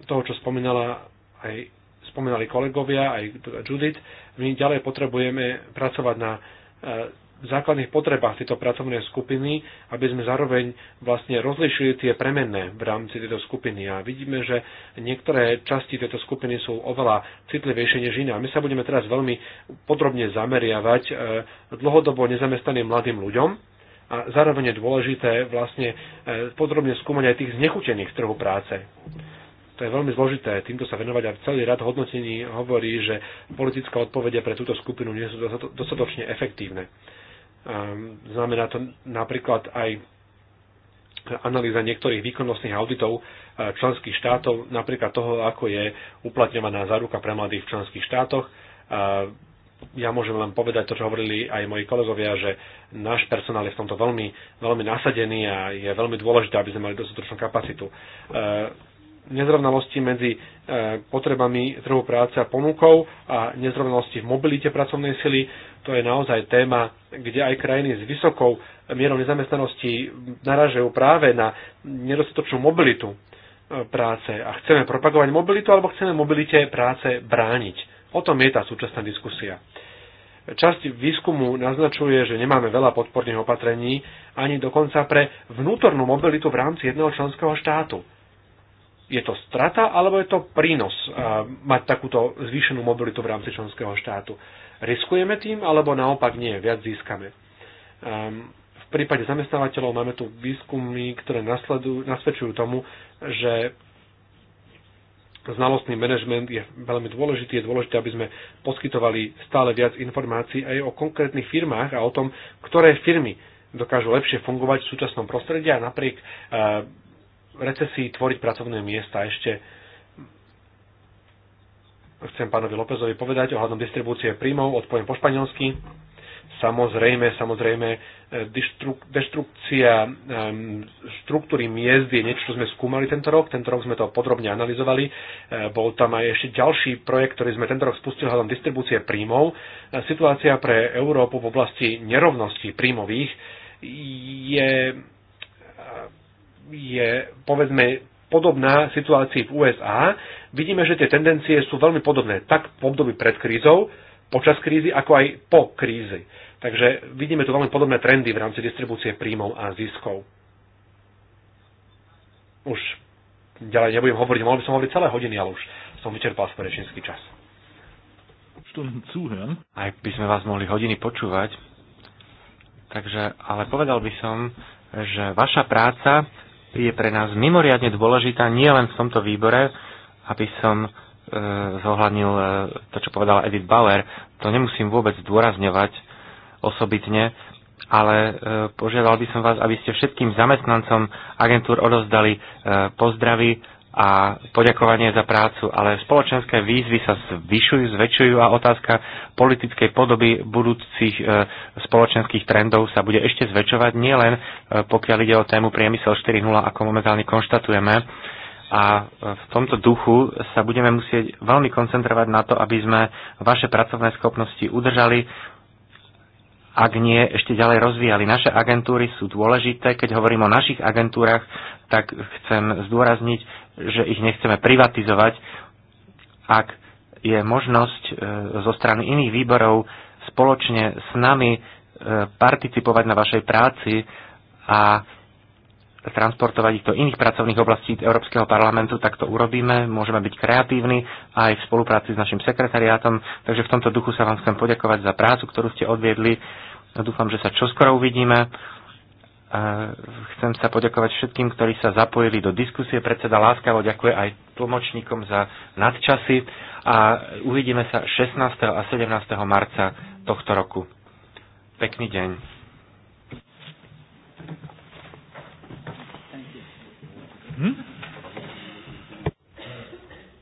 toho, čo spomínala aj spomínali kolegovia, aj Judith, my ďalej potrebujeme pracovať na základných potrebách tejto pracovnej skupiny, aby sme zároveň vlastne rozlišili tie premenné v rámci tejto skupiny. A vidíme, že niektoré časti tejto skupiny sú oveľa citlivejšie než iné. A my sa budeme teraz veľmi podrobne zameriavať e, dlhodobo nezamestnaným mladým ľuďom, a zároveň je dôležité vlastne e, podrobne skúmať aj tých znechutených trhu práce. To je veľmi zložité týmto sa venovať a celý rad hodnotení hovorí, že politické odpovede pre túto skupinu nie sú dostatočne efektívne. Ehm, znamená to napríklad aj analýza niektorých výkonnostných auditov e, členských štátov, napríklad toho, ako je uplatňovaná záruka pre mladých v členských štátoch. Ehm, ja môžem len povedať to, čo hovorili aj moji kolegovia, že náš personál je v tomto veľmi, veľmi nasadený a je veľmi dôležité, aby sme mali dostatočnú kapacitu ehm, nezrovnalosti medzi e, potrebami trhu práce a ponukou a nezrovnalosti v mobilite pracovnej sily. To je naozaj téma, kde aj krajiny s vysokou mierou nezamestnanosti naražajú práve na nedostatočnú mobilitu e, práce. A chceme propagovať mobilitu alebo chceme mobilite práce brániť. O tom je tá súčasná diskusia. Časť výskumu naznačuje, že nemáme veľa podporných opatrení ani dokonca pre vnútornú mobilitu v rámci jedného členského štátu je to strata alebo je to prínos mať takúto zvýšenú mobilitu v rámci členského štátu? Riskujeme tým alebo naopak nie, viac získame? Ehm, v prípade zamestnávateľov máme tu výskumy, ktoré nasvedčujú tomu, že znalostný manažment je veľmi dôležitý. Je dôležité, aby sme poskytovali stále viac informácií aj o konkrétnych firmách a o tom, ktoré firmy dokážu lepšie fungovať v súčasnom prostredí a napriek ehm, recesii tvoriť pracovné miesta. Ešte chcem pánovi Lópezovi povedať ohľadom distribúcie príjmov, odpoviem po španielsky. Samozrejme, samozrejme, e, deštrukcia e, štruktúry miest je niečo, čo sme skúmali tento rok. Tento rok sme to podrobne analyzovali. E, bol tam aj ešte ďalší projekt, ktorý sme tento rok spustili hľadom distribúcie príjmov. Situácia pre Európu v oblasti nerovností príjmových je je, povedzme, podobná situácii v USA, vidíme, že tie tendencie sú veľmi podobné, tak v období pred krízou, počas krízy, ako aj po krízi. Takže vidíme tu veľmi podobné trendy v rámci distribúcie príjmov a ziskov. Už ďalej nebudem hovoriť, mohol by som hovoriť celé hodiny, ale už som vyčerpal svoj čas. Aj by sme vás mohli hodiny počúvať, takže, ale povedal by som, že vaša práca je pre nás mimoriadne dôležitá nielen v tomto výbore, aby som e, zohľadnil e, to, čo povedala Edith Bauer. To nemusím vôbec zdôrazňovať osobitne, ale e, požiadal by som vás, aby ste všetkým zamestnancom agentúr odozdali pozdravy a poďakovanie za prácu, ale spoločenské výzvy sa zvyšujú, zväčšujú a otázka politickej podoby budúcich e, spoločenských trendov sa bude ešte zväčšovať, nielen e, pokiaľ ide o tému priemysel 4.0, ako momentálne konštatujeme. A e, v tomto duchu sa budeme musieť veľmi koncentrovať na to, aby sme vaše pracovné schopnosti udržali, ak nie ešte ďalej rozvíjali. Naše agentúry sú dôležité, keď hovorím o našich agentúrach, tak chcem zdôrazniť, že ich nechceme privatizovať, ak je možnosť e, zo strany iných výborov spoločne s nami e, participovať na vašej práci a transportovať ich do iných pracovných oblastí Európskeho parlamentu, tak to urobíme. Môžeme byť kreatívni aj v spolupráci s našim sekretariátom. Takže v tomto duchu sa vám chcem poďakovať za prácu, ktorú ste odviedli. Dúfam, že sa čoskoro uvidíme Chcem sa poďakovať všetkým, ktorí sa zapojili do diskusie. Predseda láskavo ďakuje aj tlmočníkom za nadčasy a uvidíme sa 16. a 17. marca tohto roku. Pekný deň. Hmm?